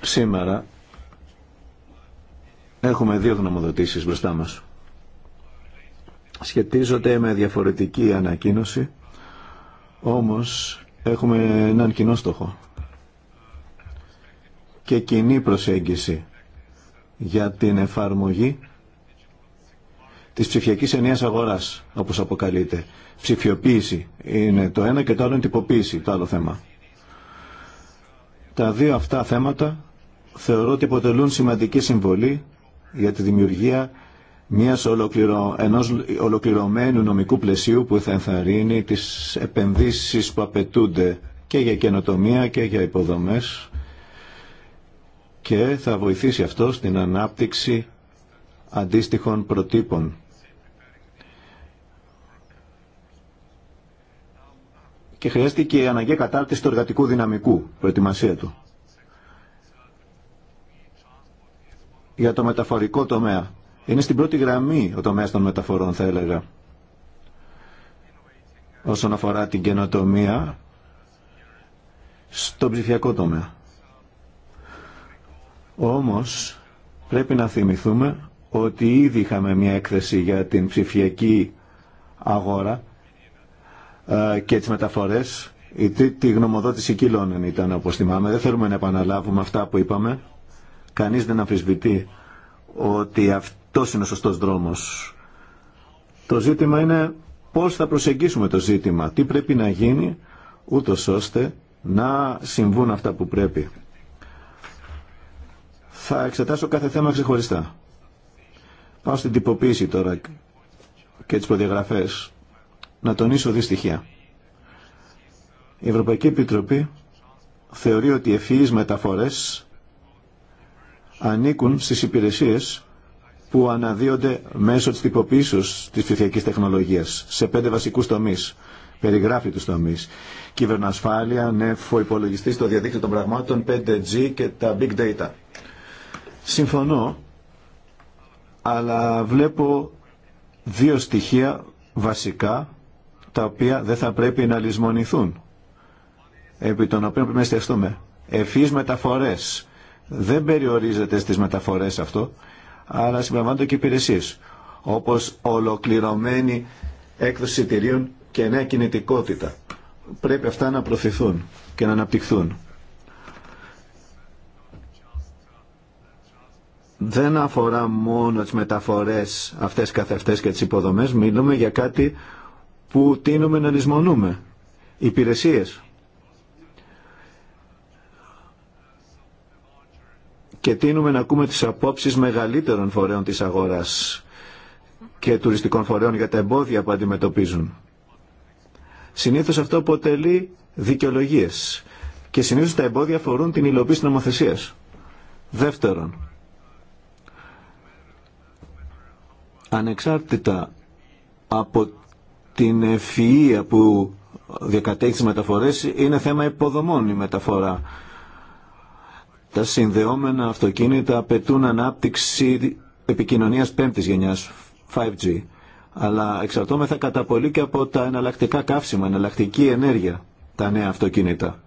Σήμερα Έχουμε δύο γνωμοδοτήσεις μπροστά μας. Σχετίζονται με διαφορετική ανακοίνωση, όμως έχουμε έναν κοινό στόχο και κοινή προσέγγιση για την εφαρμογή της ψηφιακής ενίας αγοράς, όπως αποκαλείται. Ψηφιοποίηση είναι το ένα και το άλλο είναι τυποποίηση, το άλλο θέμα. Τα δύο αυτά θέματα θεωρώ ότι αποτελούν σημαντική συμβολή για τη δημιουργία μιας ολοκληρω... ενός ολοκληρωμένου νομικού πλαισίου που θα ενθαρρύνει τις επενδύσεις που απαιτούνται και για καινοτομία και για υποδομές και θα βοηθήσει αυτό στην ανάπτυξη αντίστοιχων προτύπων. Και χρειάστηκε η αναγκαία κατάρτιση του εργατικού δυναμικού, προετοιμασία του. για το μεταφορικό τομέα. Είναι στην πρώτη γραμμή ο τομέας των μεταφορών θα έλεγα. Όσον αφορά την καινοτομία στο ψηφιακό τομέα. Όμως πρέπει να θυμηθούμε ότι ήδη είχαμε μια έκθεση για την ψηφιακή αγορά ε, και τις μεταφορές. Η τρίτη γνωμοδότηση κυλών ήταν όπως θυμάμαι. Δεν θέλουμε να επαναλάβουμε αυτά που είπαμε. Κανείς δεν αμφισβητεί ότι αυτός είναι ο σωστός δρόμος. Το ζήτημα είναι πώς θα προσεγγίσουμε το ζήτημα, τι πρέπει να γίνει ούτω ώστε να συμβούν αυτά που πρέπει. Θα εξετάσω κάθε θέμα ξεχωριστά. Πάω στην τυποποίηση τώρα και τις προδιαγραφές. Να τονίσω δύο Η Ευρωπαϊκή Επιτροπή θεωρεί ότι οι ευφυείς μεταφορές ανήκουν στις υπηρεσίες που αναδύονται μέσω της τυποποίησης της ψηφιακής τεχνολογίας σε πέντε βασικούς τομείς. Περιγράφει τους τομείς. Κυβερνοασφάλεια, νεφο, υπολογιστή στο διαδίκτυο των πραγμάτων, 5G και τα big data. Συμφωνώ, αλλά βλέπω δύο στοιχεία βασικά τα οποία δεν θα πρέπει να λησμονηθούν επί των οποίων πρέπει να στεφτούμε. Ευφύς δεν περιορίζεται στις μεταφορές αυτό, αλλά συμπεριλαμβάνονται και υπηρεσίε. όπως ολοκληρωμένη έκδοση εισιτηρίων και νέα κινητικότητα. Πρέπει αυτά να προωθηθούν και να αναπτυχθούν. Δεν αφορά μόνο τις μεταφορές αυτές καθ' και τις υποδομές, μιλούμε για κάτι που τίνουμε να λησμονούμε. Υπηρεσίες και τίνουμε να ακούμε τις απόψεις μεγαλύτερων φορέων της αγοράς και τουριστικών φορέων για τα εμπόδια που αντιμετωπίζουν. Συνήθως αυτό αποτελεί δικαιολογίες και συνήθως τα εμπόδια αφορούν την υλοποίηση της νομοθεσίας. Δεύτερον, ανεξάρτητα από την ευφυΐα που διακατέχει τις μεταφορές, είναι θέμα υποδομών η μεταφορά τα συνδεόμενα αυτοκίνητα απαιτούν ανάπτυξη επικοινωνίας πέμπτης γενιάς 5G. Αλλά εξαρτώμεθα κατά πολύ και από τα εναλλακτικά καύσιμα, εναλλακτική ενέργεια τα νέα αυτοκίνητα.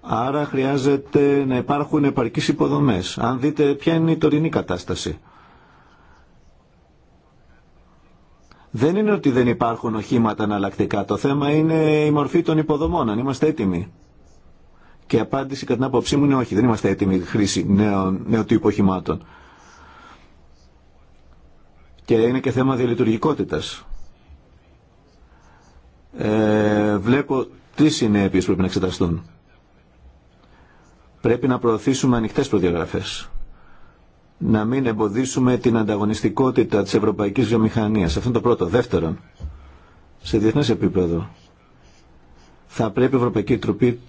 Άρα χρειάζεται να υπάρχουν επαρκείς υποδομές. Αν δείτε ποια είναι η τωρινή κατάσταση. Δεν είναι ότι δεν υπάρχουν οχήματα εναλλακτικά. Το θέμα είναι η μορφή των υποδομών, αν είμαστε έτοιμοι. Και η απάντηση κατά την άποψή μου είναι όχι, δεν είμαστε έτοιμοι χρήση νέων, νέου τύπου οχημάτων. Και είναι και θέμα διαλειτουργικότητας. Ε, βλέπω τι συνέπειες πρέπει να εξεταστούν. Πρέπει να προωθήσουμε ανοιχτές προδιαγραφές. Να μην εμποδίσουμε την ανταγωνιστικότητα της ευρωπαϊκής βιομηχανίας. Αυτό είναι το πρώτο. Δεύτερον, σε διεθνές επίπεδο θα πρέπει η Ευρωπαϊκή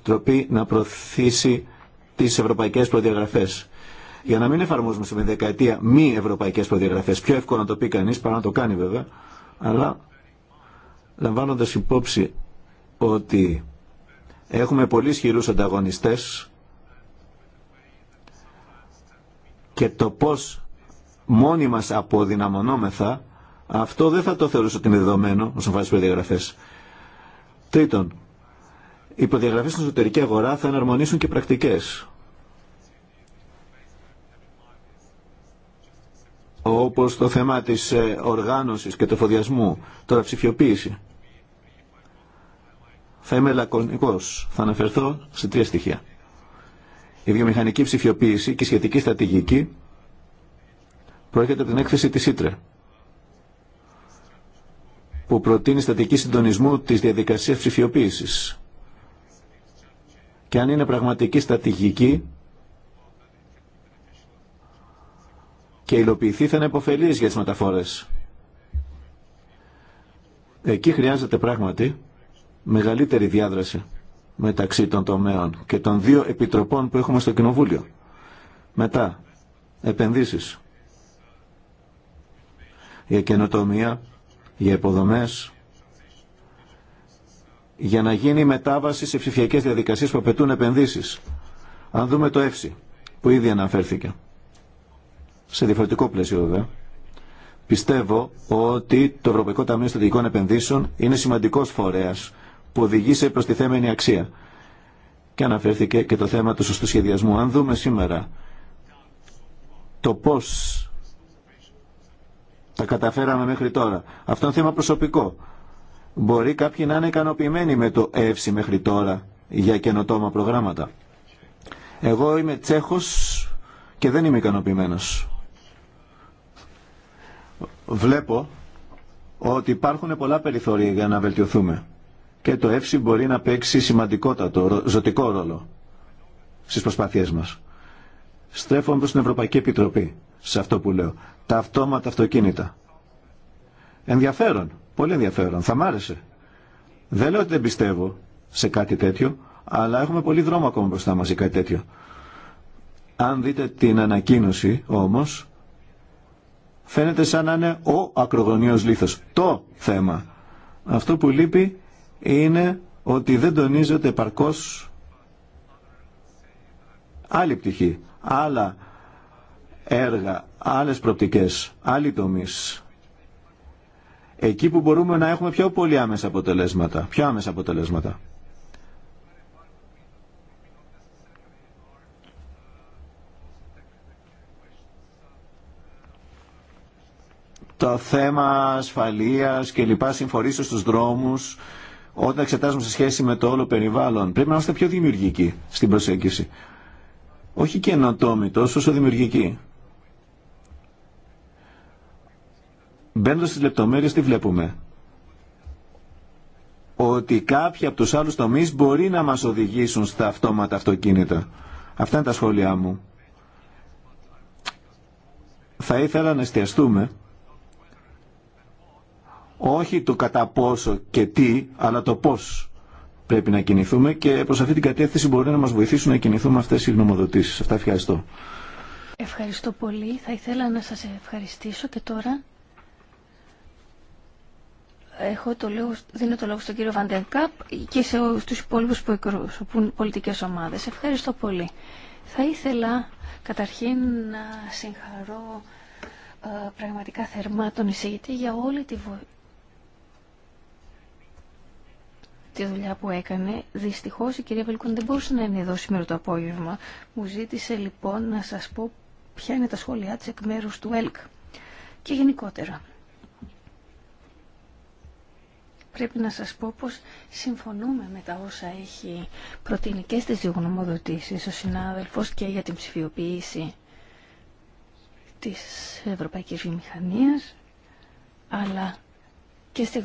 Τροπή, να προωθήσει τι ευρωπαϊκέ προδιαγραφέ. Για να μην εφαρμόζουμε σε δεκαετία μη ευρωπαϊκές προδιαγραφέ. Πιο εύκολο να το πει κανεί, παρά να το κάνει βέβαια. Αλλά λαμβάνοντα υπόψη ότι έχουμε πολύ ισχυρού ανταγωνιστέ. και το πώ μόνοι μα αποδυναμωνόμεθα, αυτό δεν θα το θεωρούσε ότι είναι δεδομένο όσον αφορά τι Τρίτον, οι προδιαγραφές στην εσωτερική αγορά θα εναρμονίσουν και πρακτικές. όπως το θέμα της ε, οργάνωσης και του εφοδιασμού, τώρα ψηφιοποίηση. Θα είμαι λακωνικός. Θα αναφερθώ σε τρία στοιχεία. Η βιομηχανική ψηφιοποίηση και η σχετική στρατηγική προέρχεται από την έκθεση της ΣΥΤΡΕ που προτείνει στατική συντονισμού της διαδικασίας ψηφιοποίησης και αν είναι πραγματική στρατηγική και υλοποιηθεί θα είναι υποφελής για τις μεταφορές. Εκεί χρειάζεται πράγματι μεγαλύτερη διάδραση μεταξύ των τομέων και των δύο επιτροπών που έχουμε στο Κοινοβούλιο. Μετά, επενδύσεις για καινοτομία, για υποδομές, για να γίνει μετάβαση σε ψηφιακές διαδικασίες που απαιτούν επενδύσεις. Αν δούμε το ΕΦΣΙ, που ήδη αναφέρθηκε, σε διαφορετικό πλαίσιο βέβαια, πιστεύω ότι το Ευρωπαϊκό Ταμείο Στρατηγικών Επενδύσεων είναι σημαντικός φορέας που οδηγεί σε προστιθέμενη αξία. Και αναφέρθηκε και το θέμα του σωστού σχεδιασμού. Αν δούμε σήμερα το πώς τα καταφέραμε μέχρι τώρα. Αυτό είναι θέμα προσωπικό. Μπορεί κάποιοι να είναι ικανοποιημένοι με το ΕΦΣΙ μέχρι τώρα για καινοτόμα προγράμματα. Εγώ είμαι Τσέχος και δεν είμαι ικανοποιημένος. Βλέπω ότι υπάρχουν πολλά περιθώρια για να βελτιωθούμε και το ΕΦΣΙ μπορεί να παίξει σημαντικότατο, ζωτικό ρόλο στις προσπάθειές μας. Στρέφομαι προς την Ευρωπαϊκή Επιτροπή σε αυτό που λέω. Τα αυτόματα αυτοκίνητα. Ενδιαφέρον Πολύ ενδιαφέρον. Θα μ' άρεσε. Δεν λέω ότι δεν πιστεύω σε κάτι τέτοιο, αλλά έχουμε πολύ δρόμο ακόμα μπροστά μας για κάτι τέτοιο. Αν δείτε την ανακοίνωση όμως, φαίνεται σαν να είναι ο ακρογωνίος λήθος. Το θέμα. Αυτό που λείπει είναι ότι δεν τονίζεται παρκώς άλλη πτυχή, άλλα έργα, άλλες προπτικές, άλλοι τομείς εκεί που μπορούμε να έχουμε πιο πολύ άμεσα αποτελέσματα, πιο άμεσα αποτελέσματα. Το θέμα ασφαλείας και λοιπά συμφορήσεως στους δρόμους, όταν εξετάζουμε σε σχέση με το όλο περιβάλλον, πρέπει να είμαστε πιο δημιουργικοί στην προσέγγιση. Όχι καινοτόμοι τόσο, όσο δημιουργικοί. Μπαίνοντα στι λεπτομέρειε τι βλέπουμε. Ότι κάποιοι από του άλλου τομεί μπορεί να μας οδηγήσουν στα αυτόματα αυτοκίνητα. Αυτά είναι τα σχόλιά μου. Θα ήθελα να εστιαστούμε όχι το κατά πόσο και τι, αλλά το πώς πρέπει να κινηθούμε και προς αυτή την κατεύθυνση μπορεί να μας βοηθήσουν να κινηθούμε αυτές οι γνωμοδοτήσεις. Αυτά ευχαριστώ. Ευχαριστώ πολύ. Θα ήθελα να σας ευχαριστήσω και τώρα Έχω το λόγο, δίνω το λόγο στον κύριο Καπ και σε στους υπόλοιπους που εκπροσωπούν πολιτικές ομάδες. Ευχαριστώ πολύ. Θα ήθελα καταρχήν να συγχαρώ ε, πραγματικά θερμά τον εισηγητή για όλη τη, δουλειά που έκανε. Δυστυχώς η κυρία Βελκούν δεν μπορούσε να είναι εδώ σήμερα το απόγευμα. Μου ζήτησε λοιπόν να σας πω ποια είναι τα σχόλιά της εκ μέρους του ΕΛΚ και γενικότερα πρέπει να σας πω πως συμφωνούμε με τα όσα έχει προτείνει και στις διογνωμοδοτήσεις ο συνάδελφος και για την ψηφιοποίηση της Ευρωπαϊκής Βιομηχανίας αλλά και στη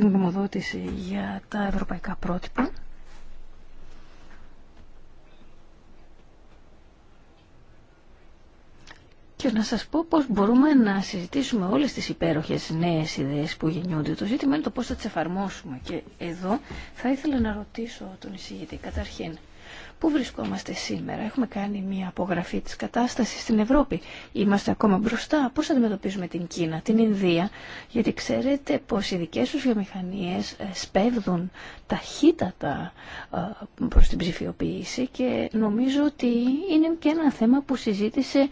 γνωμοδότηση για τα ευρωπαϊκά πρότυπα και να σας πω πώς μπορούμε να συζητήσουμε όλες τις υπέροχες νέες ιδέες που γεννιούνται. Το ζήτημα είναι το πώς θα τις εφαρμόσουμε. Και εδώ θα ήθελα να ρωτήσω τον εισηγητή καταρχήν. Πού βρισκόμαστε σήμερα, έχουμε κάνει μια απογραφή της κατάστασης στην Ευρώπη. Είμαστε ακόμα μπροστά, πώς αντιμετωπίζουμε την Κίνα, την Ινδία, γιατί ξέρετε πως οι δικές τους βιομηχανίες ε, σπέβδουν ταχύτατα ε, προς την ψηφιοποίηση και νομίζω ότι είναι και ένα θέμα που συζήτησε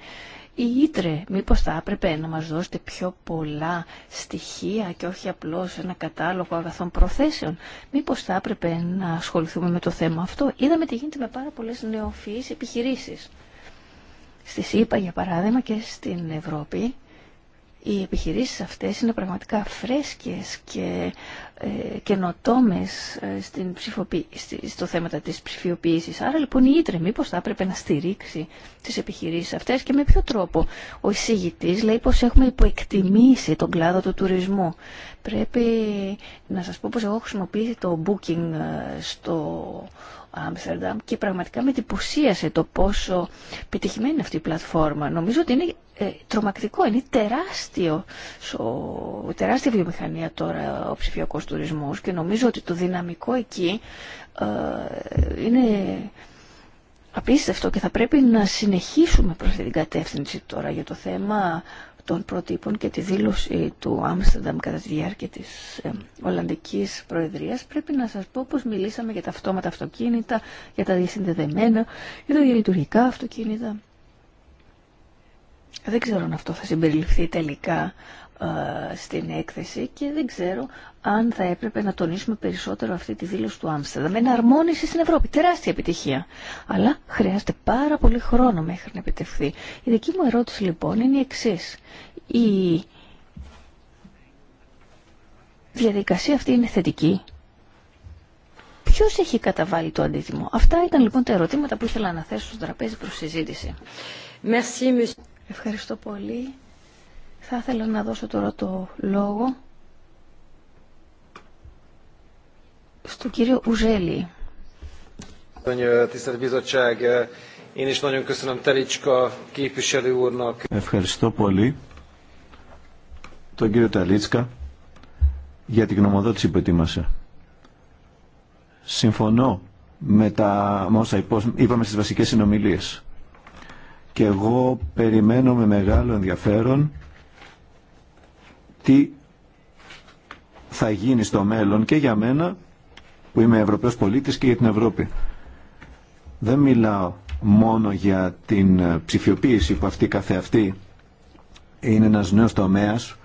η Ήτρε μήπως θα έπρεπε να μας δώσετε πιο πολλά στοιχεία και όχι απλώς ένα κατάλογο αγαθών προθέσεων. Μήπως θα έπρεπε να ασχοληθούμε με το θέμα αυτό. Είδαμε τι γίνεται με πάρα πολλές νεοφυείς επιχειρήσεις. Στη ΣΥΠΑ για παράδειγμα και στην Ευρώπη οι επιχειρήσεις αυτές είναι πραγματικά φρέσκες και ε, καινοτόμες ε, στην ψηφοποι... στο θέμα της ψηφιοποίησης. Άρα λοιπόν η Ήτρε μήπως θα έπρεπε να στηρίξει τις επιχειρήσεις αυτές και με ποιο τρόπο. Ο εισηγητής λέει πως έχουμε υποεκτιμήσει τον κλάδο του τουρισμού. Πρέπει να σας πω πως εγώ χρησιμοποιήσει το booking ε, στο Άμστερνταμ και πραγματικά με εντυπωσίασε το πόσο πετυχημένη είναι αυτή η πλατφόρμα. Νομίζω ότι είναι ε, τρομακτικό, είναι τεράστιο, τεράστια βιομηχανία τώρα ο ψηφιακός τουρισμός και νομίζω ότι το δυναμικό εκεί ε, είναι απίστευτο και θα πρέπει να συνεχίσουμε προς την κατεύθυνση τώρα για το θέμα των προτύπων και τη δήλωση του Άμστερνταμ κατά τη διάρκεια της ε, Ολλανδικής Προεδρίας πρέπει να σας πω πως μιλήσαμε για τα αυτόματα αυτοκίνητα, για τα διασυνδεδεμένα, για τα διαλειτουργικά αυτοκίνητα. Δεν ξέρω αν αυτό θα συμπεριληφθεί τελικά ε, στην έκθεση και δεν ξέρω αν θα έπρεπε να τονίσουμε περισσότερο αυτή τη δήλωση του Άμστερνταμ. αρμόνιση στην Ευρώπη. Τεράστια επιτυχία. Αλλά χρειάζεται πάρα πολύ χρόνο μέχρι να επιτευχθεί. Η δική μου ερώτηση λοιπόν είναι η εξή. Η διαδικασία αυτή είναι θετική. Ποιο έχει καταβάλει το αντίτιμο. Αυτά ήταν λοιπόν τα ερωτήματα που ήθελα να θέσω στο τραπέζι προ συζήτηση. Merci, Ευχαριστώ πολύ. Θα ήθελα να δώσω τώρα το λόγο στον κύριο Ουζέλη. Ευχαριστώ πολύ τον κύριο Ταλίτσκα για την γνωμοδότηση που ετοίμασε. Συμφωνώ με τα όσα είπαμε στις βασικές συνομιλίες και εγώ περιμένω με μεγάλο ενδιαφέρον τι θα γίνει στο μέλλον και για μένα που είμαι Ευρωπαίος πολίτης και για την Ευρώπη. Δεν μιλάω μόνο για την ε, ψηφιοποίηση που αυτή καθεαυτή είναι ένας νέος τομέας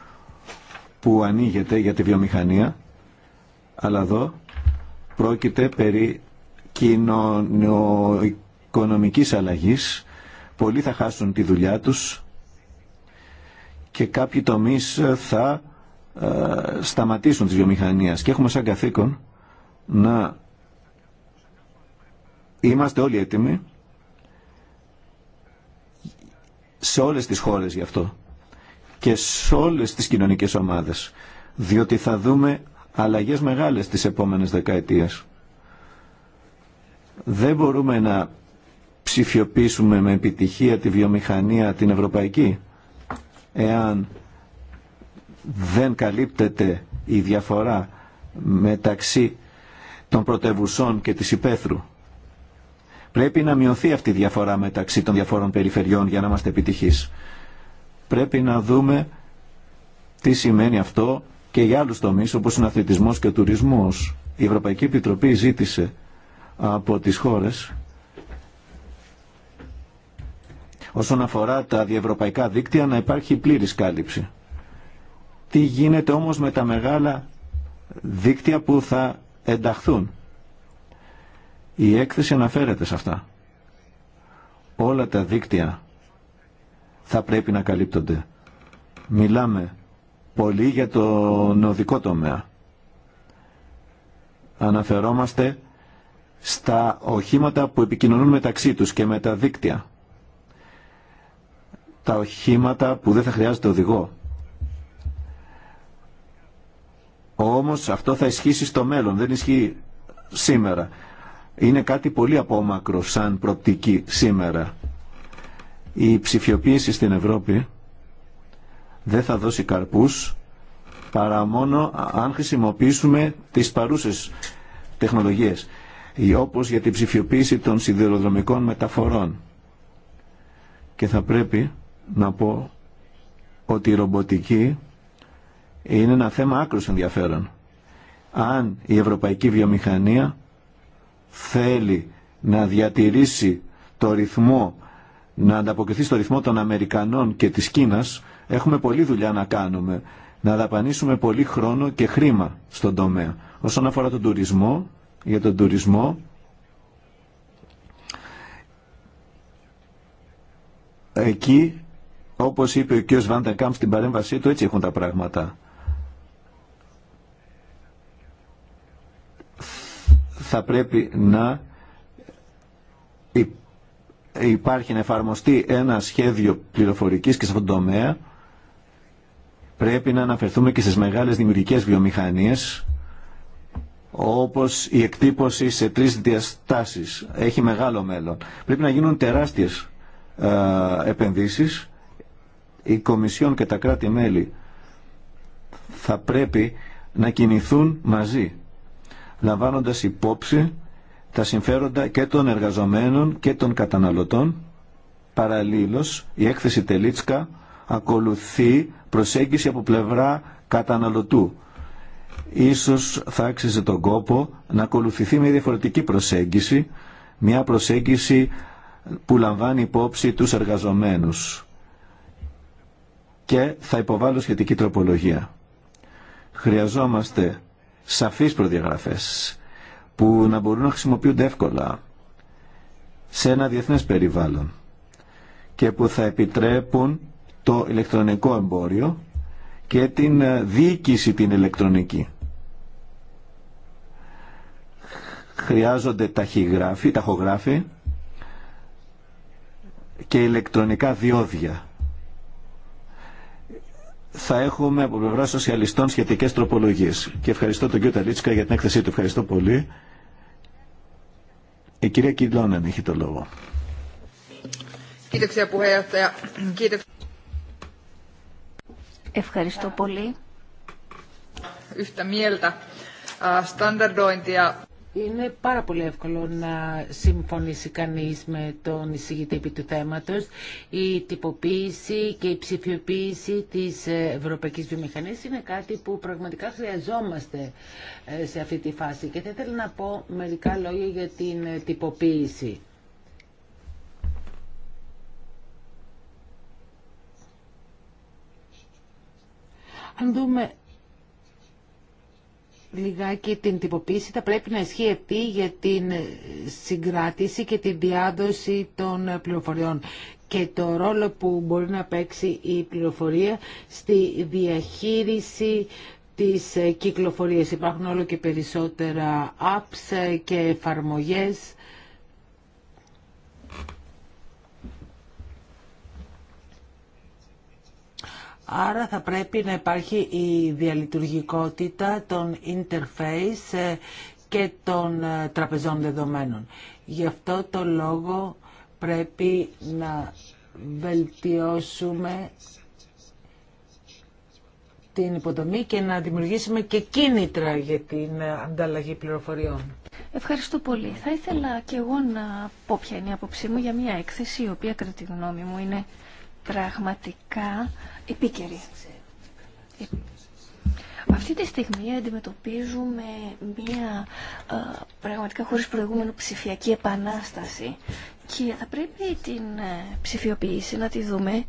που ανοίγεται για τη βιομηχανία αλλά εδώ πρόκειται περί κοινωνιοοικονομικής αλλαγής Πολλοί θα χάσουν τη δουλειά τους και κάποιοι τομείς ε, θα ε, σταματήσουν τις βιομηχανίες. Και έχουμε σαν καθήκον να είμαστε όλοι έτοιμοι σε όλες τις χώρες γι' αυτό και σε όλες τις κοινωνικές ομάδες διότι θα δούμε αλλαγές μεγάλες τις επόμενες δεκαετίες. Δεν μπορούμε να ψηφιοποιήσουμε με επιτυχία τη βιομηχανία την ευρωπαϊκή εάν δεν καλύπτεται η διαφορά μεταξύ των πρωτευουσών και της υπαίθρου. Πρέπει να μειωθεί αυτή η διαφορά μεταξύ των διαφόρων περιφερειών για να είμαστε επιτυχείς. Πρέπει να δούμε τι σημαίνει αυτό και για άλλους τομείς όπως είναι αθλητισμός και ο τουρισμός. Η Ευρωπαϊκή Επιτροπή ζήτησε από τις χώρες όσον αφορά τα διευρωπαϊκά δίκτυα να υπάρχει πλήρης κάλυψη. Τι γίνεται όμως με τα μεγάλα δίκτυα που θα ενταχθούν. Η έκθεση αναφέρεται σε αυτά. Όλα τα δίκτυα θα πρέπει να καλύπτονται. Μιλάμε πολύ για το νοδικό τομέα. Αναφερόμαστε στα οχήματα που επικοινωνούν μεταξύ τους και με τα δίκτυα τα οχήματα που δεν θα χρειάζεται οδηγό. Όμως αυτό θα ισχύσει στο μέλλον, δεν ισχύει σήμερα. Είναι κάτι πολύ απόμακρο σαν προπτική σήμερα. Η ψηφιοποίηση στην Ευρώπη δεν θα δώσει καρπούς παρά μόνο αν χρησιμοποιήσουμε τις παρούσες τεχνολογίες όπως για την ψηφιοποίηση των σιδηροδρομικών μεταφορών. Και θα πρέπει να πω ότι η ρομποτική είναι ένα θέμα άκρως ενδιαφέρον. Αν η ευρωπαϊκή βιομηχανία θέλει να διατηρήσει το ρυθμό, να ανταποκριθεί στο ρυθμό των Αμερικανών και της Κίνας, έχουμε πολλή δουλειά να κάνουμε, να δαπανίσουμε πολύ χρόνο και χρήμα στον τομέα. Όσον αφορά τον τουρισμό, για τον τουρισμό, εκεί όπως είπε ο κ. Βαντεκάμπ στην παρέμβασή του, έτσι έχουν τα πράγματα. Θα πρέπει να υπάρχει να εφαρμοστεί ένα σχέδιο πληροφορικής και σε αυτόν τον τομέα. Πρέπει να αναφερθούμε και στις μεγάλες δημιουργικές βιομηχανίες όπως η εκτύπωση σε τρεις διαστάσεις έχει μεγάλο μέλλον. Πρέπει να γίνουν τεράστιες ε, επενδύσεις η Κομισιόν και τα κράτη-μέλη θα πρέπει να κινηθούν μαζί, λαμβάνοντας υπόψη τα συμφέροντα και των εργαζομένων και των καταναλωτών. Παραλλήλως, η έκθεση Τελίτσκα ακολουθεί προσέγγιση από πλευρά καταναλωτού. Ίσως θα άξιζε τον κόπο να ακολουθηθεί μια διαφορετική προσέγγιση, μια προσέγγιση που λαμβάνει υπόψη τους εργαζομένους και θα υποβάλω σχετική τροπολογία. Χρειαζόμαστε σαφείς προδιαγραφές που να μπορούν να χρησιμοποιούνται εύκολα σε ένα διεθνές περιβάλλον και που θα επιτρέπουν το ηλεκτρονικό εμπόριο και την ε, διοίκηση την ηλεκτρονική. Χρειάζονται ταχυγράφοι, ταχογράφοι και ηλεκτρονικά διόδια θα έχουμε από πλευρά σοσιαλιστών σχετικές τροπολογίες. Και ευχαριστώ τον κύριο Ταλίτσκα για την έκθεσή του. Ευχαριστώ πολύ. Η κυρία Κιλόνεν έχει το λόγο. Ευχαριστώ πολύ. Yhtä mieltä äh, είναι πάρα πολύ εύκολο να συμφωνήσει κανείς με τον εισηγητή του θέματος. Η τυποποίηση και η ψηφιοποίηση της ευρωπαϊκής βιομηχανίας είναι κάτι που πραγματικά χρειαζόμαστε ε, σε αυτή τη φάση. Και θα ήθελα να πω μερικά λόγια για την τυποποίηση. Αν δούμε λιγάκι την τυποποίηση θα πρέπει να ισχύει για την συγκράτηση και την διάδοση των πληροφοριών και το ρόλο που μπορεί να παίξει η πληροφορία στη διαχείριση της κυκλοφορίας. Υπάρχουν όλο και περισσότερα apps και εφαρμογές Άρα θα πρέπει να υπάρχει η διαλειτουργικότητα των interface ε, και των ε, τραπεζών δεδομένων. Γι' αυτό το λόγο πρέπει να βελτιώσουμε την υποδομή και να δημιουργήσουμε και κίνητρα για την ε, ανταλλαγή πληροφοριών. Ευχαριστώ πολύ. Θα ήθελα και εγώ να πω ποια είναι η άποψή μου για μια έκθεση η οποία κατά τη γνώμη μου είναι πραγματικά επίκαιρη. Αυτή τη στιγμή αντιμετωπίζουμε μία ε, πραγματικά χωρίς προηγούμενο ψηφιακή επανάσταση και θα πρέπει την ε, ψηφιοποίηση να τη δούμε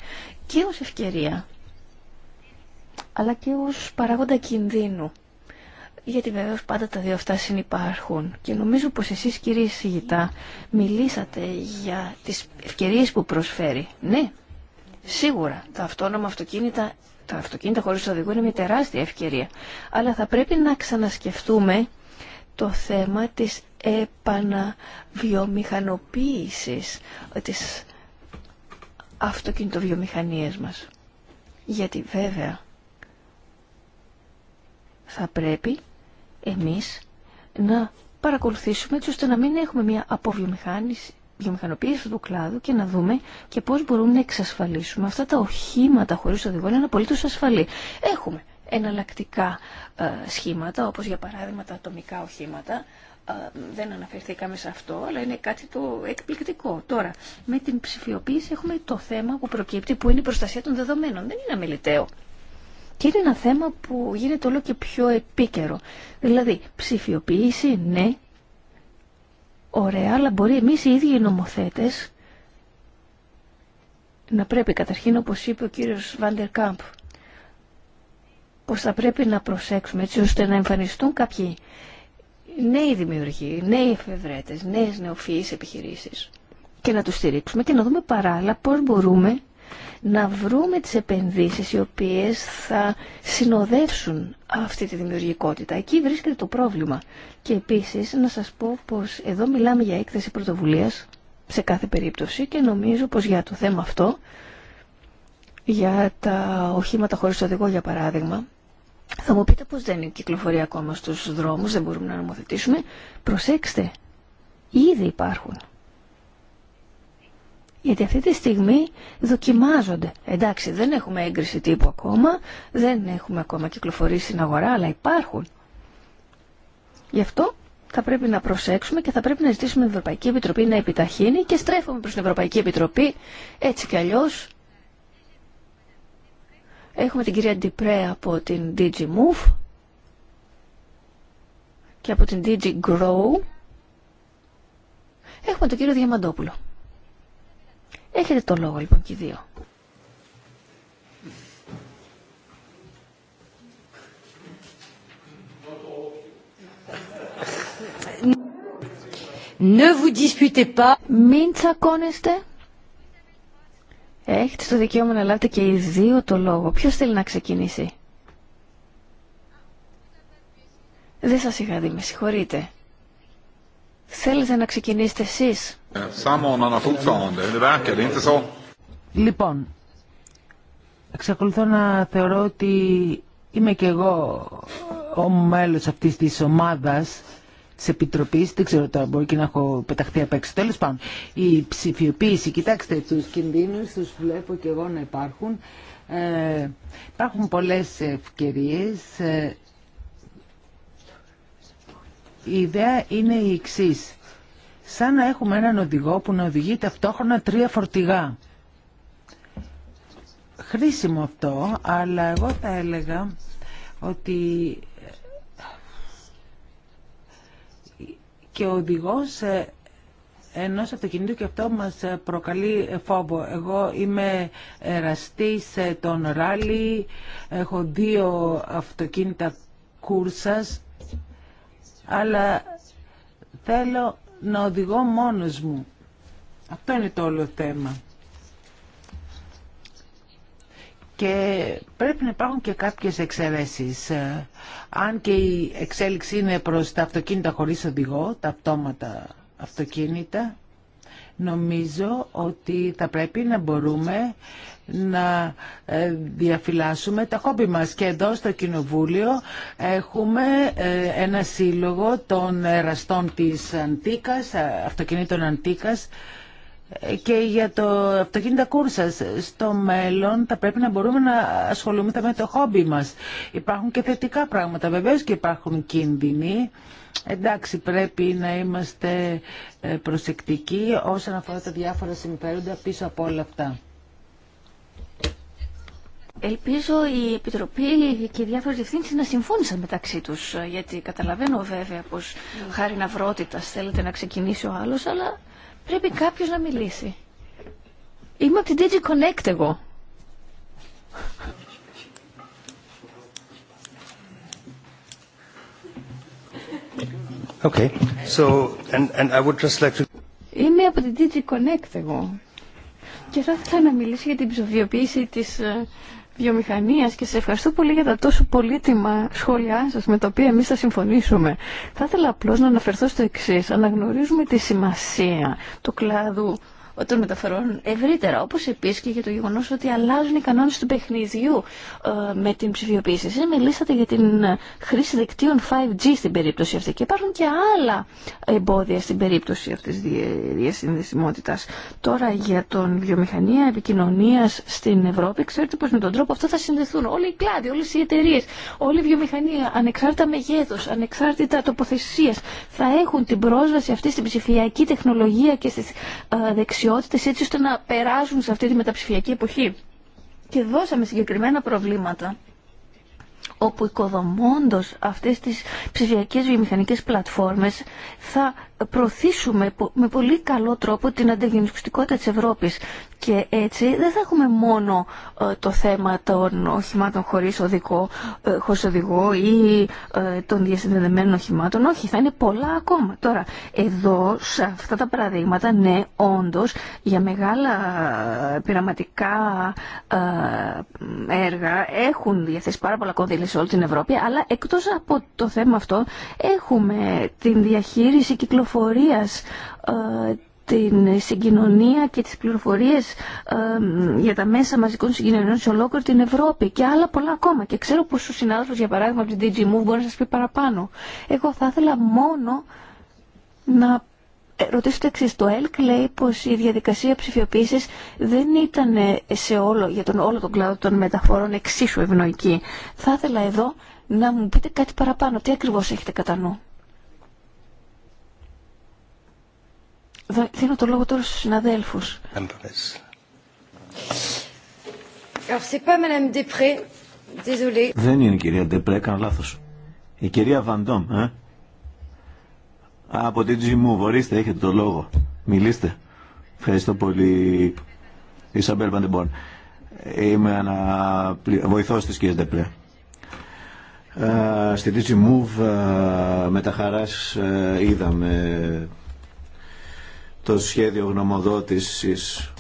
και ως ευκαιρία αλλά και ως παράγοντα κινδύνου γιατί βεβαίως πάντα τα δύο αυτά συνυπάρχουν και νομίζω πως εσείς κύριε Σιγητά μιλήσατε για τις ευκαιρίες που προσφέρει. Ναι, Σίγουρα τα αυτόνομα αυτοκίνητα, τα αυτοκίνητα χωρίς οδηγού είναι μια τεράστια ευκαιρία. Αλλά θα πρέπει να ξανασκεφτούμε το θέμα της επαναβιομηχανοποίησης της αυτοκινητοβιομηχανίας μας. Γιατί βέβαια θα πρέπει εμείς να παρακολουθήσουμε έτσι ώστε να μην έχουμε μια αποβιομηχάνηση βιομηχανοποίηση του κλάδου και να δούμε και πώς μπορούμε να εξασφαλίσουμε αυτά τα οχήματα χωρίς οδηγό να είναι απολύτως ασφαλή. Έχουμε εναλλακτικά ε, σχήματα, όπως για παράδειγμα τα ατομικά οχήματα, ε, δεν αναφερθήκαμε σε αυτό, αλλά είναι κάτι το εκπληκτικό. Τώρα, με την ψηφιοποίηση έχουμε το θέμα που προκύπτει, που είναι η προστασία των δεδομένων. Δεν είναι αμεληταίο. Και είναι ένα θέμα που γίνεται όλο και πιο επίκαιρο. Δηλαδή, ψηφιοποίηση, ναι, Ωραία, αλλά μπορεί εμείς οι ίδιοι οι νομοθέτες να πρέπει καταρχήν όπως είπε ο κύριος Βάντερ Κάμπ πως θα πρέπει να προσέξουμε έτσι ώστε να εμφανιστούν κάποιοι νέοι δημιουργοί, νέοι εφευρέτες, νέες νεοφυείς επιχειρήσεις και να τους στηρίξουμε και να δούμε παράλληλα πώς μπορούμε να βρούμε τις επενδύσεις οι οποίες θα συνοδεύσουν αυτή τη δημιουργικότητα. Εκεί βρίσκεται το πρόβλημα. Και επίσης να σας πω πως εδώ μιλάμε για έκθεση πρωτοβουλίας σε κάθε περίπτωση και νομίζω πως για το θέμα αυτό, για τα οχήματα χωρίς οδηγό για παράδειγμα, θα μου πείτε πως δεν κυκλοφορεί ακόμα στους δρόμους, δεν μπορούμε να νομοθετήσουμε. Προσέξτε, ήδη υπάρχουν γιατί αυτή τη στιγμή δοκιμάζονται. Εντάξει, δεν έχουμε έγκριση τύπου ακόμα, δεν έχουμε ακόμα κυκλοφορήσει στην αγορά, αλλά υπάρχουν. Γι' αυτό θα πρέπει να προσέξουμε και θα πρέπει να ζητήσουμε την Ευρωπαϊκή Επιτροπή να επιταχύνει και στρέφουμε προς την Ευρωπαϊκή Επιτροπή έτσι κι αλλιώς. Έχουμε την κυρία Ντιπρέ από την DG Move και από την DG Grow. Έχουμε τον κύριο Διαμαντόπουλο. Έχετε το λόγο λοιπόν και οι δύο. Ne vous disputez Μην τσακώνεστε. Έχετε το δικαίωμα να λάβετε και οι δύο το λόγο. Ποιο θέλει να ξεκινήσει. Δεν σας είχα δει, με συγχωρείτε. Θέλετε να ξεκινήσετε εσείς. Λοιπόν, εξακολουθώ να θεωρώ ότι είμαι και εγώ ο μέλος αυτής της ομάδας τη Επιτροπή, δεν ξέρω τώρα, μπορεί και να έχω πεταχθεί απ' έξω. Τέλο πάντων, η ψηφιοποίηση, κοιτάξτε του κινδύνου, του βλέπω και εγώ να υπάρχουν. Ε, υπάρχουν πολλές ευκαιρίες, ε, η ιδέα είναι η εξή. Σαν να έχουμε έναν οδηγό που να οδηγεί ταυτόχρονα τρία φορτηγά. Χρήσιμο αυτό, αλλά εγώ θα έλεγα ότι και ο οδηγός ε, ενός αυτοκινήτου και αυτό μας ε, προκαλεί φόβο. Εγώ είμαι εραστής ε, των ράλι, έχω δύο αυτοκίνητα κούρσας αλλά θέλω να οδηγώ μόνος μου. Αυτό είναι το όλο θέμα. Και πρέπει να υπάρχουν και κάποιες εξαιρέσεις. Αν και η εξέλιξη είναι προς τα αυτοκίνητα χωρίς οδηγό, τα αυτόματα αυτοκίνητα, νομίζω ότι θα πρέπει να μπορούμε να ε, διαφυλάσσουμε τα χόμπι μας. Και εδώ στο Κοινοβούλιο έχουμε ε, ένα σύλλογο των εραστών της Αντίκας, ε, αυτοκινήτων Αντίκας, και για το αυτοκίνητα κούρσα. Στο μέλλον θα πρέπει να μπορούμε να ασχολούμαστε με το χόμπι μας. Υπάρχουν και θετικά πράγματα βεβαίως και υπάρχουν κίνδυνοι. Εντάξει, πρέπει να είμαστε προσεκτικοί όσον αφορά τα διάφορα συμφέροντα πίσω από όλα αυτά. Ελπίζω η Επιτροπή και οι διάφορες διευθύνσει να συμφώνησαν μεταξύ τους, ε, γιατί καταλαβαίνω βέβαια πως χάρη ναυρότητα θέλετε να ξεκινήσει ο άλλο, αλλά πρέπει κάποιος να μιλήσει. Είμαι από την Digiconnect, εγώ. Okay. So, and, and I would just like to... Είμαι από την Digiconnect, Connect εγώ. Και θα ήθελα να μιλήσω για την ψηφιοποίηση της ε, βιομηχανία και σε ευχαριστώ πολύ για τα τόσο πολύτιμα σχόλιά σα, με τα οποία εμείς θα συμφωνήσουμε. Θα ήθελα απλώ να αναφερθώ στο εξή. Αναγνωρίζουμε τη σημασία του κλάδου των μεταφορών ευρύτερα. Όπω επίση και για το γεγονό ότι αλλάζουν οι κανόνε του παιχνιδιού ε, με την ψηφιοποίηση. Εσεί μιλήσατε για την χρήση δικτύων 5G στην περίπτωση αυτή και υπάρχουν και άλλα εμπόδια στην περίπτωση αυτή τη διασυνδεσιμότητα. Τώρα για τον βιομηχανία επικοινωνία στην Ευρώπη, ξέρετε πω με τον τρόπο αυτό θα συνδεθούν όλοι οι κλάδοι, όλε οι εταιρείε, όλη η βιομηχανία, ανεξάρτητα μεγέθου, ανεξάρτητα τοποθεσία, θα έχουν την πρόσβαση αυτή στην ψηφιακή τεχνολογία και στι ε, δεξιότητε έτσι ώστε να περάσουν σε αυτή τη μεταψηφιακή εποχή. Και δώσαμε συγκεκριμένα προβλήματα όπου οικοδομώντας αυτές τις ψηφιακές βιομηχανικές πλατφόρμες θα προωθήσουμε με πολύ καλό τρόπο την αντιγυνιστικότητα της Ευρώπης. Και έτσι δεν θα έχουμε μόνο ε, το θέμα των οχημάτων χωρίς οδικό, ε, οδηγό ή ε, των διασυνδεδεμένων οχημάτων. Όχι, θα είναι πολλά ακόμα. Τώρα, εδώ, σε αυτά τα παραδείγματα, ναι, όντως, για μεγάλα πειραματικά έργα έχουν διαθέσει πάρα πολλά κονδύλια σε όλη την Ευρώπη, αλλά εκτός από το θέμα αυτό, έχουμε την διαχείριση κυκλοφορίας πληροφορίας ε, την συγκοινωνία και τις πληροφορίες ε, για τα μέσα μαζικών συγκοινωνιών σε ολόκληρη την Ευρώπη και άλλα πολλά ακόμα. Και ξέρω πως ο συνάδελφος, για παράδειγμα, από την DG Move μπορεί να σας πει παραπάνω. Εγώ θα ήθελα μόνο να ρωτήσω το εξής. Το ΕΛΚ λέει πως η διαδικασία ψηφιοποίησης δεν ήταν σε όλο, για τον όλο τον κλάδο των μεταφορών εξίσου ευνοϊκή. Θα ήθελα εδώ να μου πείτε κάτι παραπάνω. Τι ακριβώς έχετε κατά νου. Δίνω το λόγο τώρα στους συναδέλφους. Δεν είναι η κυρία Ντεπρέ, έκανα λάθος. Η κυρία Βαντόμ, ε? Από την Τζιμού, βορίστε, έχετε το λόγο. Μιλήστε. Ευχαριστώ πολύ, Ισαμπέλ Βαντεμπορν. Είμαι ένα βοηθός της κυρίας Ντεπρέ. Στην στη DigiMove ε, με τα χαράς ε, είδαμε το σχέδιο γνωμοδότησης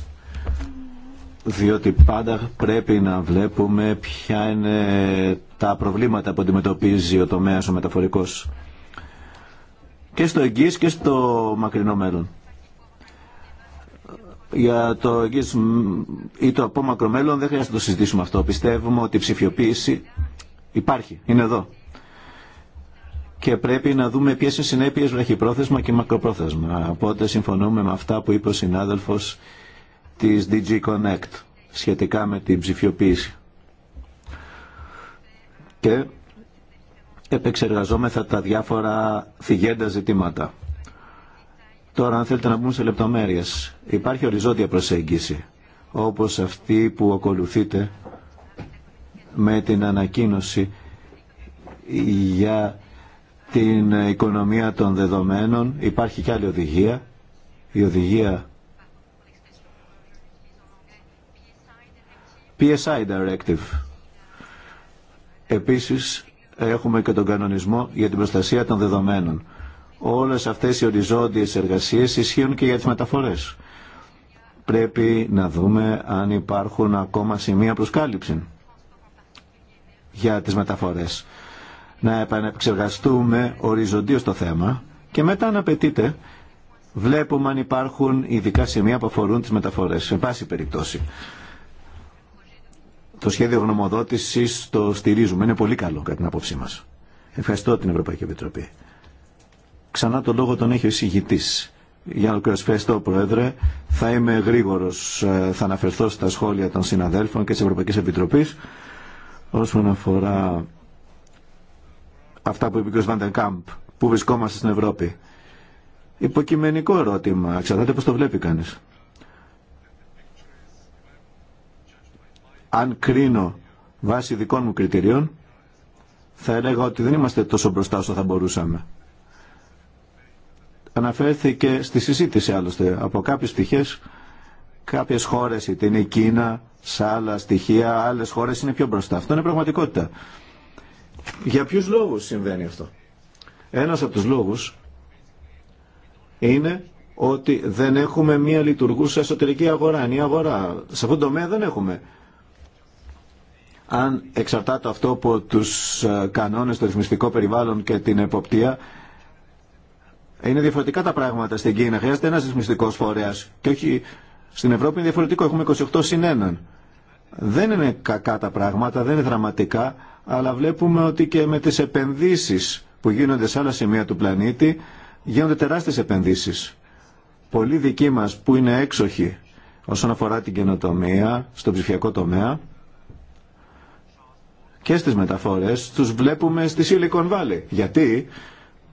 διότι πάντα πρέπει να βλέπουμε ποια είναι τα προβλήματα που αντιμετωπίζει ο τομέας ο μεταφορικός και στο εγγύς και στο μακρινό μέλλον. Για το εγγύς ή το απόμακρο μέλλον δεν χρειάζεται να το συζητήσουμε αυτό. Πιστεύουμε ότι η ψηφιοποίηση υπάρχει, είναι εδώ και πρέπει να δούμε ποιε είναι οι συνέπειε βραχυπρόθεσμα και μακροπρόθεσμα. Οπότε συμφωνούμε με αυτά που είπε ο συνάδελφο τη DG Connect σχετικά με την ψηφιοποίηση. Και επεξεργαζόμεθα τα διάφορα θυγέντα ζητήματα. Τώρα, αν θέλετε να μπούμε σε λεπτομέρειε, υπάρχει οριζόντια προσέγγιση, όπως αυτή που ακολουθείτε με την ανακοίνωση για την οικονομία των δεδομένων. Υπάρχει και άλλη οδηγία, η οδηγία PSI Directive. Επίσης έχουμε και τον κανονισμό για την προστασία των δεδομένων. Όλες αυτές οι οριζόντιες εργασίες ισχύουν και για τις μεταφορές. Πρέπει να δούμε αν υπάρχουν ακόμα σημεία προσκάλυψη για τις μεταφορές να επανεξεργαστούμε οριζοντίως το θέμα και μετά να απαιτείται βλέπουμε αν υπάρχουν ειδικά σημεία που αφορούν τις μεταφορές, σε πάση περιπτώσει. Το σχέδιο γνωμοδότησης το στηρίζουμε. Είναι πολύ καλό κατά την απόψή μας. Ευχαριστώ την Ευρωπαϊκή Επιτροπή. Ξανά το λόγο τον έχει ο εισηγητής. Για να ευχαριστώ, Πρόεδρε. Θα είμαι γρήγορος. Ε, θα αναφερθώ στα σχόλια των συναδέλφων και της Ευρωπαϊκή Επιτροπή, όσον αφορά αυτά που είπε ο κ. Βαντεκάμπ, που βρισκόμαστε στην Ευρώπη. Υποκειμενικό ερώτημα, εξαρτάται πώς το βλέπει κανείς. Αν κρίνω βάσει δικών μου κριτηρίων, θα έλεγα ότι δεν είμαστε τόσο μπροστά όσο θα μπορούσαμε. Αναφέρθηκε στη συζήτηση άλλωστε από κάποιες πτυχές, κάποιες χώρες, είτε είναι η Κίνα, σε άλλα στοιχεία, άλλες χώρες είναι πιο μπροστά. Αυτό είναι πραγματικότητα. Για ποιους λόγους συμβαίνει αυτό. Ένας από τους λόγους είναι ότι δεν έχουμε μία λειτουργούσα εσωτερική αγορά. Είναι η αγορά. Σε αυτόν τον τομέα δεν έχουμε. Αν εξαρτάται αυτό από τους ε, κανόνες, το ρυθμιστικό περιβάλλον και την εποπτεία, είναι διαφορετικά τα πράγματα στην Κίνα. Χρειάζεται ένας ρυθμιστικός φορέας. Και όχι στην Ευρώπη είναι διαφορετικό. Έχουμε 28 συν 1. Δεν είναι κακά τα πράγματα, δεν είναι δραματικά αλλά βλέπουμε ότι και με τις επενδύσεις που γίνονται σε άλλα σημεία του πλανήτη γίνονται τεράστιες επενδύσεις. Πολλοί δικοί μας που είναι έξοχοι όσον αφορά την καινοτομία στο ψηφιακό τομέα και στις μεταφορές τους βλέπουμε στη Silicon Valley. Γιατί?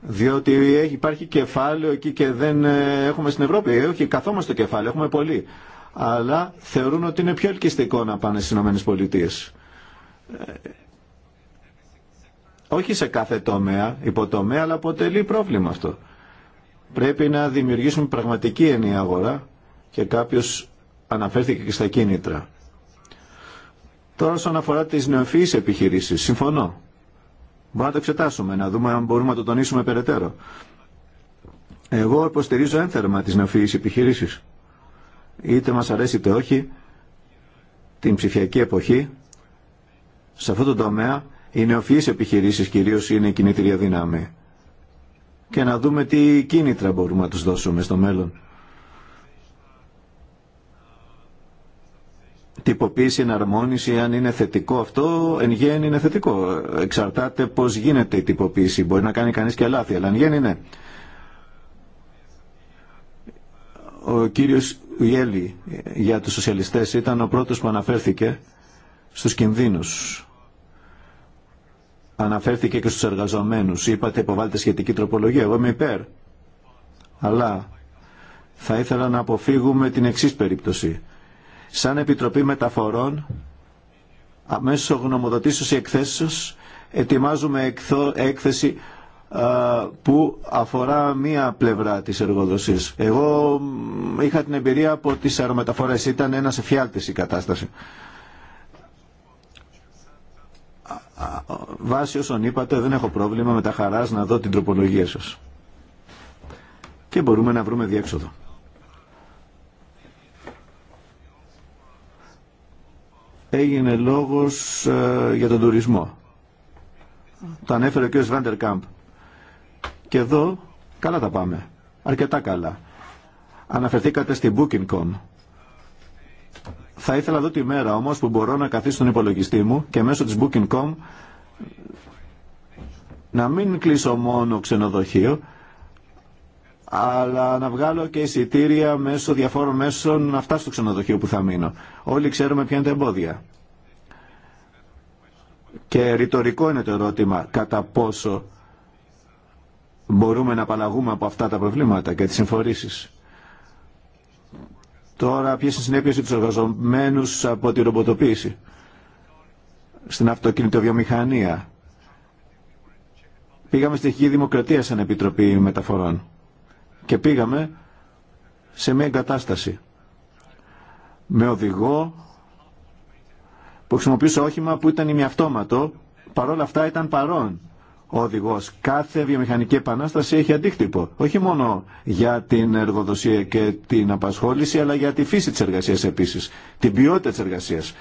Διότι υπάρχει κεφάλαιο εκεί και δεν ε, έχουμε στην Ευρώπη. Ε, όχι, καθόμαστε το κεφάλαιο, έχουμε πολύ. Αλλά θεωρούν ότι είναι πιο ελκυστικό να πάνε στις Ηνωμένες όχι σε κάθε τομέα, υποτομέα, αλλά αποτελεί πρόβλημα αυτό. Πρέπει να δημιουργήσουμε πραγματική ενιαία αγορά και κάποιος αναφέρθηκε και στα κίνητρα. Τώρα όσον αφορά τις νεοφυείς επιχειρήσεις, συμφωνώ. Μπορούμε να το εξετάσουμε, να δούμε αν μπορούμε να το τονίσουμε περαιτέρω. Εγώ υποστηρίζω ένθερμα τις νεοφυείς επιχειρήσεις. Είτε μας αρέσει είτε όχι, την ψηφιακή εποχή, σε αυτό το τομέα οι νεοφυείς επιχειρήσεις κυρίως είναι η κινητήρια δύναμη. Και να δούμε τι κίνητρα μπορούμε να τους δώσουμε στο μέλλον. Τυποποίηση, εναρμόνιση, αν είναι θετικό αυτό, εν γέννη είναι θετικό. Εξαρτάται πώς γίνεται η τυποποίηση. Μπορεί να κάνει κανείς και λάθη, αλλά εν είναι. Ο κύριος Γιέλη για τους σοσιαλιστές ήταν ο πρώτος που αναφέρθηκε στους κινδύνους Αναφέρθηκε και στους εργαζομένους. Είπατε υποβάλλετε σχετική τροπολογία. Εγώ είμαι υπέρ. Αλλά θα ήθελα να αποφύγουμε την εξή περίπτωση. Σαν Επιτροπή Μεταφορών, αμέσως γνωμοδοτήσεως ή εκθέσεως, ετοιμάζουμε έκθεση που αφορά μία πλευρά της εργοδοσίας. Εγώ είχα την εμπειρία από τις αερομεταφορές. Ήταν ένας εφιάλτης η κατάσταση βάσει όσων είπατε δεν έχω πρόβλημα με τα χαράς να δω την τροπολογία σας. Και μπορούμε να βρούμε διέξοδο. Έγινε λόγος ε, για τον τουρισμό. Το ανέφερε και ο κ. Κάμπ. Και εδώ καλά τα πάμε. Αρκετά καλά. Αναφερθήκατε στην Booking.com θα ήθελα εδώ τη μέρα όμως που μπορώ να καθίσω στον υπολογιστή μου και μέσω της Booking.com να μην κλείσω μόνο ξενοδοχείο, αλλά να βγάλω και εισιτήρια μέσω διαφόρων μέσων να φτάσω στο ξενοδοχείο που θα μείνω. Όλοι ξέρουμε ποια είναι τα εμπόδια. Και ρητορικό είναι το ερώτημα κατά πόσο μπορούμε να απαλλαγούμε από αυτά τα προβλήματα και τις συμφορήσεις. Τώρα, ποιε είναι οι συνέπειε για του εργαζομένου από τη ρομποτοποίηση στην αυτοκινητοβιομηχανία. Πήγαμε στη Χιλή Δημοκρατία σαν Επιτροπή Μεταφορών και πήγαμε σε μια εγκατάσταση με οδηγό που χρησιμοποιούσε όχημα που ήταν ημιαυτόματο, παρόλα αυτά ήταν παρόν ο οδηγό, Κάθε βιομηχανική επανάσταση έχει αντίκτυπο. Όχι μόνο για την εργοδοσία και την απασχόληση, αλλά για τη φύση της εργασίας επίσης, την ποιότητα της εργασίας.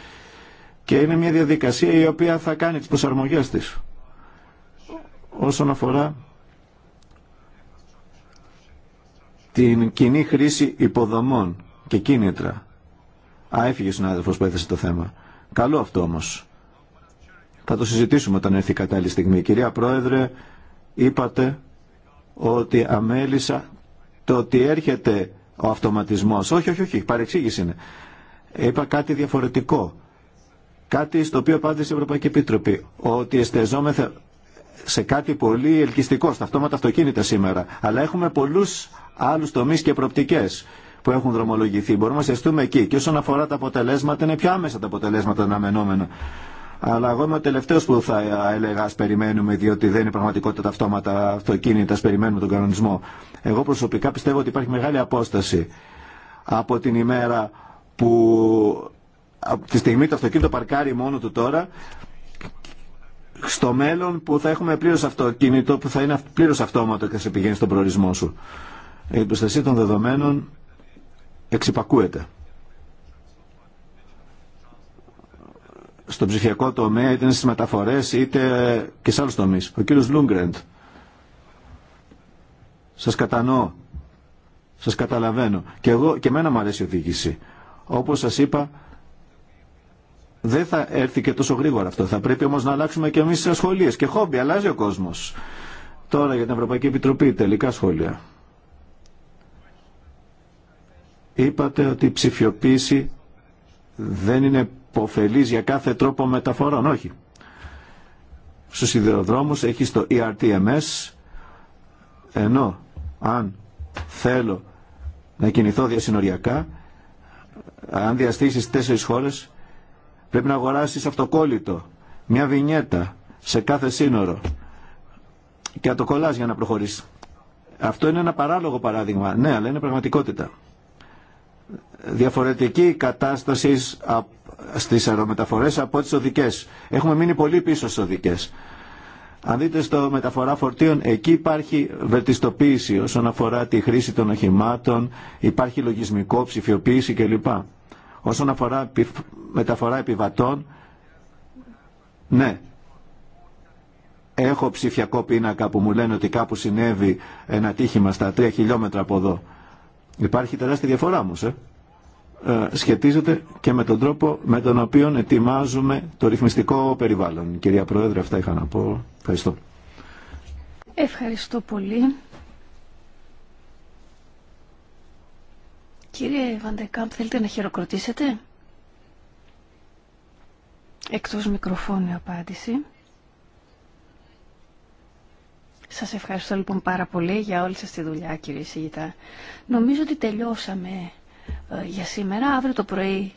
Και είναι μια διαδικασία η οποία θα κάνει τι προσαρμογέ τη. Όσον αφορά την κοινή χρήση υποδομών και κίνητρα. Α, έφυγε ο συνάδελφος που έθεσε το θέμα. Καλό αυτό όμως. Θα το συζητήσουμε όταν έρθει η κατάλληλη στιγμή. Κυρία Πρόεδρε, είπατε ότι αμέλησα το ότι έρχεται ο αυτοματισμός. Όχι, όχι, όχι, παρεξήγηση είναι. Είπα κάτι διαφορετικό. Κάτι στο οποίο απάντησε η Ευρωπαϊκή Επίτροπη. Ότι εστεζόμεθα σε κάτι πολύ ελκυστικό, στα αυτόματα αυτοκίνητα σήμερα. Αλλά έχουμε πολλού άλλου τομεί και προπτικέ που έχουν δρομολογηθεί. Μπορούμε να συζητούμε εκεί. Και όσον αφορά τα αποτελέσματα, είναι πιο άμεσα τα αποτελέσματα αναμενόμενα. Αλλά εγώ είμαι ο τελευταίο που θα έλεγα ας περιμένουμε, διότι δεν είναι πραγματικότητα αυτόματα αυτοκίνητα, ας περιμένουμε τον κανονισμό. Εγώ προσωπικά πιστεύω ότι υπάρχει μεγάλη απόσταση από την ημέρα που από τη στιγμή το αυτοκίνητο παρκάρει μόνο του τώρα στο μέλλον που θα έχουμε πλήρω αυτοκίνητο που θα είναι πλήρω αυτόματο και θα σε πηγαίνει στον προορισμό σου. Η προστασία των δεδομένων εξυπακούεται. στον ψηφιακό τομέα, είτε στις μεταφορές, είτε και σε άλλους τομείς. Ο κύριος Λούγκρεντ. Σας κατανοώ. Σας καταλαβαίνω. Και, εγώ, και εμένα μου αρέσει η οδήγηση. Όπως σας είπα, δεν θα έρθει και τόσο γρήγορα αυτό. Θα πρέπει όμως να αλλάξουμε και εμείς σχολείες και χόμπι. Αλλάζει ο κόσμος. Τώρα για την Ευρωπαϊκή Επιτροπή, τελικά σχόλια. Είπατε ότι η ψηφιοποίηση δεν είναι εποφελής για κάθε τρόπο μεταφορών. Όχι. Στους σιδηροδρόμους έχει το ERTMS ενώ αν θέλω να κινηθώ διασυνοριακά αν διαστήσεις τέσσερις χώρες πρέπει να αγοράσεις αυτοκόλλητο μια βινιέτα σε κάθε σύνορο και να το κολλάς για να προχωρήσει. Αυτό είναι ένα παράλογο παράδειγμα. Ναι, αλλά είναι πραγματικότητα διαφορετική κατάσταση στις αερομεταφορές από τις οδικές. Έχουμε μείνει πολύ πίσω στις οδικές. Αν δείτε στο μεταφορά φορτίων, εκεί υπάρχει βελτιστοποίηση όσον αφορά τη χρήση των οχημάτων, υπάρχει λογισμικό, ψηφιοποίηση κλπ. Όσον αφορά μεταφορά επιβατών, ναι, έχω ψηφιακό πίνακα που μου λένε ότι κάπου συνέβη ένα τύχημα στα 3 χιλιόμετρα από εδώ. Υπάρχει τεράστια διαφορά όμως, ε. Ε, σχετίζεται και με τον τρόπο με τον οποίο ετοιμάζουμε το ρυθμιστικό περιβάλλον. Κυρία Πρόεδρε, αυτά είχα να πω. Ευχαριστώ. Ευχαριστώ πολύ. Κύριε Βαντεκάμπ, θέλετε να χειροκροτήσετε. Εκτός μικροφώνου απάντηση. Σας ευχαριστώ λοιπόν πάρα πολύ για όλη σας τη δουλειά κύριε Σίγητα. Νομίζω ότι τελειώσαμε ε, για σήμερα. Αύριο το πρωί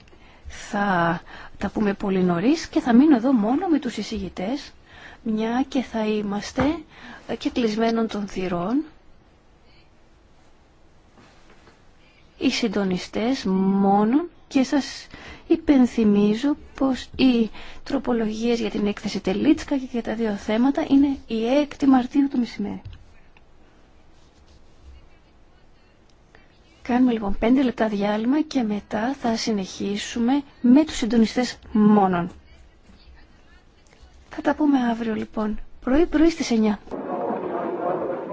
θα τα πούμε πολύ νωρίς και θα μείνω εδώ μόνο με τους εισηγητές, μια και θα είμαστε ε, και κλεισμένων των θυρών. Οι συντονιστές μόνον και σας υπενθυμίζω πως οι τροπολογίες για την έκθεση Τελίτσκα και για τα δύο θέματα είναι η 6η Μαρτίου του μεσημέρι. Κάνουμε λοιπόν πέντε λεπτά διάλειμμα και μετά θα συνεχίσουμε με τους συντονιστές μόνον. Θα τα πούμε αύριο λοιπόν, πρωί-πρωί στις 9.